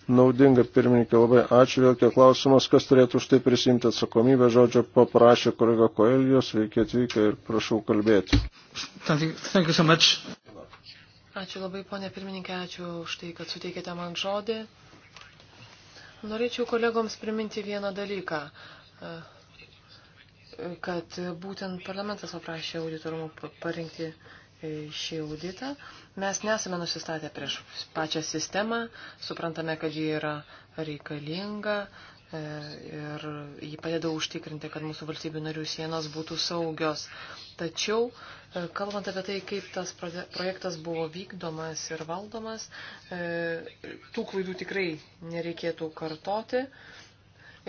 Speaker 2: naudinga. Pirmininkė, labai ačiū. Vėl kiek klausimas, kas turėtų už tai prisimti atsakomybę. Žodžio paprašė kolega Koelijos, sveiki atvykę ir prašau kalbėti.
Speaker 3: Thank you so much.
Speaker 4: Ačiū labai, ponė pirmininkė, ačiū už tai, kad suteikėte man žodį. Norėčiau kolegoms priminti vieną dalyką kad būtent parlamentas paprašė auditorumų parinkti šį auditą. Mes nesame nusistatę prieš pačią sistemą, suprantame, kad ji yra reikalinga e, ir ji padeda užtikrinti, kad mūsų valstybių narių sienos būtų saugios. Tačiau, e, kalbant apie tai, kaip tas projektas buvo vykdomas ir valdomas, e, tų klaidų tikrai nereikėtų kartoti.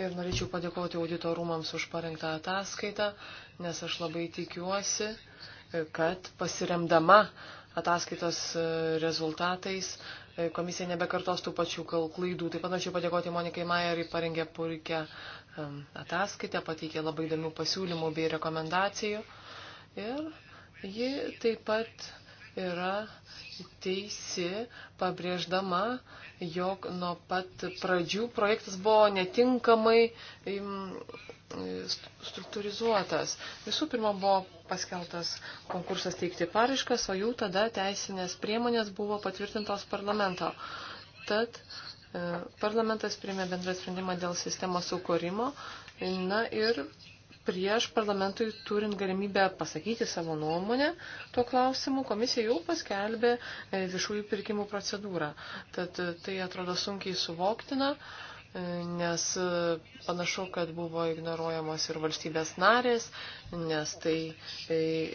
Speaker 4: Ir norėčiau padėkoti audito rūmams už parengtą ataskaitą, nes aš labai tikiuosi, kad pasiremdama ataskaitos e, rezultatais e, komisija nebekartos tų pačių klaidų. Taip pat norėčiau padėkoti Monikai Majerį, parengė puikią ataskaitę, pateikė labai įdomių pasiūlymų bei rekomendacijų. Ir ji taip pat yra teisi, pabrėždama, jog nuo pat pradžių projektas buvo netinkamai struktūrizuotas. Visų pirma, buvo paskeltas konkursas teikti paraiškas, o jų tada teisinės priemonės buvo patvirtintos parlamento. Tad e, parlamentas priėmė bendrą sprendimą dėl sistemos sukūrimo. Na ir prieš parlamentui turint galimybę pasakyti savo nuomonę tuo klausimu, komisija jau paskelbė e, viešųjų pirkimų procedūrą. Tad e, tai atrodo sunkiai suvoktina, e, nes panašu, kad buvo ignoruojamos ir valstybės narės, nes tai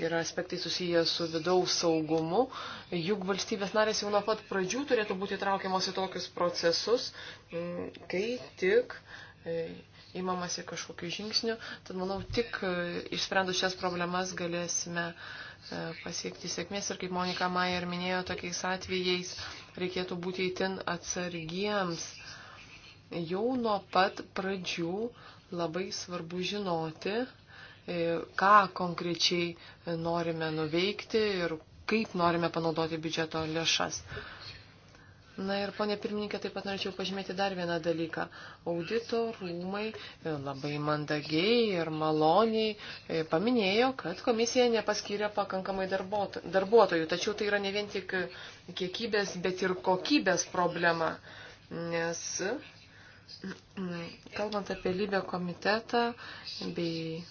Speaker 4: yra aspektai susiję su vidaus saugumu. Juk valstybės narės jau nuo pat pradžių turėtų būti traukiamos į tokius procesus, kai tik įmamasi kažkokiu žingsniu. Tad manau, tik e, išsprendus šias problemas galėsime e, pasiekti sėkmės ir kaip Monika Mayer minėjo, tokiais atvejais reikėtų būti įtin atsargiems. Jau nuo pat pradžių labai svarbu žinoti, e, ką konkrečiai norime nuveikti ir kaip norime panaudoti biudžeto lėšas. Na ir ponė pirmininkė, taip pat norėčiau pažymėti dar vieną dalyką. Audito rūmai e, labai mandagiai ir maloniai e, paminėjo, kad komisija nepaskyrė pakankamai darbuotojų. Tačiau tai yra ne vien tik kiekybės, bet ir kokybės problema. Nes [clears throat] kalbant apie lybę komitetą bei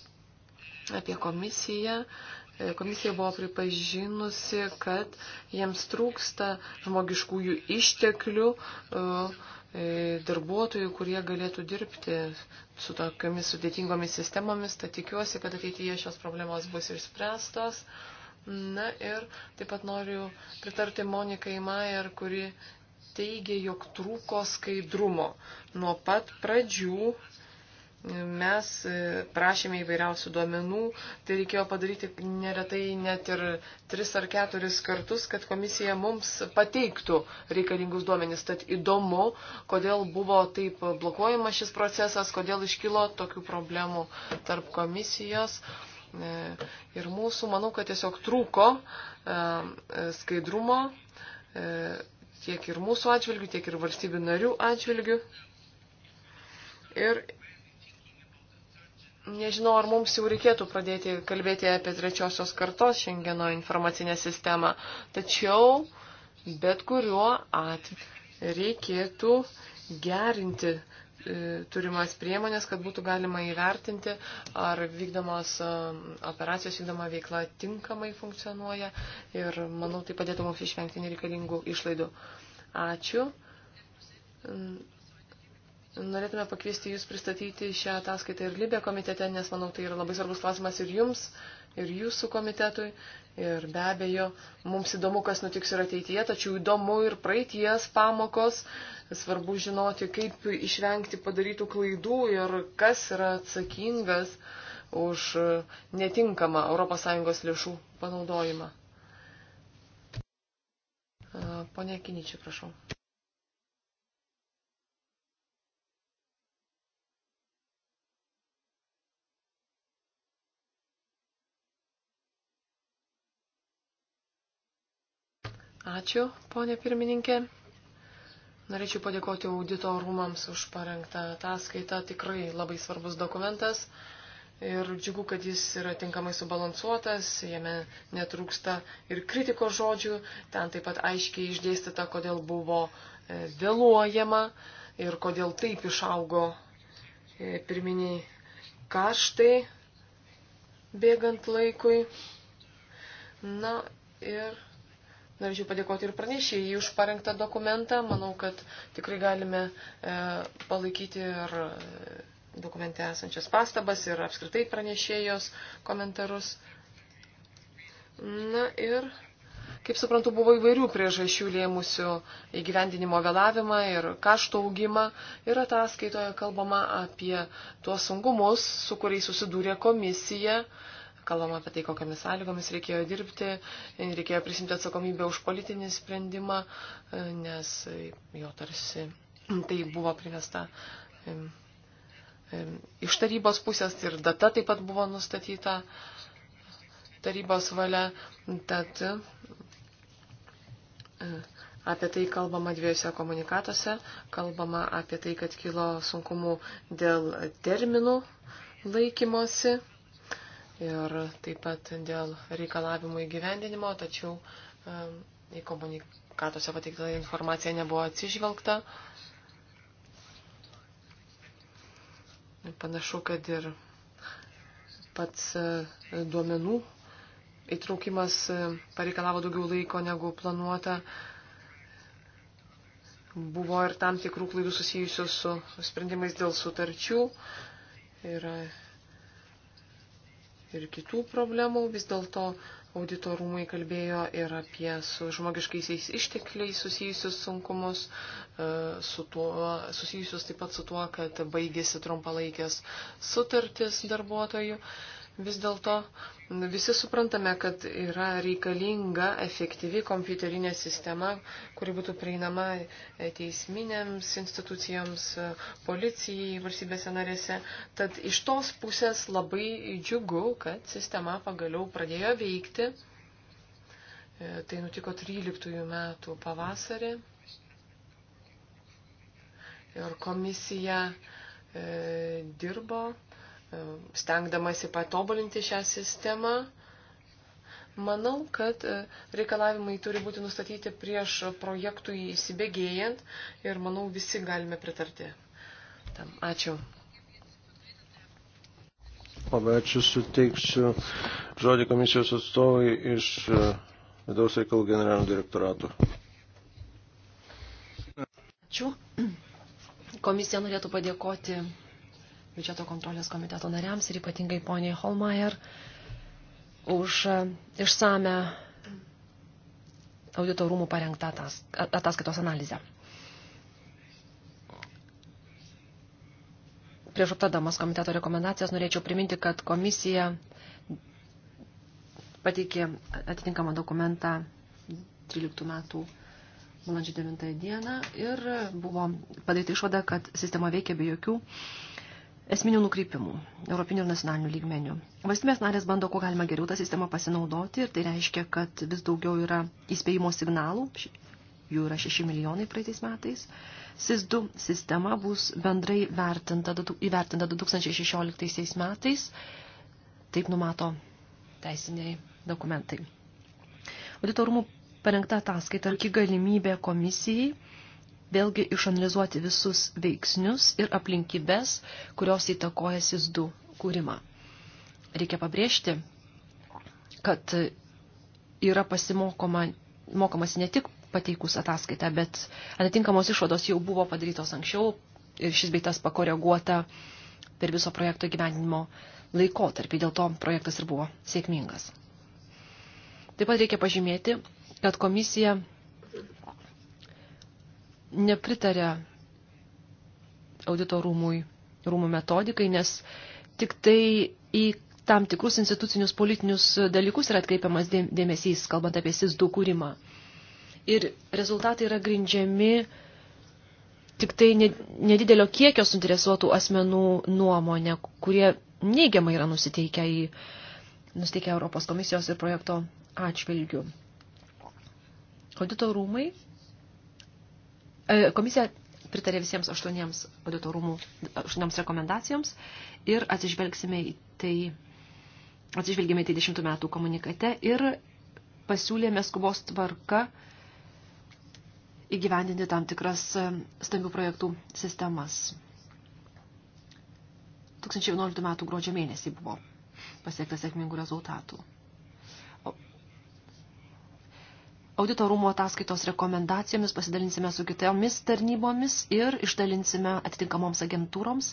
Speaker 4: apie komisiją, komisija buvo pripažinusi, kad jiems trūksta žmogiškųjų išteklių e, e, darbuotojų, kurie galėtų dirbti su tokiamis sudėtingomis sistemomis, tad tikiuosi, kad ateityje šios problemos bus išspręstos. Na ir taip pat noriu pritarti Monikai Maier, kuri teigia, jog trūko skaidrumo nuo pat pradžių mes e, prašėme įvairiausių duomenų, tai reikėjo padaryti neretai net ir tris ar keturis kartus, kad komisija mums pateiktų reikalingus duomenys. Tad įdomu, kodėl buvo taip blokuojama šis procesas, kodėl iškilo tokių problemų tarp komisijos. E, ir mūsų, manau, kad tiesiog trūko e, skaidrumo tiek ir mūsų atžvilgių, tiek ir valstybių narių atžvilgių. Ir Nežinau, ar mums jau reikėtų pradėti kalbėti apie trečiosios kartos šengeno informacinę sistemą, tačiau bet kuriuo atveju reikėtų gerinti e, turimas priemonės, kad būtų galima įvertinti, ar vykdomos e, operacijos vykdoma veikla tinkamai funkcionuoja ir, manau, tai padėtų mums išvengti nereikalingų išlaidų. Ačiū. Norėtume pakviesti Jūs pristatyti šią ataskaitą ir Libė komitete, nes manau, tai yra labai svarbus klausimas ir Jums, ir Jūsų komitetui. Ir be abejo, mums įdomu, kas nutiks ir ateityje, tačiau įdomu ir praeities pamokos. Svarbu žinoti, kaip išvengti padarytų klaidų ir kas yra atsakingas už netinkamą ES lėšų panaudojimą. Pone Kiničiai, prašau. Ačiū, ponė pirmininkė. Norėčiau padėkoti audito rūmams už parengtą ataskaitą. Tikrai labai svarbus dokumentas. Ir džiugu, kad jis yra tinkamai subalansuotas, jame netrūksta ir kritiko žodžių, ten taip pat aiškiai išdėstyta, kodėl buvo e, vėluojama ir kodėl taip išaugo e, pirminiai kaštai bėgant laikui. Na ir Norėčiau padėkoti ir pranešėjai už parengtą dokumentą. Manau, kad tikrai galime e, palaikyti ir e, dokumente esančias pastabas ir apskritai pranešėjos komentarus. Na ir, kaip suprantu, buvo įvairių priežasčių lėmusių įgyvendinimo vėlavimą ir kaštų augimą. Ir ataskaitoje kalbama apie tuos sunkumus, su kuriais susidūrė komisija. E, kalbama apie tai, kokiamis sąlygomis reikėjo dirbti, reikėjo prisimti atsakomybę už politinį sprendimą, nes jo tarsi tai buvo primesta iš tarybos pusės ir data taip pat buvo nustatyta tarybos valia. Tad e, apie tai kalbama dviejose komunikatuose, kalbama apie tai, kad kilo sunkumų dėl terminų laikymosi ir taip pat dėl reikalavimų įgyvendinimo, tačiau į komunikatuose pateiktą informaciją nebuvo atsižvelgta. Panašu, kad ir pats e, duomenų įtraukimas e, pareikalavo daugiau laiko negu planuota. Buvo ir tam tikrų klaidų susijusių su sprendimais dėl sutarčių. Yra ir kitų problemų. Vis dėlto auditorumai kalbėjo ir apie su žmogiškaisiais ištekliais susijusius sunkumus, e, su tuo, susijusius taip pat su tuo, kad baigėsi trumpalaikės sutartis darbuotojų. Vis dėlto visi suprantame, kad yra reikalinga efektyvi kompiuterinė sistema, kuri būtų prieinama teisminėms institucijoms, policijai, valstybėse narėse. Tad iš tos pusės labai džiugu, kad sistema pagaliau pradėjo veikti. E, tai nutiko 13 metų pavasarį. Ir komisija e, dirbo stengdamasi patobulinti šią sistemą. Manau, kad e, reikalavimai turi būti nustatyti prieš projektui įsibėgėjant ir manau visi galime pritarti tam. Ačiū.
Speaker 2: Labai ačiū suteiksiu žodį komisijos atstovai iš e, vidaus reikalų generalinio direktorato.
Speaker 1: Ačiū. Komisija norėtų padėkoti biudžeto kontrolės komiteto nariams ir ypatingai poniai Holmeier už e, išsame audito rūmų parengtą ataskaitos analizę. Prieš aptadamas komiteto rekomendacijas norėčiau priminti, kad komisija pateikė atitinkamą dokumentą 13 metų balandžio 9 dieną ir buvo padaryti išvada, kad sistema veikia be jokių esminių nukreipimų europinių ir nacionalinių lygmenių. Valstybės narės bando, kuo galima geriau tą sistemą pasinaudoti ir tai reiškia, kad vis daugiau yra įspėjimo signalų, jų yra 6 milijonai praeitais metais. SIS-2 sistema bus bendrai vertinta, įvertinta 2016 metais, taip numato teisiniai dokumentai. Auditorumų parengta ataskaita iki galimybė komisijai vėlgi išanalizuoti visus veiksnius ir aplinkybės, kurios įtakoja SIS2 kūrimą. Reikia pabrėžti, kad yra pasimokoma, mokamas ne tik pateikus ataskaitą, bet atitinkamos išvados jau buvo padarytos anksčiau ir šis beitas pakoreguota per viso projekto gyvenimo laikotarpį, dėl to projektas ir buvo sėkmingas. Taip pat reikia pažymėti, kad komisija nepritarė audito rūmui, rūmų metodikai, nes tik tai į tam tikrus institucinius politinius dalykus yra atkreipiamas dėmesys, kalbant apie SIS2 kūrimą. Ir rezultatai yra grindžiami tik tai nedidelio kiekio suinteresuotų asmenų nuomonė, kurie neigiamai yra nusiteikę į nusiteikę Europos komisijos ir projekto atšvilgių. Audito rūmai E, komisija pritarė visiems aštuoniems auditorumų, aštuonioms rekomendacijoms ir atsižvelgsime į tai, atsižvelgėme į tai dešimtų metų komunikate ir pasiūlėme skubos tvarka įgyvendinti tam tikras e, stambių projektų sistemas. 2011 metų gruodžio mėnesį buvo pasiektas sėkmingų rezultatų. audito rūmo ataskaitos rekomendacijomis pasidalinsime su kitomis tarnybomis ir išdalinsime atitinkamoms agentūroms,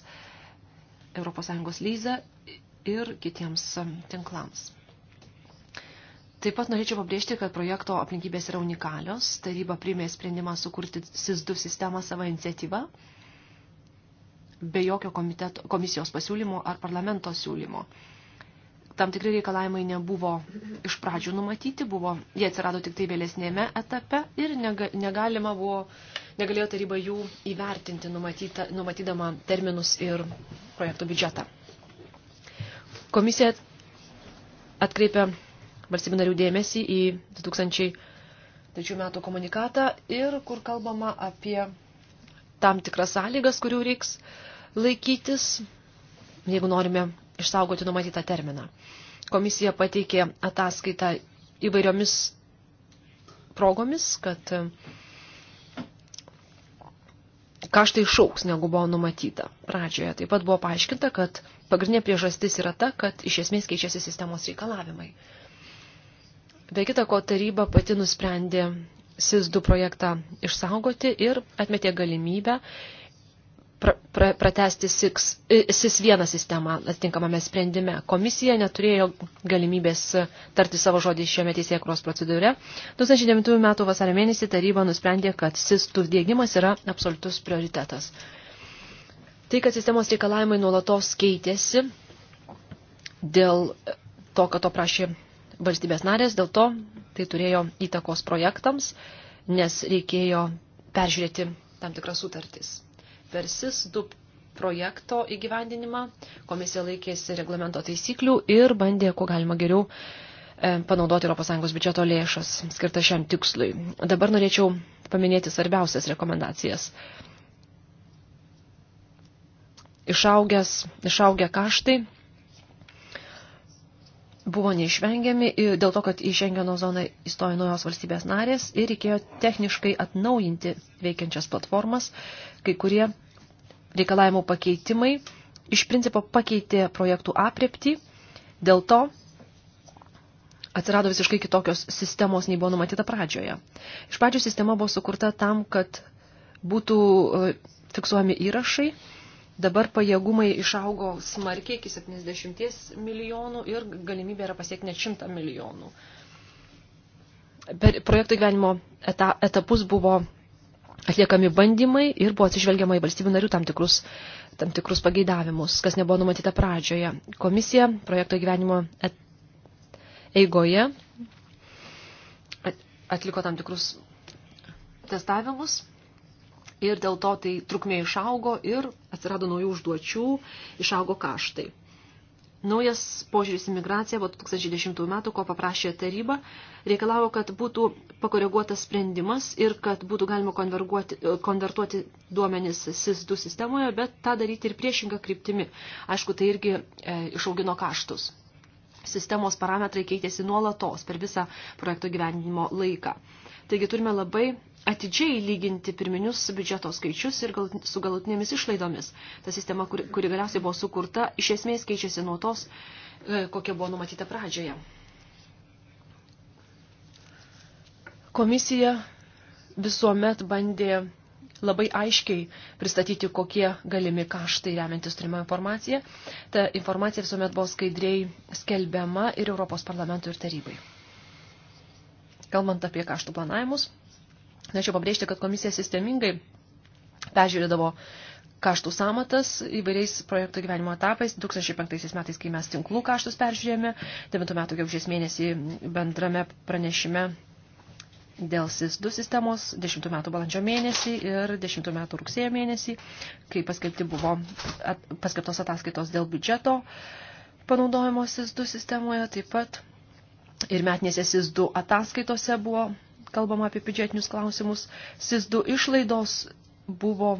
Speaker 1: ES lyze ir kitiems um, tinklams. Taip pat norėčiau pabrėžti, kad projekto aplinkybės yra unikalios. Taryba priėmė sprendimą sukurti SIS2 sistemą savo iniciatyvą be jokio komiteto, komisijos pasiūlymo ar parlamento siūlymo tam tikri reikalavimai nebuvo iš pradžių numatyti, buvo, jie atsirado tik tai vėlesnėme etape ir negalima buvo, negalėjo taryba jų įvertinti numatyta, numatydama terminus ir projektų biudžetą. Komisija atkreipia valstybių narių dėmesį į 2003 metų komunikatą ir kur kalbama apie tam tikras sąlygas, kurių reiks laikytis, jeigu norime išsaugoti numatytą terminą. Komisija pateikė ataskaitą įvairiomis progomis, kad e, kaštai šauks, negu buvo numatyta pradžioje. Taip pat buvo paaiškinta, kad pagrindinė priežastis yra ta, kad iš esmės keičiasi sistemos reikalavimai. Be kita ko, taryba pati nusprendė SIS-2 projektą išsaugoti ir atmetė galimybę pra, pra, pratesti SIS, e, SIS vieną sistemą atitinkamame sprendime. Komisija neturėjo galimybės tarti savo žodį šiame teisėkros procedūre. 2009 m. vasario mėnesį taryba nusprendė, kad SIS tur dėgymas yra absoliutus prioritetas. Tai, kad sistemos reikalavimai nuolatos keitėsi dėl to, kad to prašė valstybės narės, dėl to tai turėjo įtakos projektams, nes reikėjo peržiūrėti tam tikras sutartis per SIS-2 projekto įgyvendinimą. Komisija laikėsi reglamento taisyklių ir bandė, kuo galima geriau, e, panaudoti ES biudžeto lėšas skirtą šiam tikslui. Dabar norėčiau paminėti svarbiausias rekomendacijas. Išaugęs, išaugę kaštai buvo neišvengiami dėl to, kad į Šengeno zoną įstojo naujos valstybės narės ir reikėjo techniškai atnaujinti veikiančias platformas, kai kurie reikalavimų pakeitimai iš principo pakeitė projektų apreptį, dėl to atsirado visiškai kitokios sistemos, nei buvo numatyta pradžioje. Iš pradžių sistema buvo sukurta tam, kad būtų e, fiksuojami įrašai, dabar pajėgumai išaugo smarkiai iki 70 milijonų ir galimybė yra pasiekti net 100 milijonų. Per projektų gyvenimo etapus buvo atliekami bandymai ir buvo atsižvelgiama į valstybių narių tam tikrus, tam tikrus pageidavimus, kas nebuvo numatyta pradžioje. Komisija projekto gyvenimo et, eigoje atliko tam tikrus testavimus ir dėl to tai trukmė išaugo ir atsirado naujų užduočių, išaugo kaštai. Naujas požiūris į migraciją po 2010 metų, ko paprašė taryba, reikalavo, kad būtų pakoreguotas sprendimas ir kad būtų galima konvertuoti duomenis SIS-2 sistemoje, bet tą daryti ir priešingą kryptimi. Aišku, tai irgi e, išaugino kaštus. Sistemos parametrai keitėsi nuolatos per visą projekto gyvenimo laiką. Taigi turime labai atidžiai lyginti pirminius biudžeto skaičius ir gal, su galutinėmis išlaidomis. Ta sistema, kuri, kuri galiausiai buvo sukurta, iš esmės keičiasi nuo tos, e, kokia buvo numatyta pradžioje. Komisija visuomet bandė labai aiškiai pristatyti, kokie galimi kaštai remiantis turimą informaciją. Ta informacija visuomet buvo skaidriai skelbiama ir Europos parlamentui ir tarybai. Kalbant apie kaštų planavimus, Norėčiau pabrėžti, kad komisija sistemingai peržiūrėdavo kaštų samatas įvairiais projekto gyvenimo etapais. 2005 metais, kai mes tinklų kaštus peržiūrėjome, 9 metų gegužės mėnesį bendrame pranešime dėl SIS2 sistemos, 10 metų balandžio mėnesį ir 10 metų rugsėjo mėnesį, kai paskelbti buvo at, paskelbtos ataskaitos dėl biudžeto panaudojimo SIS2 sistemoje, taip pat ir metinėse SIS2 ataskaitose buvo kalbama apie biudžetinius klausimus, SIS2 išlaidos buvo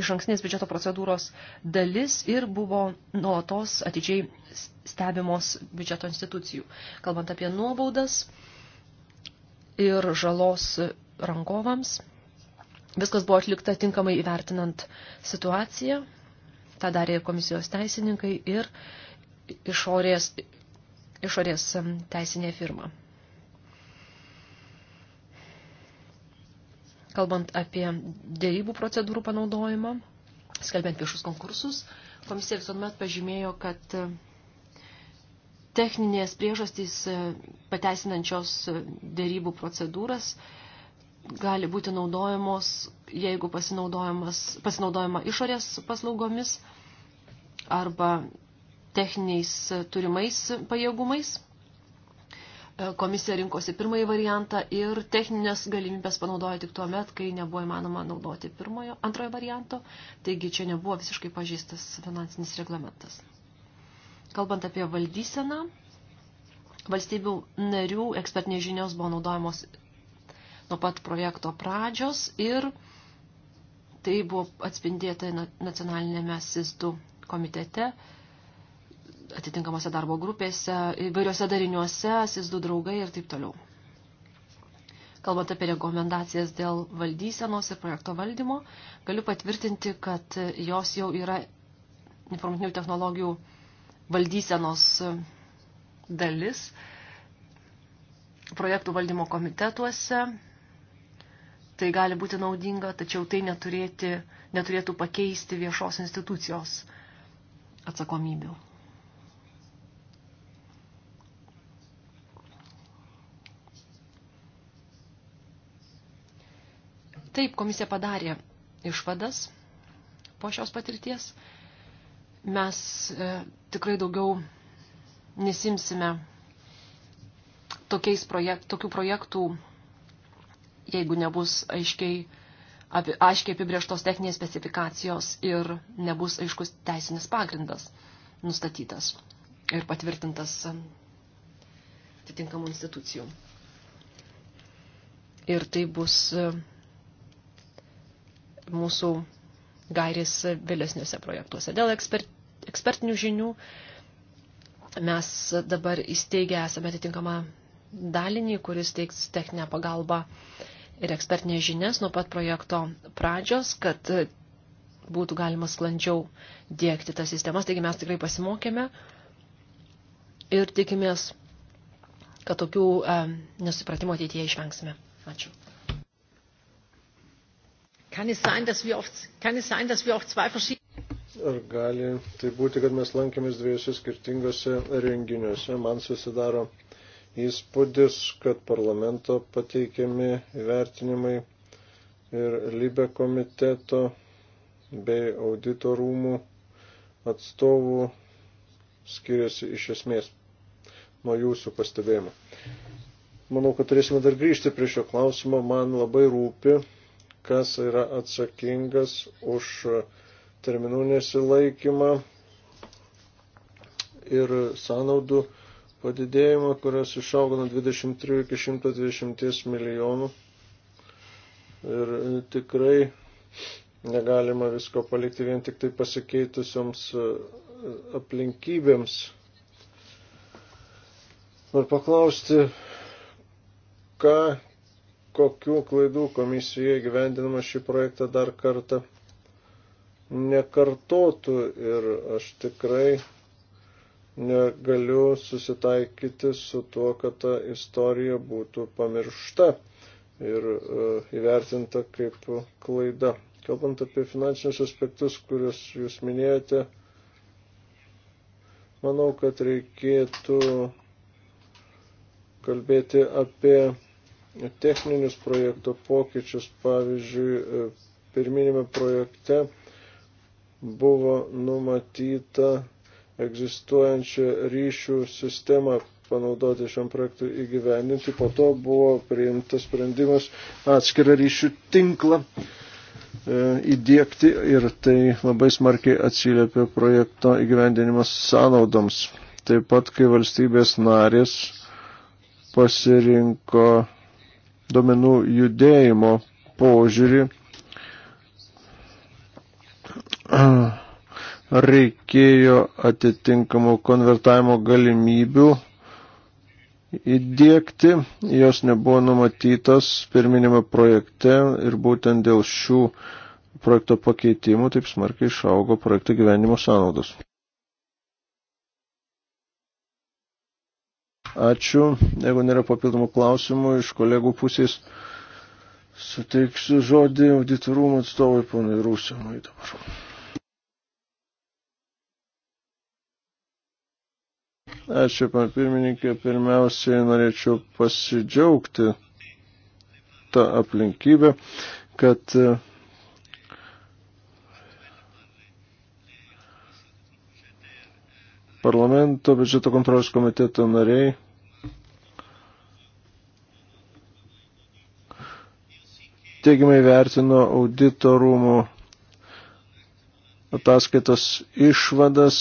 Speaker 1: iš anksnės biudžeto procedūros dalis ir buvo nuolatos atidžiai stebimos biudžeto institucijų. Kalbant apie nuobaudas ir žalos rangovams, viskas buvo atlikta tinkamai įvertinant situaciją, tą darė ir komisijos teisininkai ir išorės, išorės um, teisinė firma. kalbant apie dėrybų procedūrų panaudojimą, skelbiant viešus konkursus, komisija visuomet pažymėjo, kad e, techninės priežastys e, pateisinančios e, dėrybų procedūras gali būti naudojamos, jeigu pasinaudojama išorės paslaugomis arba techniniais turimais pajėgumais Komisija rinkosi pirmąjį variantą ir techninės galimybės panaudojo tik tuo met, kai nebuvo įmanoma naudoti pirmojo, antrojo varianto, taigi čia nebuvo visiškai pažįstas finansinis reglamentas. Kalbant apie valdyseną, valstybių narių ekspertinės žinios buvo naudojamos nuo pat projekto pradžios ir tai buvo atspindėta nacionalinėme SIS2 komitete atitinkamose darbo grupėse, įvairiuose dariniuose, SIS2 draugai ir taip toliau. Kalbant apie rekomendacijas dėl valdysenos ir projekto valdymo, galiu patvirtinti, kad jos jau yra informacinių technologijų valdysenos dalis projektų valdymo komitetuose. Tai gali būti naudinga, tačiau tai neturėti, neturėtų pakeisti viešos institucijos atsakomybių. Taip, komisija padarė išvadas po šios patirties. Mes e, tikrai daugiau nesimsime tokiais projekt, tokių projektų, jeigu nebus aiškiai, apie, aiškiai apibrieštos techninės specifikacijos ir nebus aiškus teisinis pagrindas nustatytas ir patvirtintas atitinkamų institucijų. Ir tai bus e, mūsų gairės vėlesniuose projektuose. Dėl ekspert, ekspertinių žinių mes dabar įsteigę esame atitinkamą dalinį, kuris teiks techninę pagalbą ir ekspertinės žinias nuo pat projekto pradžios, kad būtų galima sklandžiau dėkti tas sistemas. Taigi mes tikrai pasimokėme ir tikimės, kad tokių e, nesupratimo ateityje išvengsime. Ačiū. Kann es sein, dass wir auf, kann es sein, dass wir auf zwei verschiedene.
Speaker 2: Ar gali tai būti, kad mes lankėmės dviejose skirtingose renginiuose? Man susidaro įspūdis, kad parlamento pateikiami vertinimai ir Libe komiteto bei auditorumų atstovų skiriasi iš esmės nuo jūsų pastebėjimo. Manau, kad turėsime dar grįžti prie šio klausimo. Man labai rūpi kas yra atsakingas už terminų nesilaikymą ir sąnaudų padidėjimą, kurios išaugo nuo 23 iki 120 milijonų. Ir tikrai negalima visko palikti vien tik tai pasikeitusioms e, aplinkybėms. Noriu paklausti, ką kokių klaidų komisijoje gyvendinama šį projektą dar kartą nekartotų ir aš tikrai negaliu susitaikyti su tuo, kad ta istorija būtų pamiršta ir e, įvertinta kaip klaida. Kalbant apie finansinius aspektus, kuriuos jūs minėjote, manau, kad reikėtų kalbėti apie techninius projekto pokyčius. Pavyzdžiui, e, pirminėme projekte buvo numatyta egzistuojančią ryšių sistemą panaudoti šiam projektui įgyvendinti. Po to buvo priimtas sprendimas atskirą ryšių tinklą e, įdėkti ir tai labai smarkiai atsiliepia projekto įgyvendinimas sąnaudoms. Taip pat, kai valstybės narės pasirinko duomenų judėjimo požiūrį reikėjo atitinkamų konvertavimo galimybių įdėkti, jos nebuvo numatytos pirminėme projekte ir būtent dėl šių projekto pakeitimų taip smarkiai išaugo projekto gyvenimo sąnaudos. Ačiū. Jeigu nėra papildomų klausimų iš kolegų pusės, suteiksiu žodį auditorumų atstovui ponui Rūsiamui dabar. Ačiū, pan pirmininkė. Pirmiausiai norėčiau pasidžiaugti tą aplinkybę, kad e, parlamento biudžeto kontrolės komiteto nariai teigiamai vertino auditorumų ataskaitos išvadas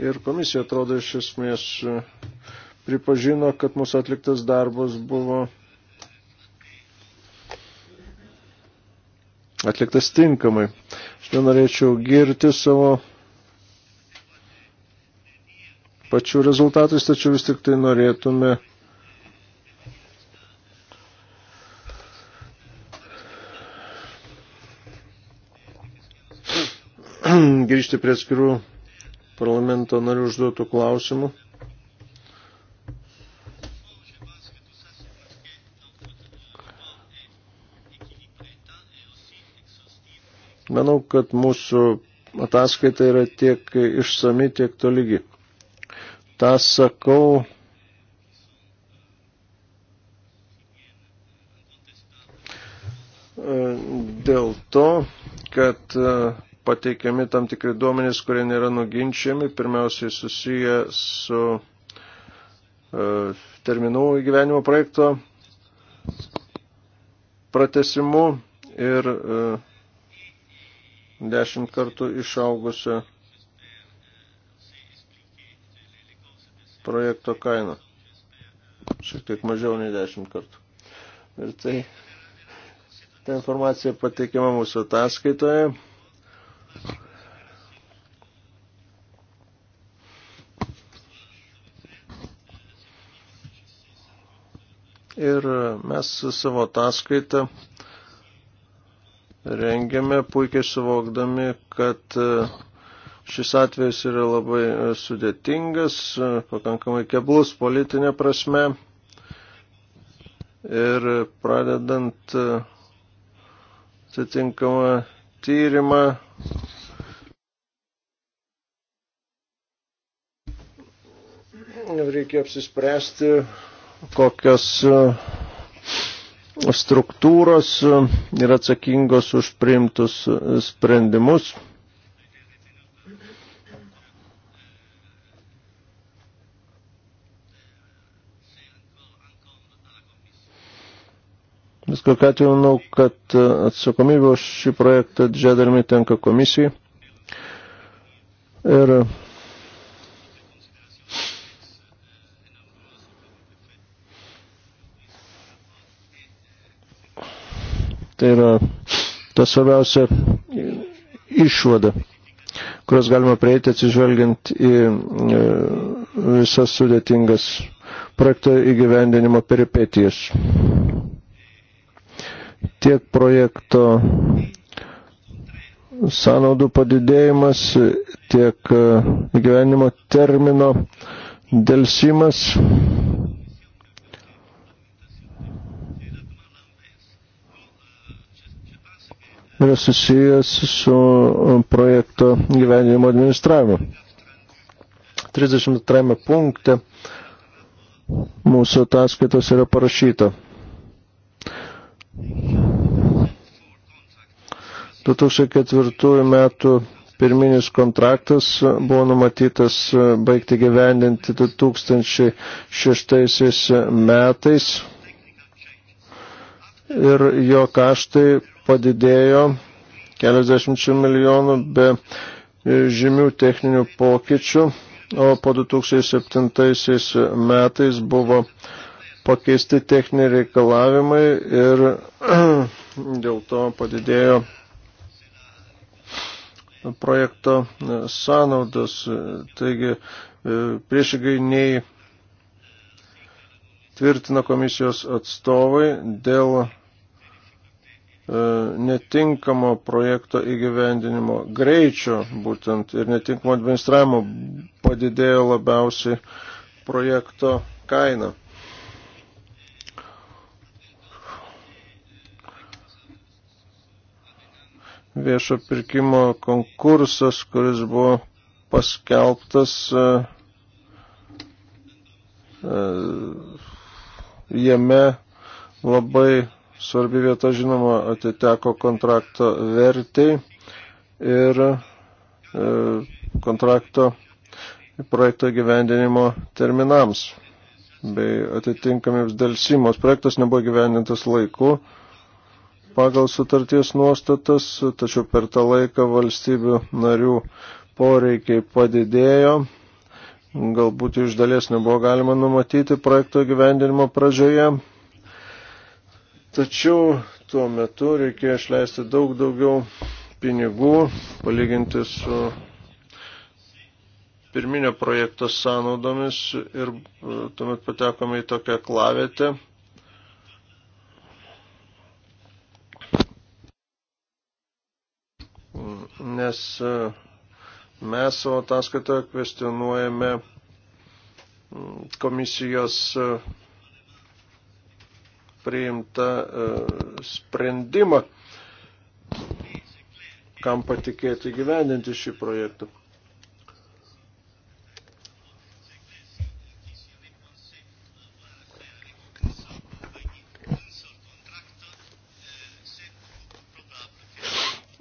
Speaker 2: ir komisija atrodo iš esmės pripažino, kad mūsų atliktas darbas buvo atliktas tinkamai. Aš nenorėčiau girti savo pačių rezultatais, tačiau vis tik tai norėtume grįžti prie skirų parlamento narių užduotų klausimų. Manau, kad mūsų ataskaita yra tiek išsami, tiek tolygi. Ta sakau, dėl to, kad pateikiami tam tikri duomenys, kurie nėra nuginčiami, pirmiausiai susiję su uh, terminų įgyvenimo projekto pratesimu ir uh, dešimt kartų išaugusią projekto kainą. Šiek tiek mažiau nei dešimt kartų. Ir tai ta informacija pateikiama mūsų ataskaitoje. Ir mes savo ataskaitą rengiame puikiai suvokdami, kad e, šis atvejs yra labai e, sudėtingas, e, pakankamai keblus politinė prasme. Ir pradedant atitinkamą tyrimą reikia apsispręsti, kokios e, struktūros e, yra atsakingos už priimtus e, sprendimus. Vis kokiu atveju manau, kad atsakomybė už šį projektą didžiąją dalimi tenka komisijai. Ir Tai yra ta svarbiausia išvada, kurios galima prieiti atsižvelgiant į e, visas sudėtingas projekto įgyvendinimo peripetijas. Tiek projekto sąnaudų padidėjimas, tiek įgyvendinimo e, termino dėlsimas yra susijęs su um, projekto gyvenimo administravimu. 32 punkte mūsų ataskaitos yra parašyta. 2004 metų pirminis kontraktas buvo numatytas uh, baigti gyvendinti 2006 metais ir jo kaštai padidėjo keliasdešimčių milijonų be e, žymių techninių pokyčių, o po 2007 metais buvo pakeisti techniniai reikalavimai ir [clears throat] dėl to padidėjo projekto e, sąnaudos. Taigi e, priešingai nei tvirtina komisijos atstovai dėl E, netinkamo projekto įgyvendinimo greičio būtent ir netinkamo administravimo padidėjo labiausiai projekto kaina. Viešo pirkimo konkursas, kuris buvo paskelbtas, e, e, jame labai Svarbi vieta, žinoma, atiteko kontrakto vertai ir e, kontrakto projekto gyvendinimo terminams bei atitinkamiems dėlsimos. Projektas nebuvo gyvendintas laiku pagal sutarties nuostatas, tačiau per tą laiką valstybių narių poreikiai padidėjo. Galbūt iš dalies nebuvo galima numatyti projekto gyvendinimo pradžioje, Tačiau tuo metu reikėjo išleisti daug daugiau pinigų, palyginti su pirminio projekto sąnaudomis ir e, tuomet patekome į tokią klavietę. Nes e, mes savo ataskaitoje kvestionuojame komisijos e, priimtą e, sprendimą, kam patikėti gyveninti šį projektą.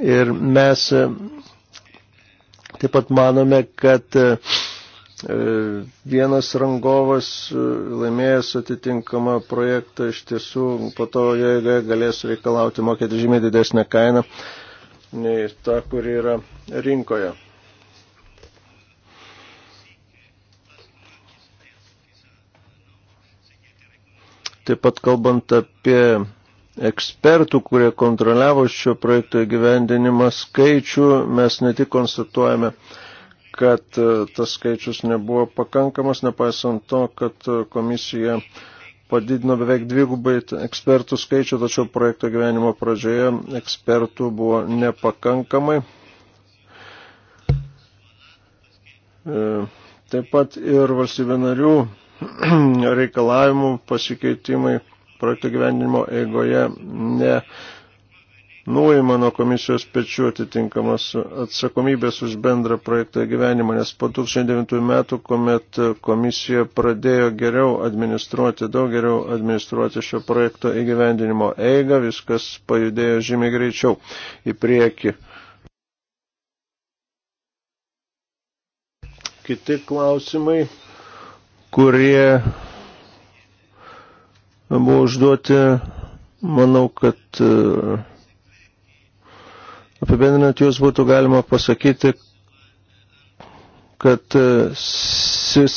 Speaker 2: Ir mes e, taip pat manome, kad e, E, vienas rangovas e, laimėjęs atitinkamą projektą iš tiesų po to joje galės reikalauti mokėti žymiai didesnę kainą nei ta, kuri yra rinkoje. Taip pat kalbant apie ekspertų, kurie kontroliavo šio projekto gyvendinimą skaičių, mes ne tik konstatuojame, kad e, tas skaičius nebuvo pakankamas, nepaisant to, kad e, komisija padidino beveik dvigubai ekspertų skaičių, tačiau projekto gyvenimo pradžioje ekspertų buvo nepakankamai. E, taip pat ir valstybė narių [clears throat] reikalavimų pasikeitimai projekto gyvenimo eigoje ne nuima nuo komisijos pečių atitinkamas atsakomybės už bendrą projektą gyvenimą, nes po 2009 metų, kuomet komisija pradėjo geriau administruoti, daug geriau administruoti šio projekto įgyvendinimo eigą, viskas pajudėjo žymiai greičiau į priekį. Kiti klausimai, kurie buvo užduoti, manau, kad uh, apibendrinant jūs būtų galima pasakyti, kad e, SIS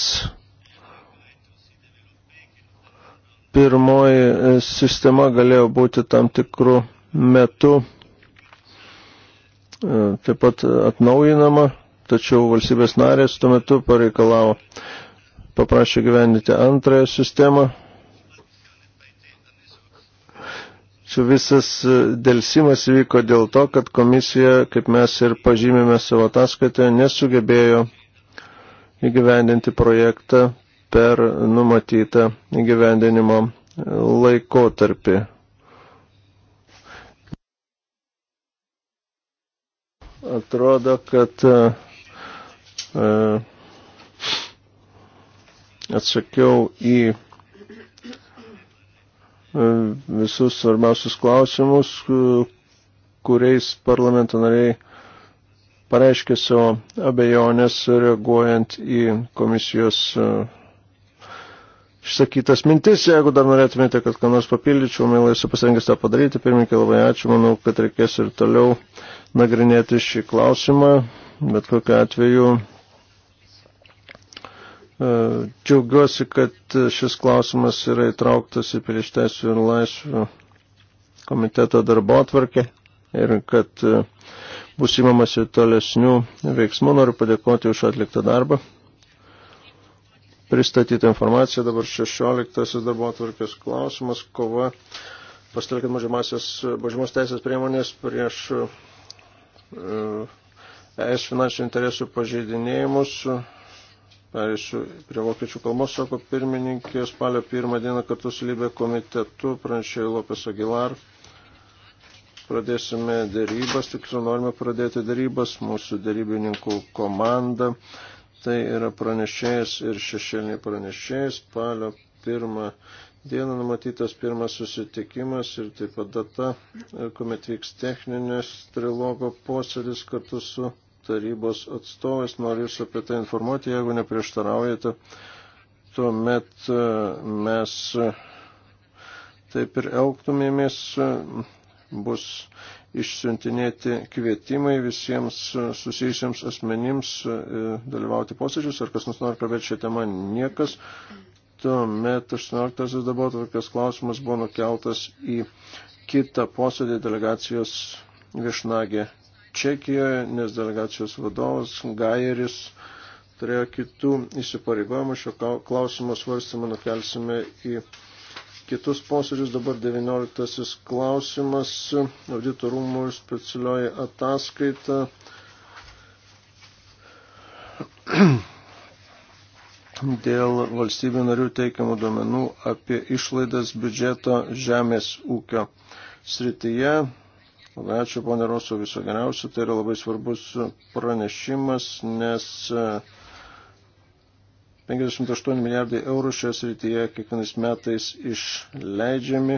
Speaker 2: pirmoji e, sistema galėjo būti tam tikrų metų e, taip pat atnaujinama, tačiau valstybės narės tuo metu pareikalavo, paprašė gyvendyti antrąją sistemą, Čia visas e, dėlsimas vyko dėl to, kad komisija, kaip mes ir pažymėme savo ataskaitoje, nesugebėjo įgyvendinti projektą per numatytą įgyvendinimo laikotarpį. Atrodo, kad e, e, atsakiau į E, visus svarbiausius klausimus, e, kuriais parlamento nariai pareiškė savo abejonės reaguojant į komisijos e, išsakytas mintis. Jeigu dar norėtumėte, kad ką nors papildyčiau, mielai esu pasirengęs tą padaryti. Pirmininkai, labai ačiū. Manau, kad reikės ir toliau nagrinėti šį klausimą. Bet kokiu atveju E, džiaugiuosi, kad e, šis klausimas yra įtrauktas į prieš teisų ir laisvių komiteto darbo atvarkę ir kad e, bus įmamasi tolesnių veiksmų. Noriu padėkoti už atliktą darbą. Pristatyta informacija dabar 16 darbo atvarkės klausimas - kova pasitelkiant mažumos teisės priemonės prieš ES finansinių interesų pažeidinėjimus. Perėsiu prie vokiečių kalbos, sako pirmininkė, spalio pirmą dieną kartu su Libė komitetu pranešėjo Lopes Agilar. Pradėsime dėrybas, tiksliau norime pradėti dėrybas, mūsų dėrybininkų komanda, tai yra pranešėjas ir šešėliniai pranešėjas, spalio pirmą dieną numatytas pirmas susitikimas ir taip pat data, kuomet vyks techninės trilogo posėdis kartu su tarybos atstovais, noriu jūs apie tai informuoti, jeigu neprieštaraujate, tuomet e, mes e, taip ir elgtumėmės, e, bus išsiuntinėti kvietimai visiems susijusiems asmenims dalyvauti posėdžius, ar kas nors nori kalbėti šią temą, niekas. Tuomet 18 dabar tokias klausimas buvo nukeltas į kitą posėdį delegacijos viešnagė Čekijoje, nes delegacijos vadovas Gajeris turėjo kitų įsipareigojimų. Šio klausimo svarstymą nukelsime į kitus posėdžius. Dabar 19 klausimas. Auditorumų specialioji ataskaita. [clears throat] Dėl valstybių narių teikiamų duomenų apie išlaidas biudžeto žemės ūkio srityje Labai ačiū, ponė Roso, viso geriausio. Tai yra labai svarbus pranešimas, nes 58 e, milijardai eurų šioje srityje kiekvienais metais išleidžiami.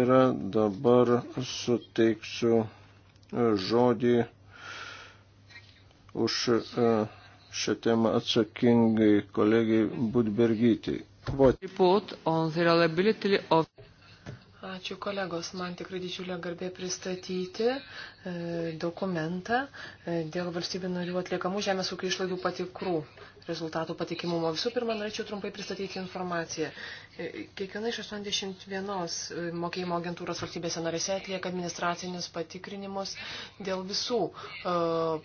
Speaker 2: Ir dabar suteiksiu e, žodį už e, šią temą atsakingai kolegijai Budbergytei. Report on
Speaker 4: the reliability of Ačiū kolegos, man tikrai didžiulė garbė pristatyti e, dokumentą e, dėl valstybių narių atliekamų žemės ūkio išlaidų patikrų rezultatų patikimumo. Visų pirma, norėčiau trumpai pristatyti informaciją. E, kiekviena iš 81 e, mokėjimo agentūros valstybėse narėse atlieka administracinius patikrinimus dėl visų e,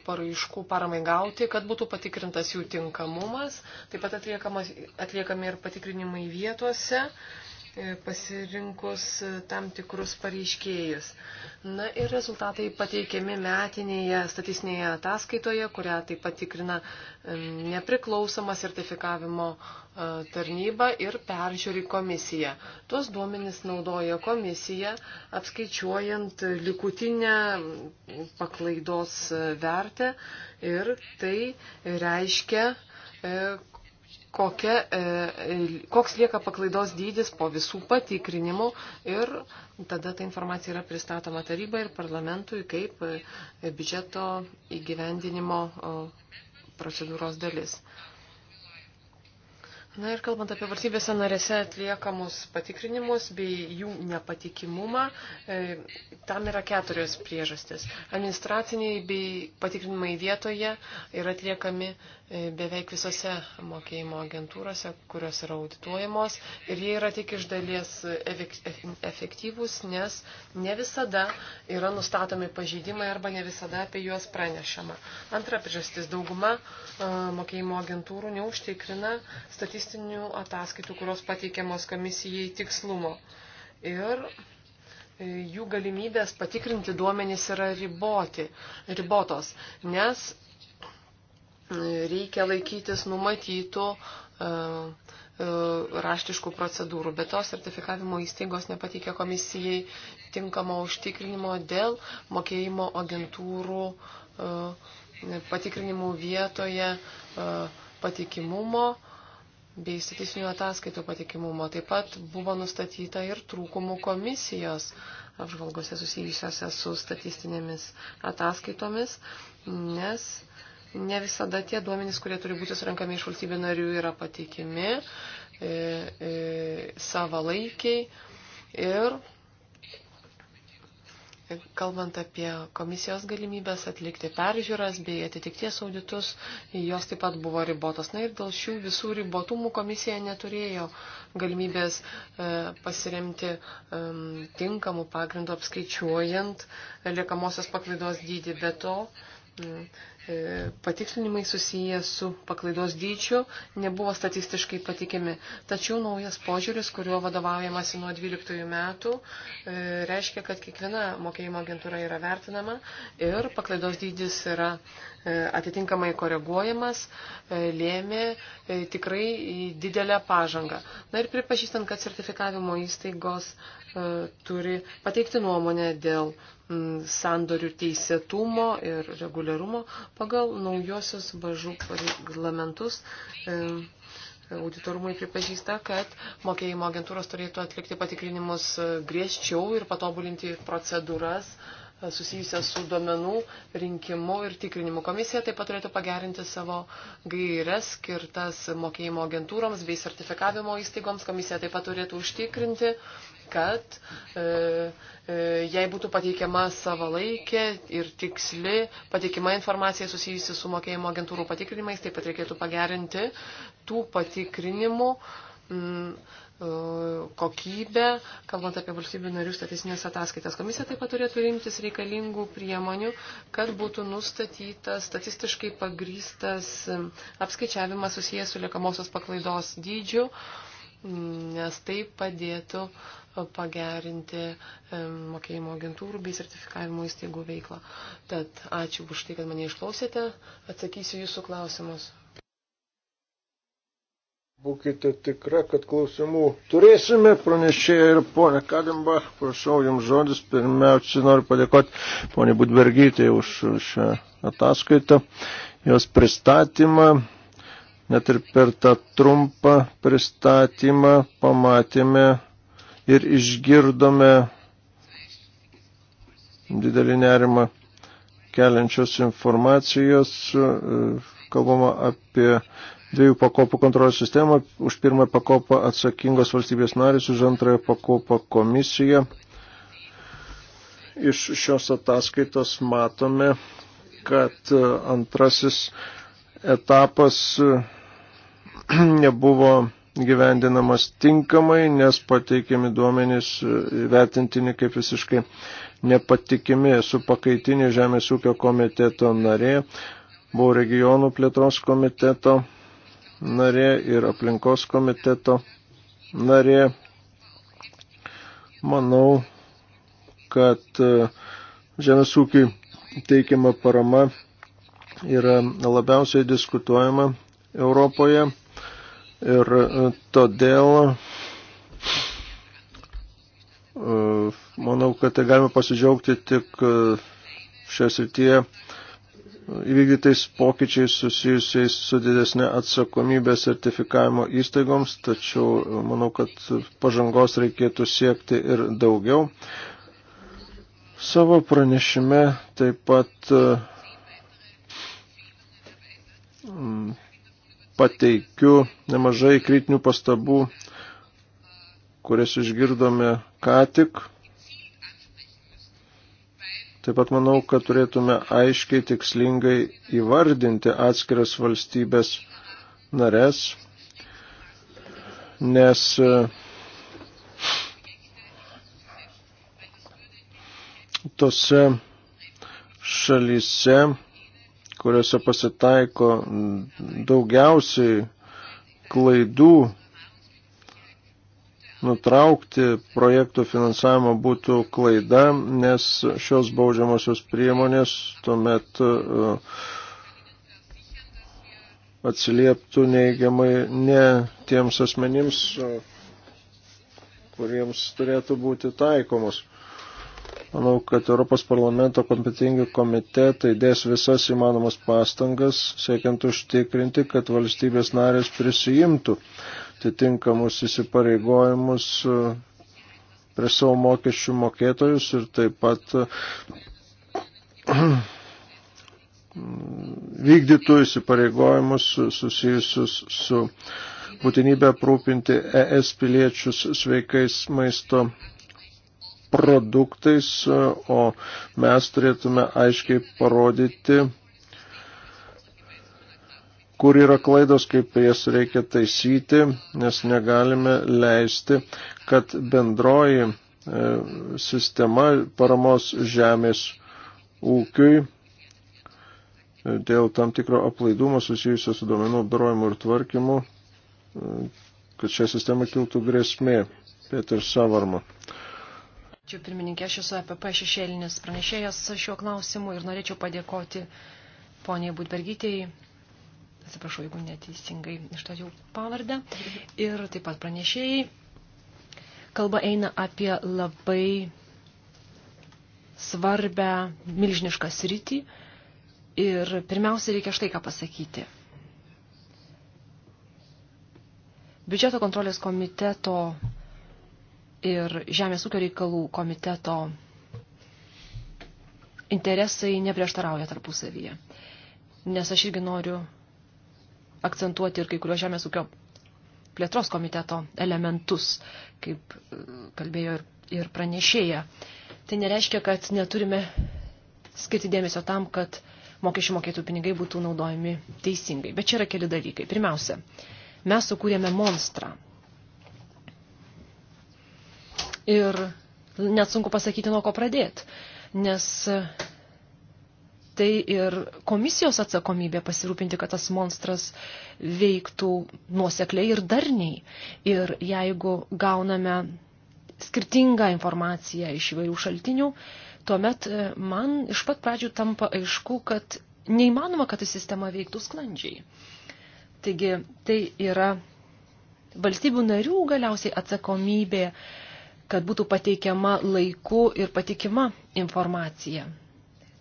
Speaker 4: paraiškų paramai gauti, kad būtų patikrintas jų tinkamumas. Taip pat atliekami ir patikrinimai vietose. E, E, pasirinkus e, tam tikrus pareiškėjus. Na ir rezultatai pateikiami metinėje statistinėje ataskaitoje, kurią taip pat tikrina e, nepriklausoma sertifikavimo tarnyba ir peržiūri komisija. Tuos duomenys naudoja komisija, apskaičiuojant likutinę paklaidos vertę ir tai reiškia, kokia, e, e, koks lieka paklaidos dydis po visų patikrinimų ir tada ta informacija yra pristatoma tarybai ir parlamentui kaip e, biudžeto įgyvendinimo procedūros dalis. Na ir kalbant apie valstybėse narėse atliekamus patikrinimus bei jų nepatikimumą, tam yra keturios priežastis. Administraciniai bei patikrinimai vietoje yra atliekami E, beveik visose mokėjimo agentūrose, kurios yra audituojamos ir jie yra tik iš dalies efektyvūs, nes ne visada yra nustatomi pažeidimai arba ne visada apie juos pranešama. Antra priežastis - dauguma e, mokėjimo agentūrų neužtikrina statistinių ataskaitų, kurios pateikiamos komisijai tikslumo. Ir e, jų galimybės patikrinti duomenys yra riboti, ribotos, nes reikia laikytis numatytų e, e, raštiškų procedūrų, bet tos sertifikavimo įstaigos nepateikė komisijai tinkamo užtikrinimo dėl mokėjimo agentūrų e, patikrinimų vietoje patikimumo bei statistinių ataskaitų patikimumo. Taip pat buvo nustatyta ir trūkumų komisijos apžvalgose susijusiuose su statistinėmis ataskaitomis, nes uh, ne visada tie duomenys, kurie turi būti surinkami iš valstybių narių, yra patikimi, e, e, savalaikiai. Ir kalbant apie komisijos galimybės atlikti peržiūras bei atitikties auditus, jos taip pat buvo ribotos. Na ir dėl šių visų ribotumų komisija neturėjo galimybės e, pasiremti e, tinkamų pagrindų apskaičiuojant liekamosios pakvidos dydį. Be to, e, E, patikslinimai susiję su paklaidos dydžiu nebuvo statistiškai patikimi. Tačiau naujas požiūris, kuriuo vadovaujamasi nuo 12 metų, e, reiškia, kad kiekviena mokėjimo agentūra yra vertinama ir paklaidos dydis yra E, atitinkamai koreguojamas, e, lėmė e, tikrai didelę pažangą. Na ir pripažįstant, kad sertifikavimo įstaigos turi pateikti nuomonę dėl sandorių teisėtumo ir reguliarumo pagal naujosios bažų reglamentus. Auditorumai pripažįsta, kad mokėjimo agentūros turėtų atlikti patikrinimus griežčiau ir patobulinti procedūras uh, E, susijusią su duomenų rinkimu ir tikrinimu. Komisija taip pat turėtų pagerinti savo gairias skirtas mokėjimo agentūroms bei sertifikavimo įstaigoms. Komisija taip pat turėtų užtikrinti, kad e, e, jai būtų pateikiama savalaikė ir tiksli pateikima informacija susijusi su mokėjimo agentūrų patikrinimais, taip pat reikėtų pagerinti tų patikrinimų. Mm, E, kokybę, kalbant apie valstybių narių statistinės ataskaitas. Komisija taip pat turėtų rimtis reikalingų priemonių, kad būtų nustatytas statistiškai pagrystas apskaičiavimas susijęs su liekamosios paklaidos dydžiu, nes tai padėtų pagerinti e, mokėjimo agentūrų bei sertifikavimo įstaigų veiklą. Tad ačiū už tai, kad mane išklausėte. Atsakysiu jūsų klausimus.
Speaker 2: Būkite tikra, kad klausimų turėsime, pranešėja ir ponė Kalimbach, prašau jums žodis, pirmiausia noriu padėkoti ponė Budbergytė už šią ataskaitą, jos pristatymą, net ir per tą trumpą pristatymą pamatėme ir išgirdome didelį nerimą keliančios informacijos, e, kalbama apie dviejų pakopų kontrolės sistemą. Už pirmąją pakopą atsakingos valstybės narys, už antrąją pakopą komisija. Iš šios ataskaitos matome, kad e, antrasis etapas e, [clears throat] nebuvo gyvendinamas tinkamai, nes pateikiami duomenys e, vertintini kaip visiškai nepatikimi. Esu pakaitinė Žemės ūkio komiteto narė, buvau regionų plėtros komiteto narė ir aplinkos komiteto narė. Manau, kad e, žemės ūkiai teikiama parama yra labiausiai diskutuojama Europoje ir e, todėl e, manau, kad tai galime pasidžiaugti tik šią srityje įvykdytais pokyčiais susijusiais su didesnė atsakomybė sertifikavimo įstaigoms, tačiau e, manau, kad pažangos reikėtų siekti ir daugiau. Savo pranešime taip pat e, pateikiu nemažai kritinių pastabų, kurias išgirdome ką tik Taip pat manau, kad turėtume aiškiai tikslingai įvardinti atskiras valstybės narės, nes e, tose šalyse, kuriuose pasitaiko daugiausiai klaidų nutraukti projektų finansavimą būtų klaida, nes šios baudžiamosios priemonės tuomet uh, atsilieptų neigiamai ne tiems asmenims, uh, kuriems turėtų būti taikomos. Manau, kad Europos parlamento kompetingi komitetai dės visas įmanomas pastangas, siekiant užtikrinti, kad valstybės narės prisijimtų atitinkamus įsipareigojimus e, prieš savo mokesčių mokėtojus ir taip pat e, [clears throat] vykdytų įsipareigojimus susijusius su būtinybė aprūpinti ES piliečius sveikais maisto produktais, o mes turėtume aiškiai parodyti, kur yra klaidos, kaip jas reikia taisyti, nes negalime leisti, kad bendroji e, sistema paramos žemės ūkiui e, dėl tam tikro aplaidumo susijusio su duomenų apdarojimu ir tvarkymu, e, kad šią sistemą kiltų grėsmė. Peter Savarma.
Speaker 1: Ačiū pirmininkė, aš esu APP šešėlinis pranešėjas šiuo klausimu ir norėčiau padėkoti poniai Budbergytėjai atsiprašau, jeigu neteisingai ištariau pavardę, ir taip pat pranešėjai. Kalba eina apie labai svarbę, milžinišką sritį ir pirmiausia reikia štai ką pasakyti. Biudžeto kontrolės komiteto ir Žemės ūkio reikalų komiteto interesai neprieštarauja tarpusavyje. Nes aš irgi noriu akcentuoti ir kai kurio žemės ūkio plėtros komiteto elementus, kaip e, kalbėjo ir, ir pranešėja. Tai nereiškia, kad neturime skirti dėmesio tam, kad mokesčių mokėtų pinigai būtų naudojami teisingai. Bet čia yra keli dalykai. Pirmiausia, mes sukūrėme monstrą. Ir net sunku pasakyti, nuo ko pradėti, nes tai ir komisijos atsakomybė pasirūpinti, kad tas monstras veiktų nuosekliai ir darniai. Ir jeigu gauname skirtingą informaciją iš įvairių šaltinių, tuomet e, man iš pat pradžių tampa aišku, kad neįmanoma, kad sistema veiktų sklandžiai. Taigi tai yra valstybių narių galiausiai atsakomybė, kad būtų pateikiama laiku ir patikima informacija.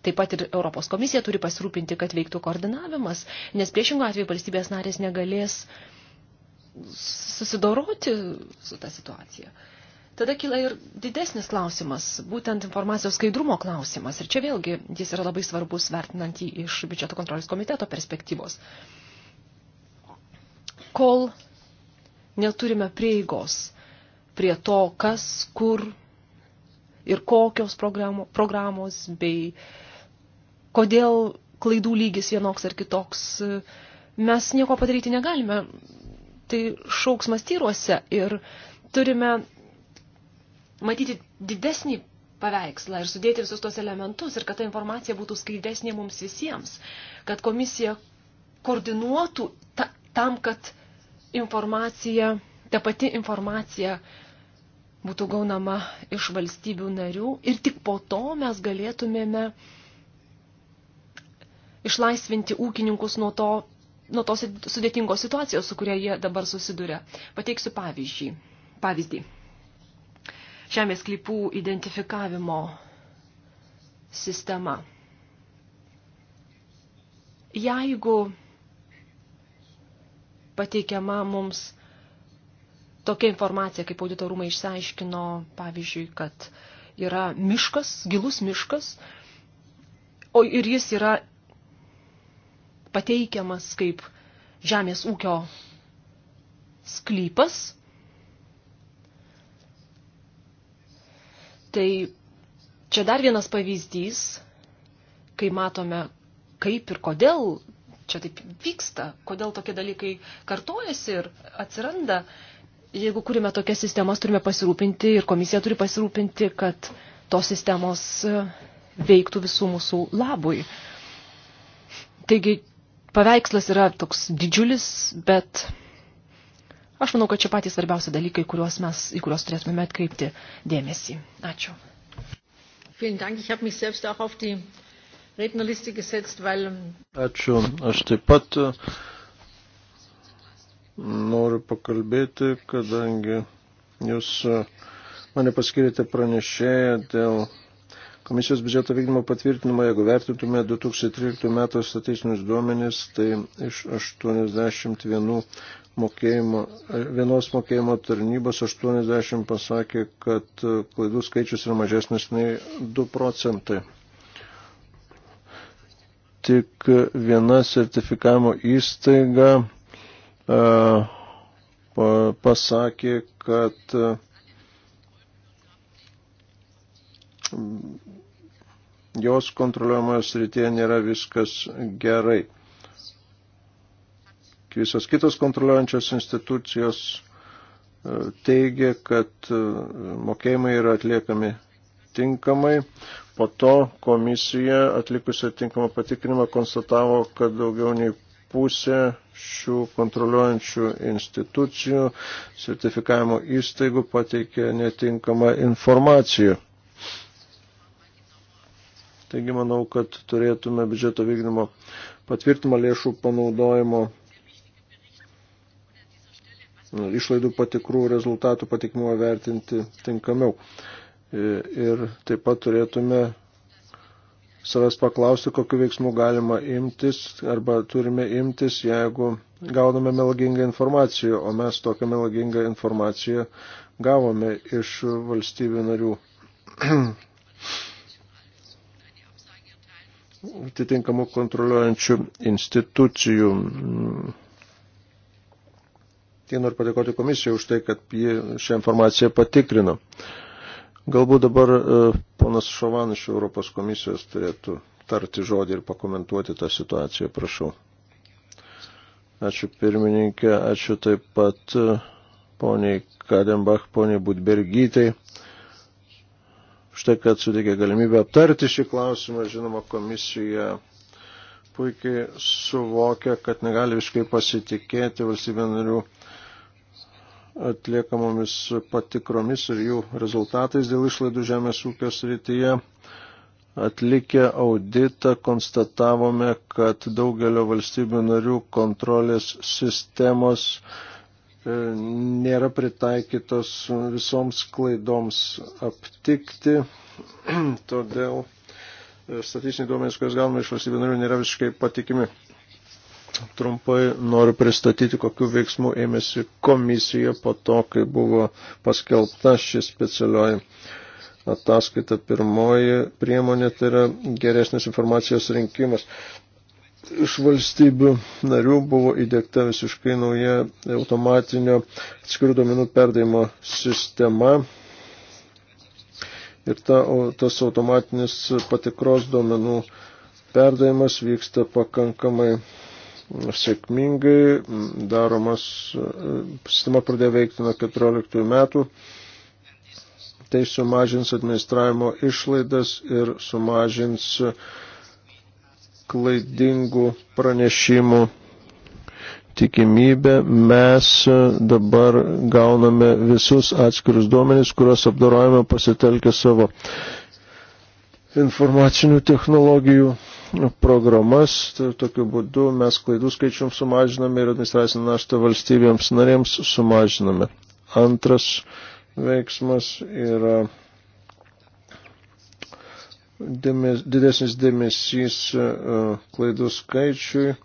Speaker 1: Taip pat ir Europos komisija turi pasirūpinti, kad veiktų koordinavimas, nes priešingų atveju valstybės narės negalės susidoroti su tą situaciją. Tada kyla ir didesnis klausimas, būtent informacijos skaidrumo klausimas. Ir čia vėlgi jis yra labai svarbus vertinant jį iš biudžeto kontrolės komiteto perspektyvos. Kol neturime prieigos prie to, kas, kur ir kokios programo, programos bei uh, kodėl klaidų lygis vienoks ar kitoks. Mes nieko padaryti negalime. Tai šauksmas tyruose ir turime matyti didesnį paveikslą ir sudėti visus tos elementus ir kad ta informacija būtų skaidresnė mums visiems, kad komisija koordinuotų ta, tam, kad informacija, ta pati informacija būtų gaunama iš valstybių narių ir tik po to mes galėtumėme uh, išlaisvinti ūkininkus nuo, to, nuo tos sudėtingos situacijos, su kuria jie dabar susiduria. Pateiksiu pavyzdį. pavyzdį. Žemės klipų identifikavimo sistema. Jeigu pateikiama mums tokia informacija, kaip auditorumai išsiaiškino, pavyzdžiui, kad yra miškas, gilus miškas, o ir jis yra pateikiamas kaip žemės ūkio sklypas, tai čia dar vienas pavyzdys, kai matome, kaip ir kodėl čia taip vyksta, kodėl tokie dalykai kartojasi ir atsiranda. Jeigu kūrime tokias sistemas, turime pasirūpinti ir komisija turi pasirūpinti, kad tos sistemos veiktų visų mūsų labui. Taigi paveikslas yra toks didžiulis, bet aš manau, kad čia patys svarbiausi dalykai, kuriuos mes, į kuriuos turėtume atkreipti dėmesį. Ačiū. Vielen Dank. Ich habe mich selbst auch auf die Rednerliste gesetzt, weil... Ähm,
Speaker 2: Ačiū. Aš taip pat e, noriu pakalbėti, kadangi jūs e, mane paskirite pranešėję dėl Komisijos biudžeto vykdymo patvirtinimo, jeigu vertintume 2013 metų statistinius duomenis, tai iš 81 mokėjimo, vienos mokėjimo tarnybos 80 pasakė, kad klaidų skaičius yra mažesnis nei 2 procentai. Tik viena sertifikavimo įstaiga a, pasakė, kad a, jos kontroliuojamoje srityje nėra viskas gerai. Visos kitos kontroliuojančios institucijos e, teigia, kad e, mokėjimai yra atliekami tinkamai. Po to komisija atlikusi tinkamą patikrinimą konstatavo, kad daugiau nei pusė šių kontroliuojančių institucijų sertifikavimo įstaigų pateikė netinkamą informaciją. Taigi manau, kad turėtume biudžeto vykdymo patvirtimą lėšų panaudojimo nu, išlaidų patikrų rezultatų patikimo vertinti tinkamiau. E, ir taip pat turėtume savęs paklausti, kokiu veiksmu galima imtis arba turime imtis, jeigu gauname melagingą informaciją, o mes tokią melagingą informaciją gavome iš valstybių narių [clears throat] atitinkamų kontroliuojančių institucijų. Tai noriu padėkoti komisijai už tai, kad jie šią informaciją patikrino. Galbūt dabar e, ponas Šovan iš Europos komisijos turėtų tarti žodį ir pakomentuoti tą situaciją, prašau. Ačiū pirmininkė, ačiū taip pat e, poniai Kadenbach, poniai Budbergytai štai, kad suteikė galimybę aptarti šį klausimą. Žinoma, komisija puikiai suvokia, kad negali visiškai pasitikėti valstybė narių atliekamomis patikromis ir jų rezultatais dėl išlaidų žemės ūkio srityje. Atlikę auditą konstatavome, kad daugelio valstybių narių kontrolės sistemos uh, E, nėra pritaikytos visoms klaidoms aptikti. [clears throat] Todėl e, statistiniai duomenys, kuriuos gauname iš valstybių narių, nėra visiškai patikimi. Trumpai noriu pristatyti, kokiu veiksmu ėmėsi komisija po to, kai buvo paskelbta ši specialioji ataskaita. Pirmoji priemonė tai yra geresnis informacijos rinkimas iš valstybių narių buvo įdėkta visiškai nauja automatinio atskirų domenų perdavimo sistema. Ir ta, tas automatinis patikros domenų perdavimas vyksta pakankamai sėkmingai. Daromas, sistema pradėjo veikti nuo 14 metų. Tai sumažins administravimo išlaidas ir sumažins uh, klaidingų pranešimų tikimybė. Mes dabar gauname visus atskirus duomenys, kuriuos apdarojame pasitelkę savo informacinių technologijų programas. Tai tokiu būdu mes klaidų skaičium sumažiname ir administracinę naštą valstybėms narėms sumažiname. Antras veiksmas yra dėmes, didesnis dėmesys e, e, klaidų skaičiui.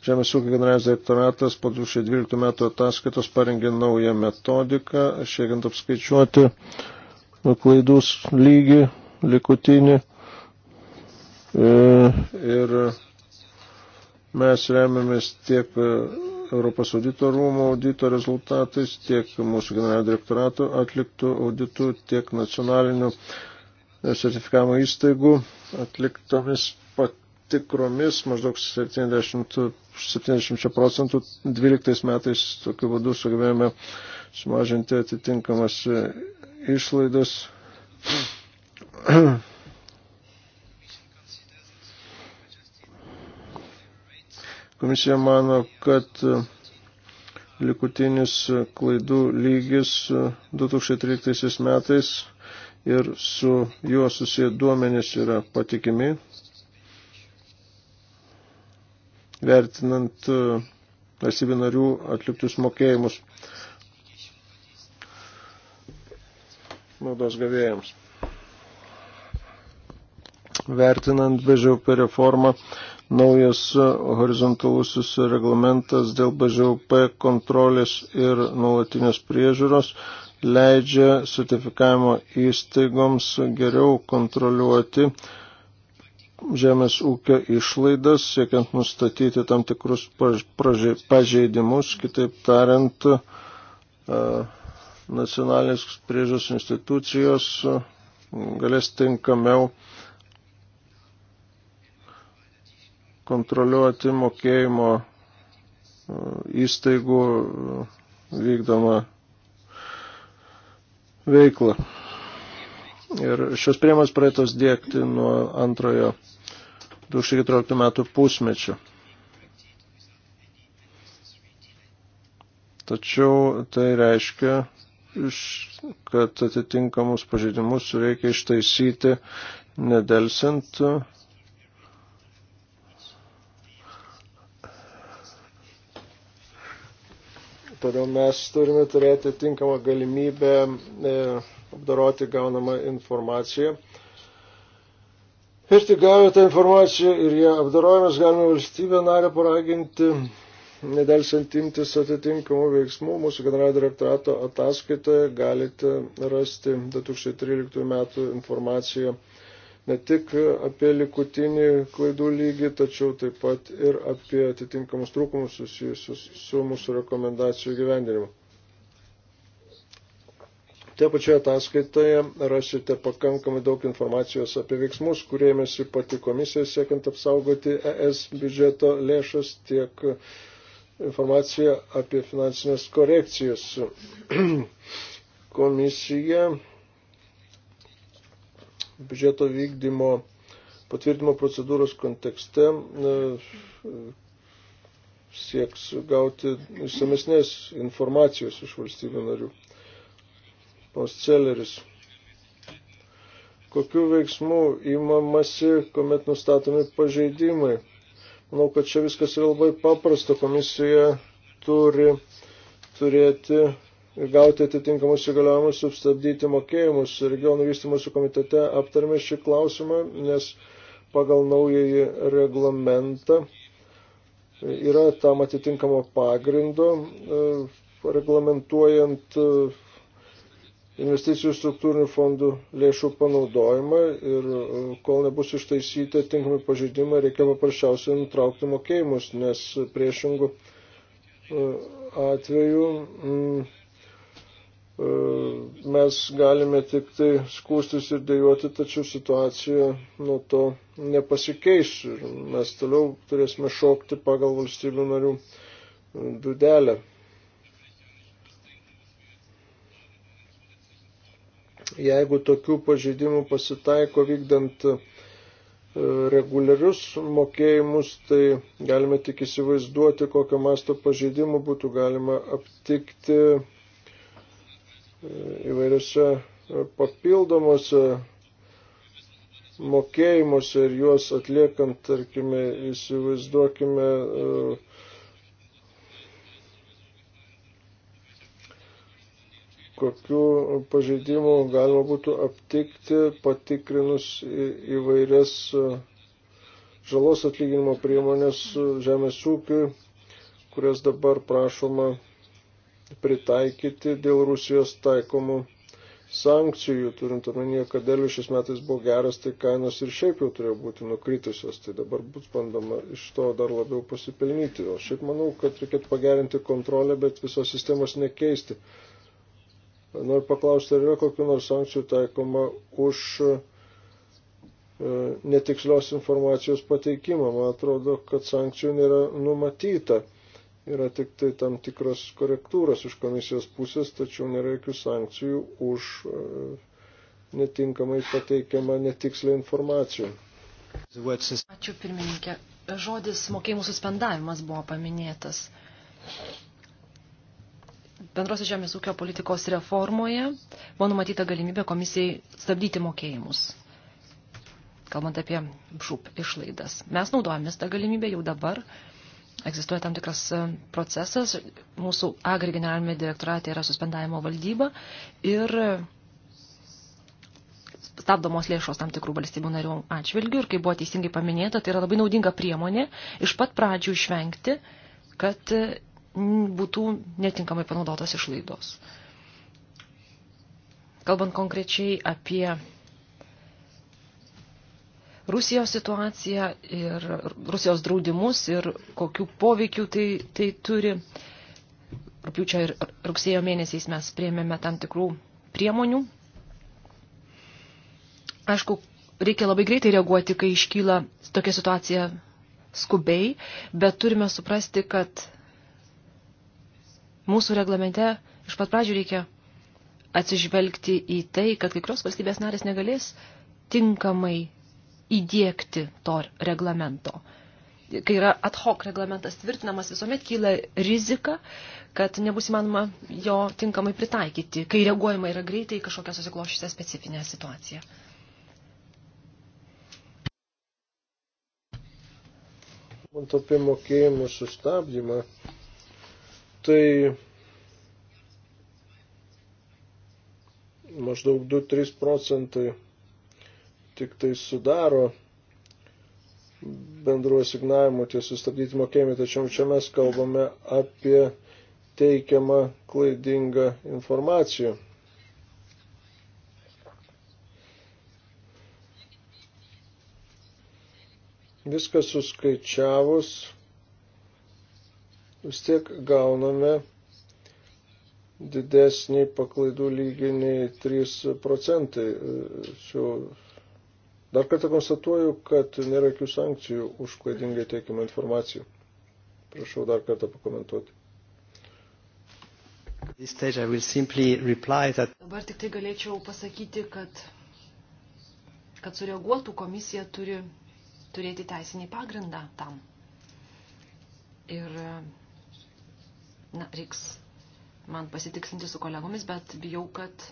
Speaker 2: Žemės ūkio generalinis direktoratas po 2012 metų ataskaitos parengė naują metodiką, siekiant apskaičiuoti klaidus lygį, likutinį. E, ir mes remiamės tiek Europos audito rūmų audito rezultatais, tiek mūsų generalinio direktorato atliktų auditų, tiek nacionalinių sertifikavimo įstaigų atliktomis patikromis maždaug 70, 70 procentų 12 metais tokiu būdu sugebėjome sumažinti atitinkamas išlaidas. Komisija mano, kad likutinis klaidų lygis 2013 metais ir su juo susiję duomenys yra patikimi, vertinant e, valstybių narių atliktus mokėjimus naudos gavėjams. Vertinant BŽUP reformą, naujas horizontalusis reglamentas dėl BŽUP kontrolės ir nuolatinės priežiūros leidžia sertifikavimo įstaigoms geriau kontroliuoti žemės ūkio išlaidas, siekiant nustatyti tam tikrus pažeidimus, kitaip tariant, e, nacionalinės priežos institucijos e, galės tinkamiau kontroliuoti mokėjimo e, įstaigų vykdomą veiklą. Ir šios priemonės praeitos dėkti nuo antrojo 2014 metų pusmečio. Tačiau tai reiškia, kad atitinkamus pažeidimus reikia ištaisyti nedelsiant Todėl mes turime turėti tinkamą galimybę e, apdaroti gaunamą informaciją. Ir tik gavę tą informaciją ir ją apdarojimas galime valstybę narę paraginti, nedelsiant imtis atitinkamų veiksmų. Mūsų generalinio direktorato ataskaitoje galite rasti 2013 metų informaciją ne tik apie likutinį klaidų lygį, tačiau taip pat ir apie atitinkamus trūkumus susijusius su mūsų rekomendacijų gyvendinimu. Tie pačioje ataskaitoje rasite pakankamai daug informacijos apie veiksmus, kurie ėmėsi pati komisija siekiant apsaugoti ES biudžeto lėšas, tiek informacija apie finansinės korekcijas. [clears throat] Komisija biudžeto vykdymo patvirtimo procedūros kontekste sieks gauti išsamesnės informacijos iš valstybių narių. Pons Celeris. Kokių veiksmų įmamasi, kuomet nustatomi pažeidimai? Manau, kad čia viskas yra labai paprasta. Komisija turi turėti gauti atitinkamus įgaliojimus, substabdyti mokėjimus. Regionų vystimusių komitete aptarėme šį klausimą, nes pagal naująjį reglamentą yra tam atitinkamo pagrindo e, reglamentuojant e, investicijų struktūrinių fondų lėšų panaudojimą ir e, kol nebus ištaisyti atitinkami pažeidimai, reikia paprasčiausiai nutraukti mokėjimus, nes priešingų atveju E, mes galime tik tai skūstis ir dėjoti, tačiau situacija nuo to nepasikeis ir mes toliau turėsime šokti pagal valstybių narių e, dudelę. Jeigu tokių pažeidimų pasitaiko vykdant e, reguliarius mokėjimus, tai galime tik įsivaizduoti, kokio masto pažeidimų būtų galima aptikti įvairiose e, papildomose mokėjimuose ir juos atliekant, tarkime, įsivaizduokime, e, kokiu pažeidimu galima būtų aptikti, patikrinus įvairias e, žalos atlyginimo priemonės žemės ūkiui, kurias dabar prašoma pritaikyti dėl Rusijos taikomų sankcijų, turint omenyje, kad derlius šiais metais buvo geras, tai kainos ir šiaip jau turėjo būti nukritusios, tai dabar bus bandoma iš to dar labiau pasipelnyti. O šiaip manau, kad reikėtų pagerinti kontrolę, bet visos sistemos nekeisti. Noriu paklausti, ar yra kokiu nors sankcijų taikoma už e, netikslios informacijos pateikimą. Man atrodo, kad sankcijų nėra numatyta yra tik tai tam tikras korektūras iš komisijos pusės, tačiau nėra jokių sankcijų už e, netinkamai pateikiamą netikslę informaciją.
Speaker 3: Ačiū
Speaker 1: pirmininkė. Žodis mokėjimų suspendavimas buvo paminėtas. Bendrosios žemės ūkio politikos reformoje buvo numatyta galimybė komisijai stabdyti mokėjimus kalbant apie žūp išlaidas. Mes naudojamės tą galimybę jau dabar egzistuoja tam tikras e, procesas. Mūsų agri generalinėme direktorate yra suspendavimo valdyba ir stabdomos lėšos tam tikrų valstybių narių atžvilgių ir kaip buvo teisingai paminėta, tai yra labai naudinga priemonė iš pat pradžių išvengti, kad e, būtų netinkamai panaudotos išlaidos. Kalbant konkrečiai apie Rusijos situaciją ir Rusijos draudimus ir kokių poveikių tai, tai turi. Rūpiučio ir rugsėjo mėnesiais mes priėmėme tam tikrų priemonių. Aišku, reikia labai greitai reaguoti, kai iškyla tokia situacija skubiai, bet turime suprasti, kad mūsų reglamente iš pat pradžių reikia atsižvelgti į tai, kad kai kurios valstybės narės negalės tinkamai įdėkti to reglamento. Kai yra ad hoc reglamentas tvirtinamas, visuomet kyla rizika, kad nebus įmanoma jo tinkamai pritaikyti, kai reaguojama yra greitai į kažkokią susiklošusią specifinę situaciją.
Speaker 2: Kalbant apie mokėjimų sustabdymą, tai maždaug 2-3 procentai tik tai sudaro bendruo signavimu tie sustabdyti mokėjimai, tačiau čia mes kalbame apie teikiamą klaidingą informaciją. Viską suskaičiavus vis tiek gauname didesnį paklaidų lygį nei 3 procentai. E, šiuo Dar kartą konstatuoju, kad nėra jokių sankcijų už klaidingai teikimą informaciją. Prašau dar kartą pakomentuoti.
Speaker 3: That...
Speaker 1: Dabar tik tai galėčiau pasakyti, kad, kad sureaguotų komisija turi turėti teisinį pagrindą tam. Ir na, reiks man pasitiksinti su kolegomis, bet bijau, kad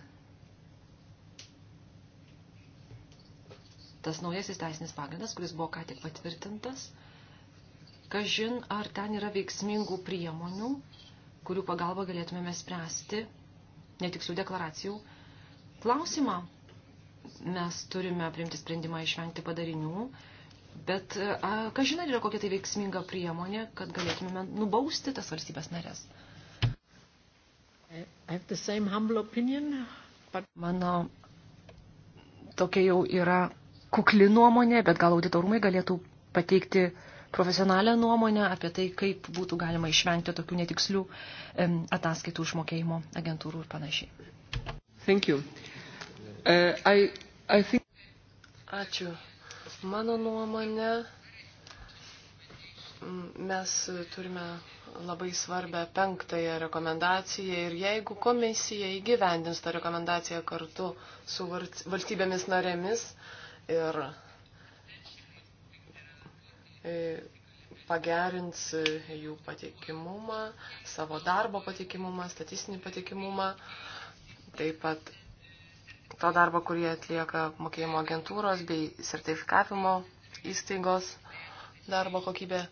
Speaker 1: tas naujasis teisinis pagrindas, kuris buvo ką tik patvirtintas, kažin ar ten yra veiksmingų priemonių, kurių pagalba galėtumėme spręsti netikslių deklaracijų klausimą. Mes turime priimti sprendimą išvengti padarinių, bet kažin ar yra kokia tai veiksminga priemonė, kad galėtumėme nubausti tas valstybės narės. Opinion, but... Mano tokia jau yra kukli nuomonė, bet gal auditorumai galėtų pateikti profesionalią nuomonę apie tai, kaip būtų galima išvengti tokių netikslių ataskaitų užmokėjimo agentūrų ir panašiai.
Speaker 4: Thank you. Uh, I, I think... Ačiū. Mano nuomonė, mes turime labai svarbę penktąją rekomendaciją ir jeigu komisija įgyvendins tą rekomendaciją kartu su valstybėmis narėmis, uh, ir e, pagerins jų patikimumą, savo darbo patikimumą, statistinį patikimumą, taip pat to darbo, kurį atlieka mokėjimo agentūros bei sertifikavimo įstaigos darbo kokybė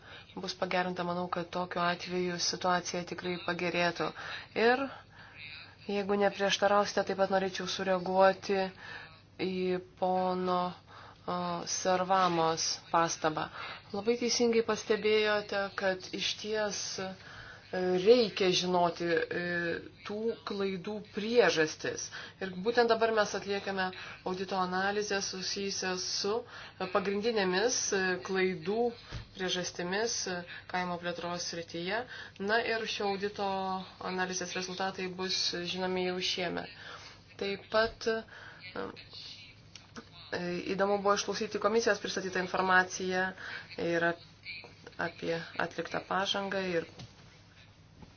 Speaker 4: bus pagerinta, manau, kad tokiu atveju situacija tikrai pagerėtų. Ir jeigu neprieštarausite, taip pat norėčiau sureaguoti į pono Sarvamos pastabą. Labai teisingai pastebėjote, kad iš ties reikia žinoti e, tų klaidų priežastis. Ir būtent dabar mes atliekame audito analizę susijusią su pagrindinėmis e, klaidų priežastimis e, kaimo plėtros srityje. Na ir šio audito analizės rezultatai bus žinomi jau šiemet. Taip pat E, įdomu buvo išklausyti komisijos pristatytą informaciją ir apie atliktą pažangą ir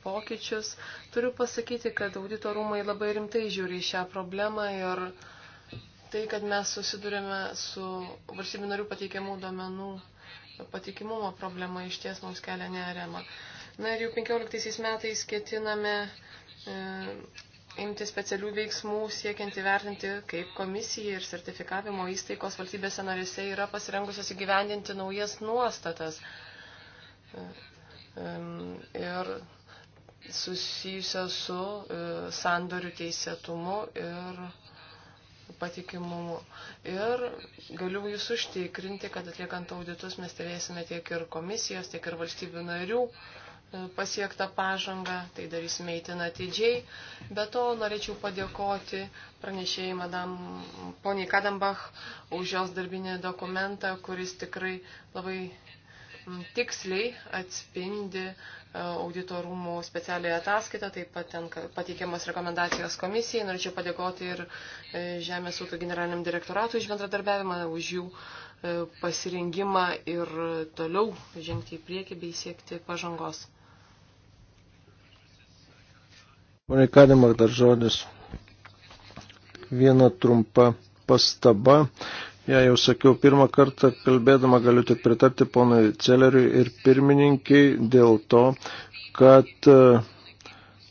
Speaker 4: pokyčius. Turiu pasakyti, kad audito rūmai labai rimtai žiūri į šią problemą ir tai, kad mes susidurėme su valstybių narių pateikiamų duomenų patikimumo problema iš ties mums kelia nerema. Na ir jau 15 metais ketiname e, imti specialių veiksmų siekiant įvertinti, kaip komisija ir sertifikavimo įstaigos valstybėse narėse yra pasirengusios įgyvendinti naujas nuostatas e, ir susijusia su e, sandorių teisėtumu ir patikimumu. Ir galiu jūs užtikrinti, kad atliekant auditus mes turėsime tiek ir komisijos, tiek ir valstybių narių uh, pasiektą pažangą, tai darysime įtin atidžiai. Be to norėčiau padėkoti pranešėjai madam, poniai Kadambach už jos darbinį dokumentą, kuris tikrai labai mm, tiksliai atspindi e, auditorumų specialiai ataskaitą, taip pat ten pateikiamas rekomendacijos komisijai. Norėčiau padėkoti ir e, Žemės ūkio generaliniam direktoratui už bendradarbiavimą, už jų e, pasirengimą ir toliau žengti į priekį bei siekti pažangos.
Speaker 2: Mane Kadimak dar žodis. Viena trumpa pastaba. Ja jau sakiau, pirmą kartą kalbėdama galiu tik pritarti ponui Celeriui ir pirmininkiai dėl to, kad e,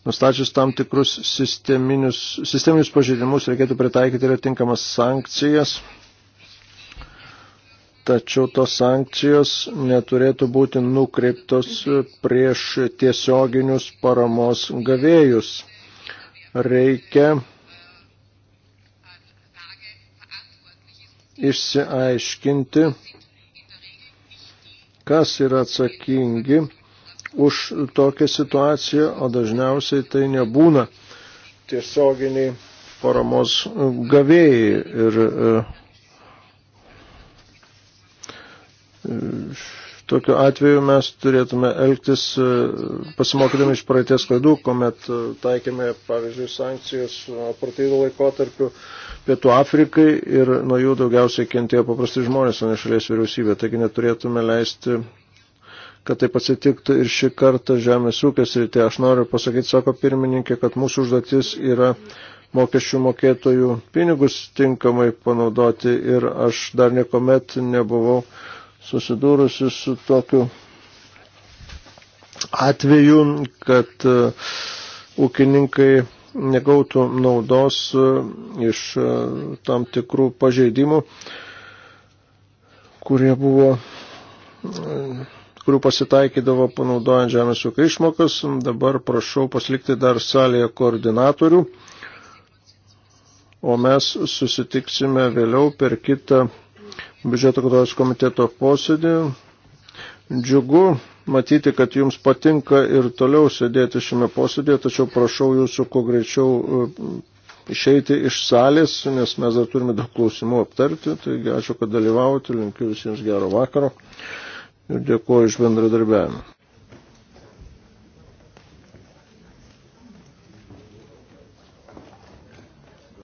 Speaker 2: nustačius tam tikrus sisteminius, sisteminius pažeidimus reikėtų pritaikyti ir atinkamas sankcijas tačiau tos sankcijos neturėtų būti nukreiptos prieš tiesioginius paramos gavėjus. Reikia išsiaiškinti, kas yra atsakingi už tokią situaciją, o dažniausiai tai nebūna tiesioginiai paramos gavėjai. Ir, e, Tokiu atveju mes turėtume elgtis e, pasimokydami iš praeities klaidų, kuomet e, taikėme, pavyzdžiui, sankcijas aparteido laikotarpiu Pietų Afrikai ir nuo jų daugiausiai kentėjo paprasti žmonės, o ne šalies vyriausybė. Taigi neturėtume leisti, kad taip atsitiktų ir šį kartą žemės ūkės rytė. Aš noriu pasakyti, sako pirmininkė, kad mūsų užduotis yra mokesčių mokėtojų pinigus tinkamai panaudoti ir aš dar niekuomet nebuvau susidūrusi su tokiu atveju, kad e, ūkininkai negautų naudos e, iš e, tam tikrų pažeidimų, kurie buvo kurių pasitaikydavo panaudojant žemės ūkio išmokas. Dabar prašau paslikti dar salėje koordinatorių, o mes susitiksime vėliau per kitą biudžeto kontrolės komiteto posėdį. Džiugu matyti, kad jums patinka ir toliau sėdėti šiame posėdėje, tačiau prašau jūsų kuo greičiau e, išeiti iš salės, nes mes dar turime daug klausimų aptarti. Taigi ačiū, kad dalyvaujate, linkiu visiems gero vakaro ir dėkuoju iš bendradarbiavimą.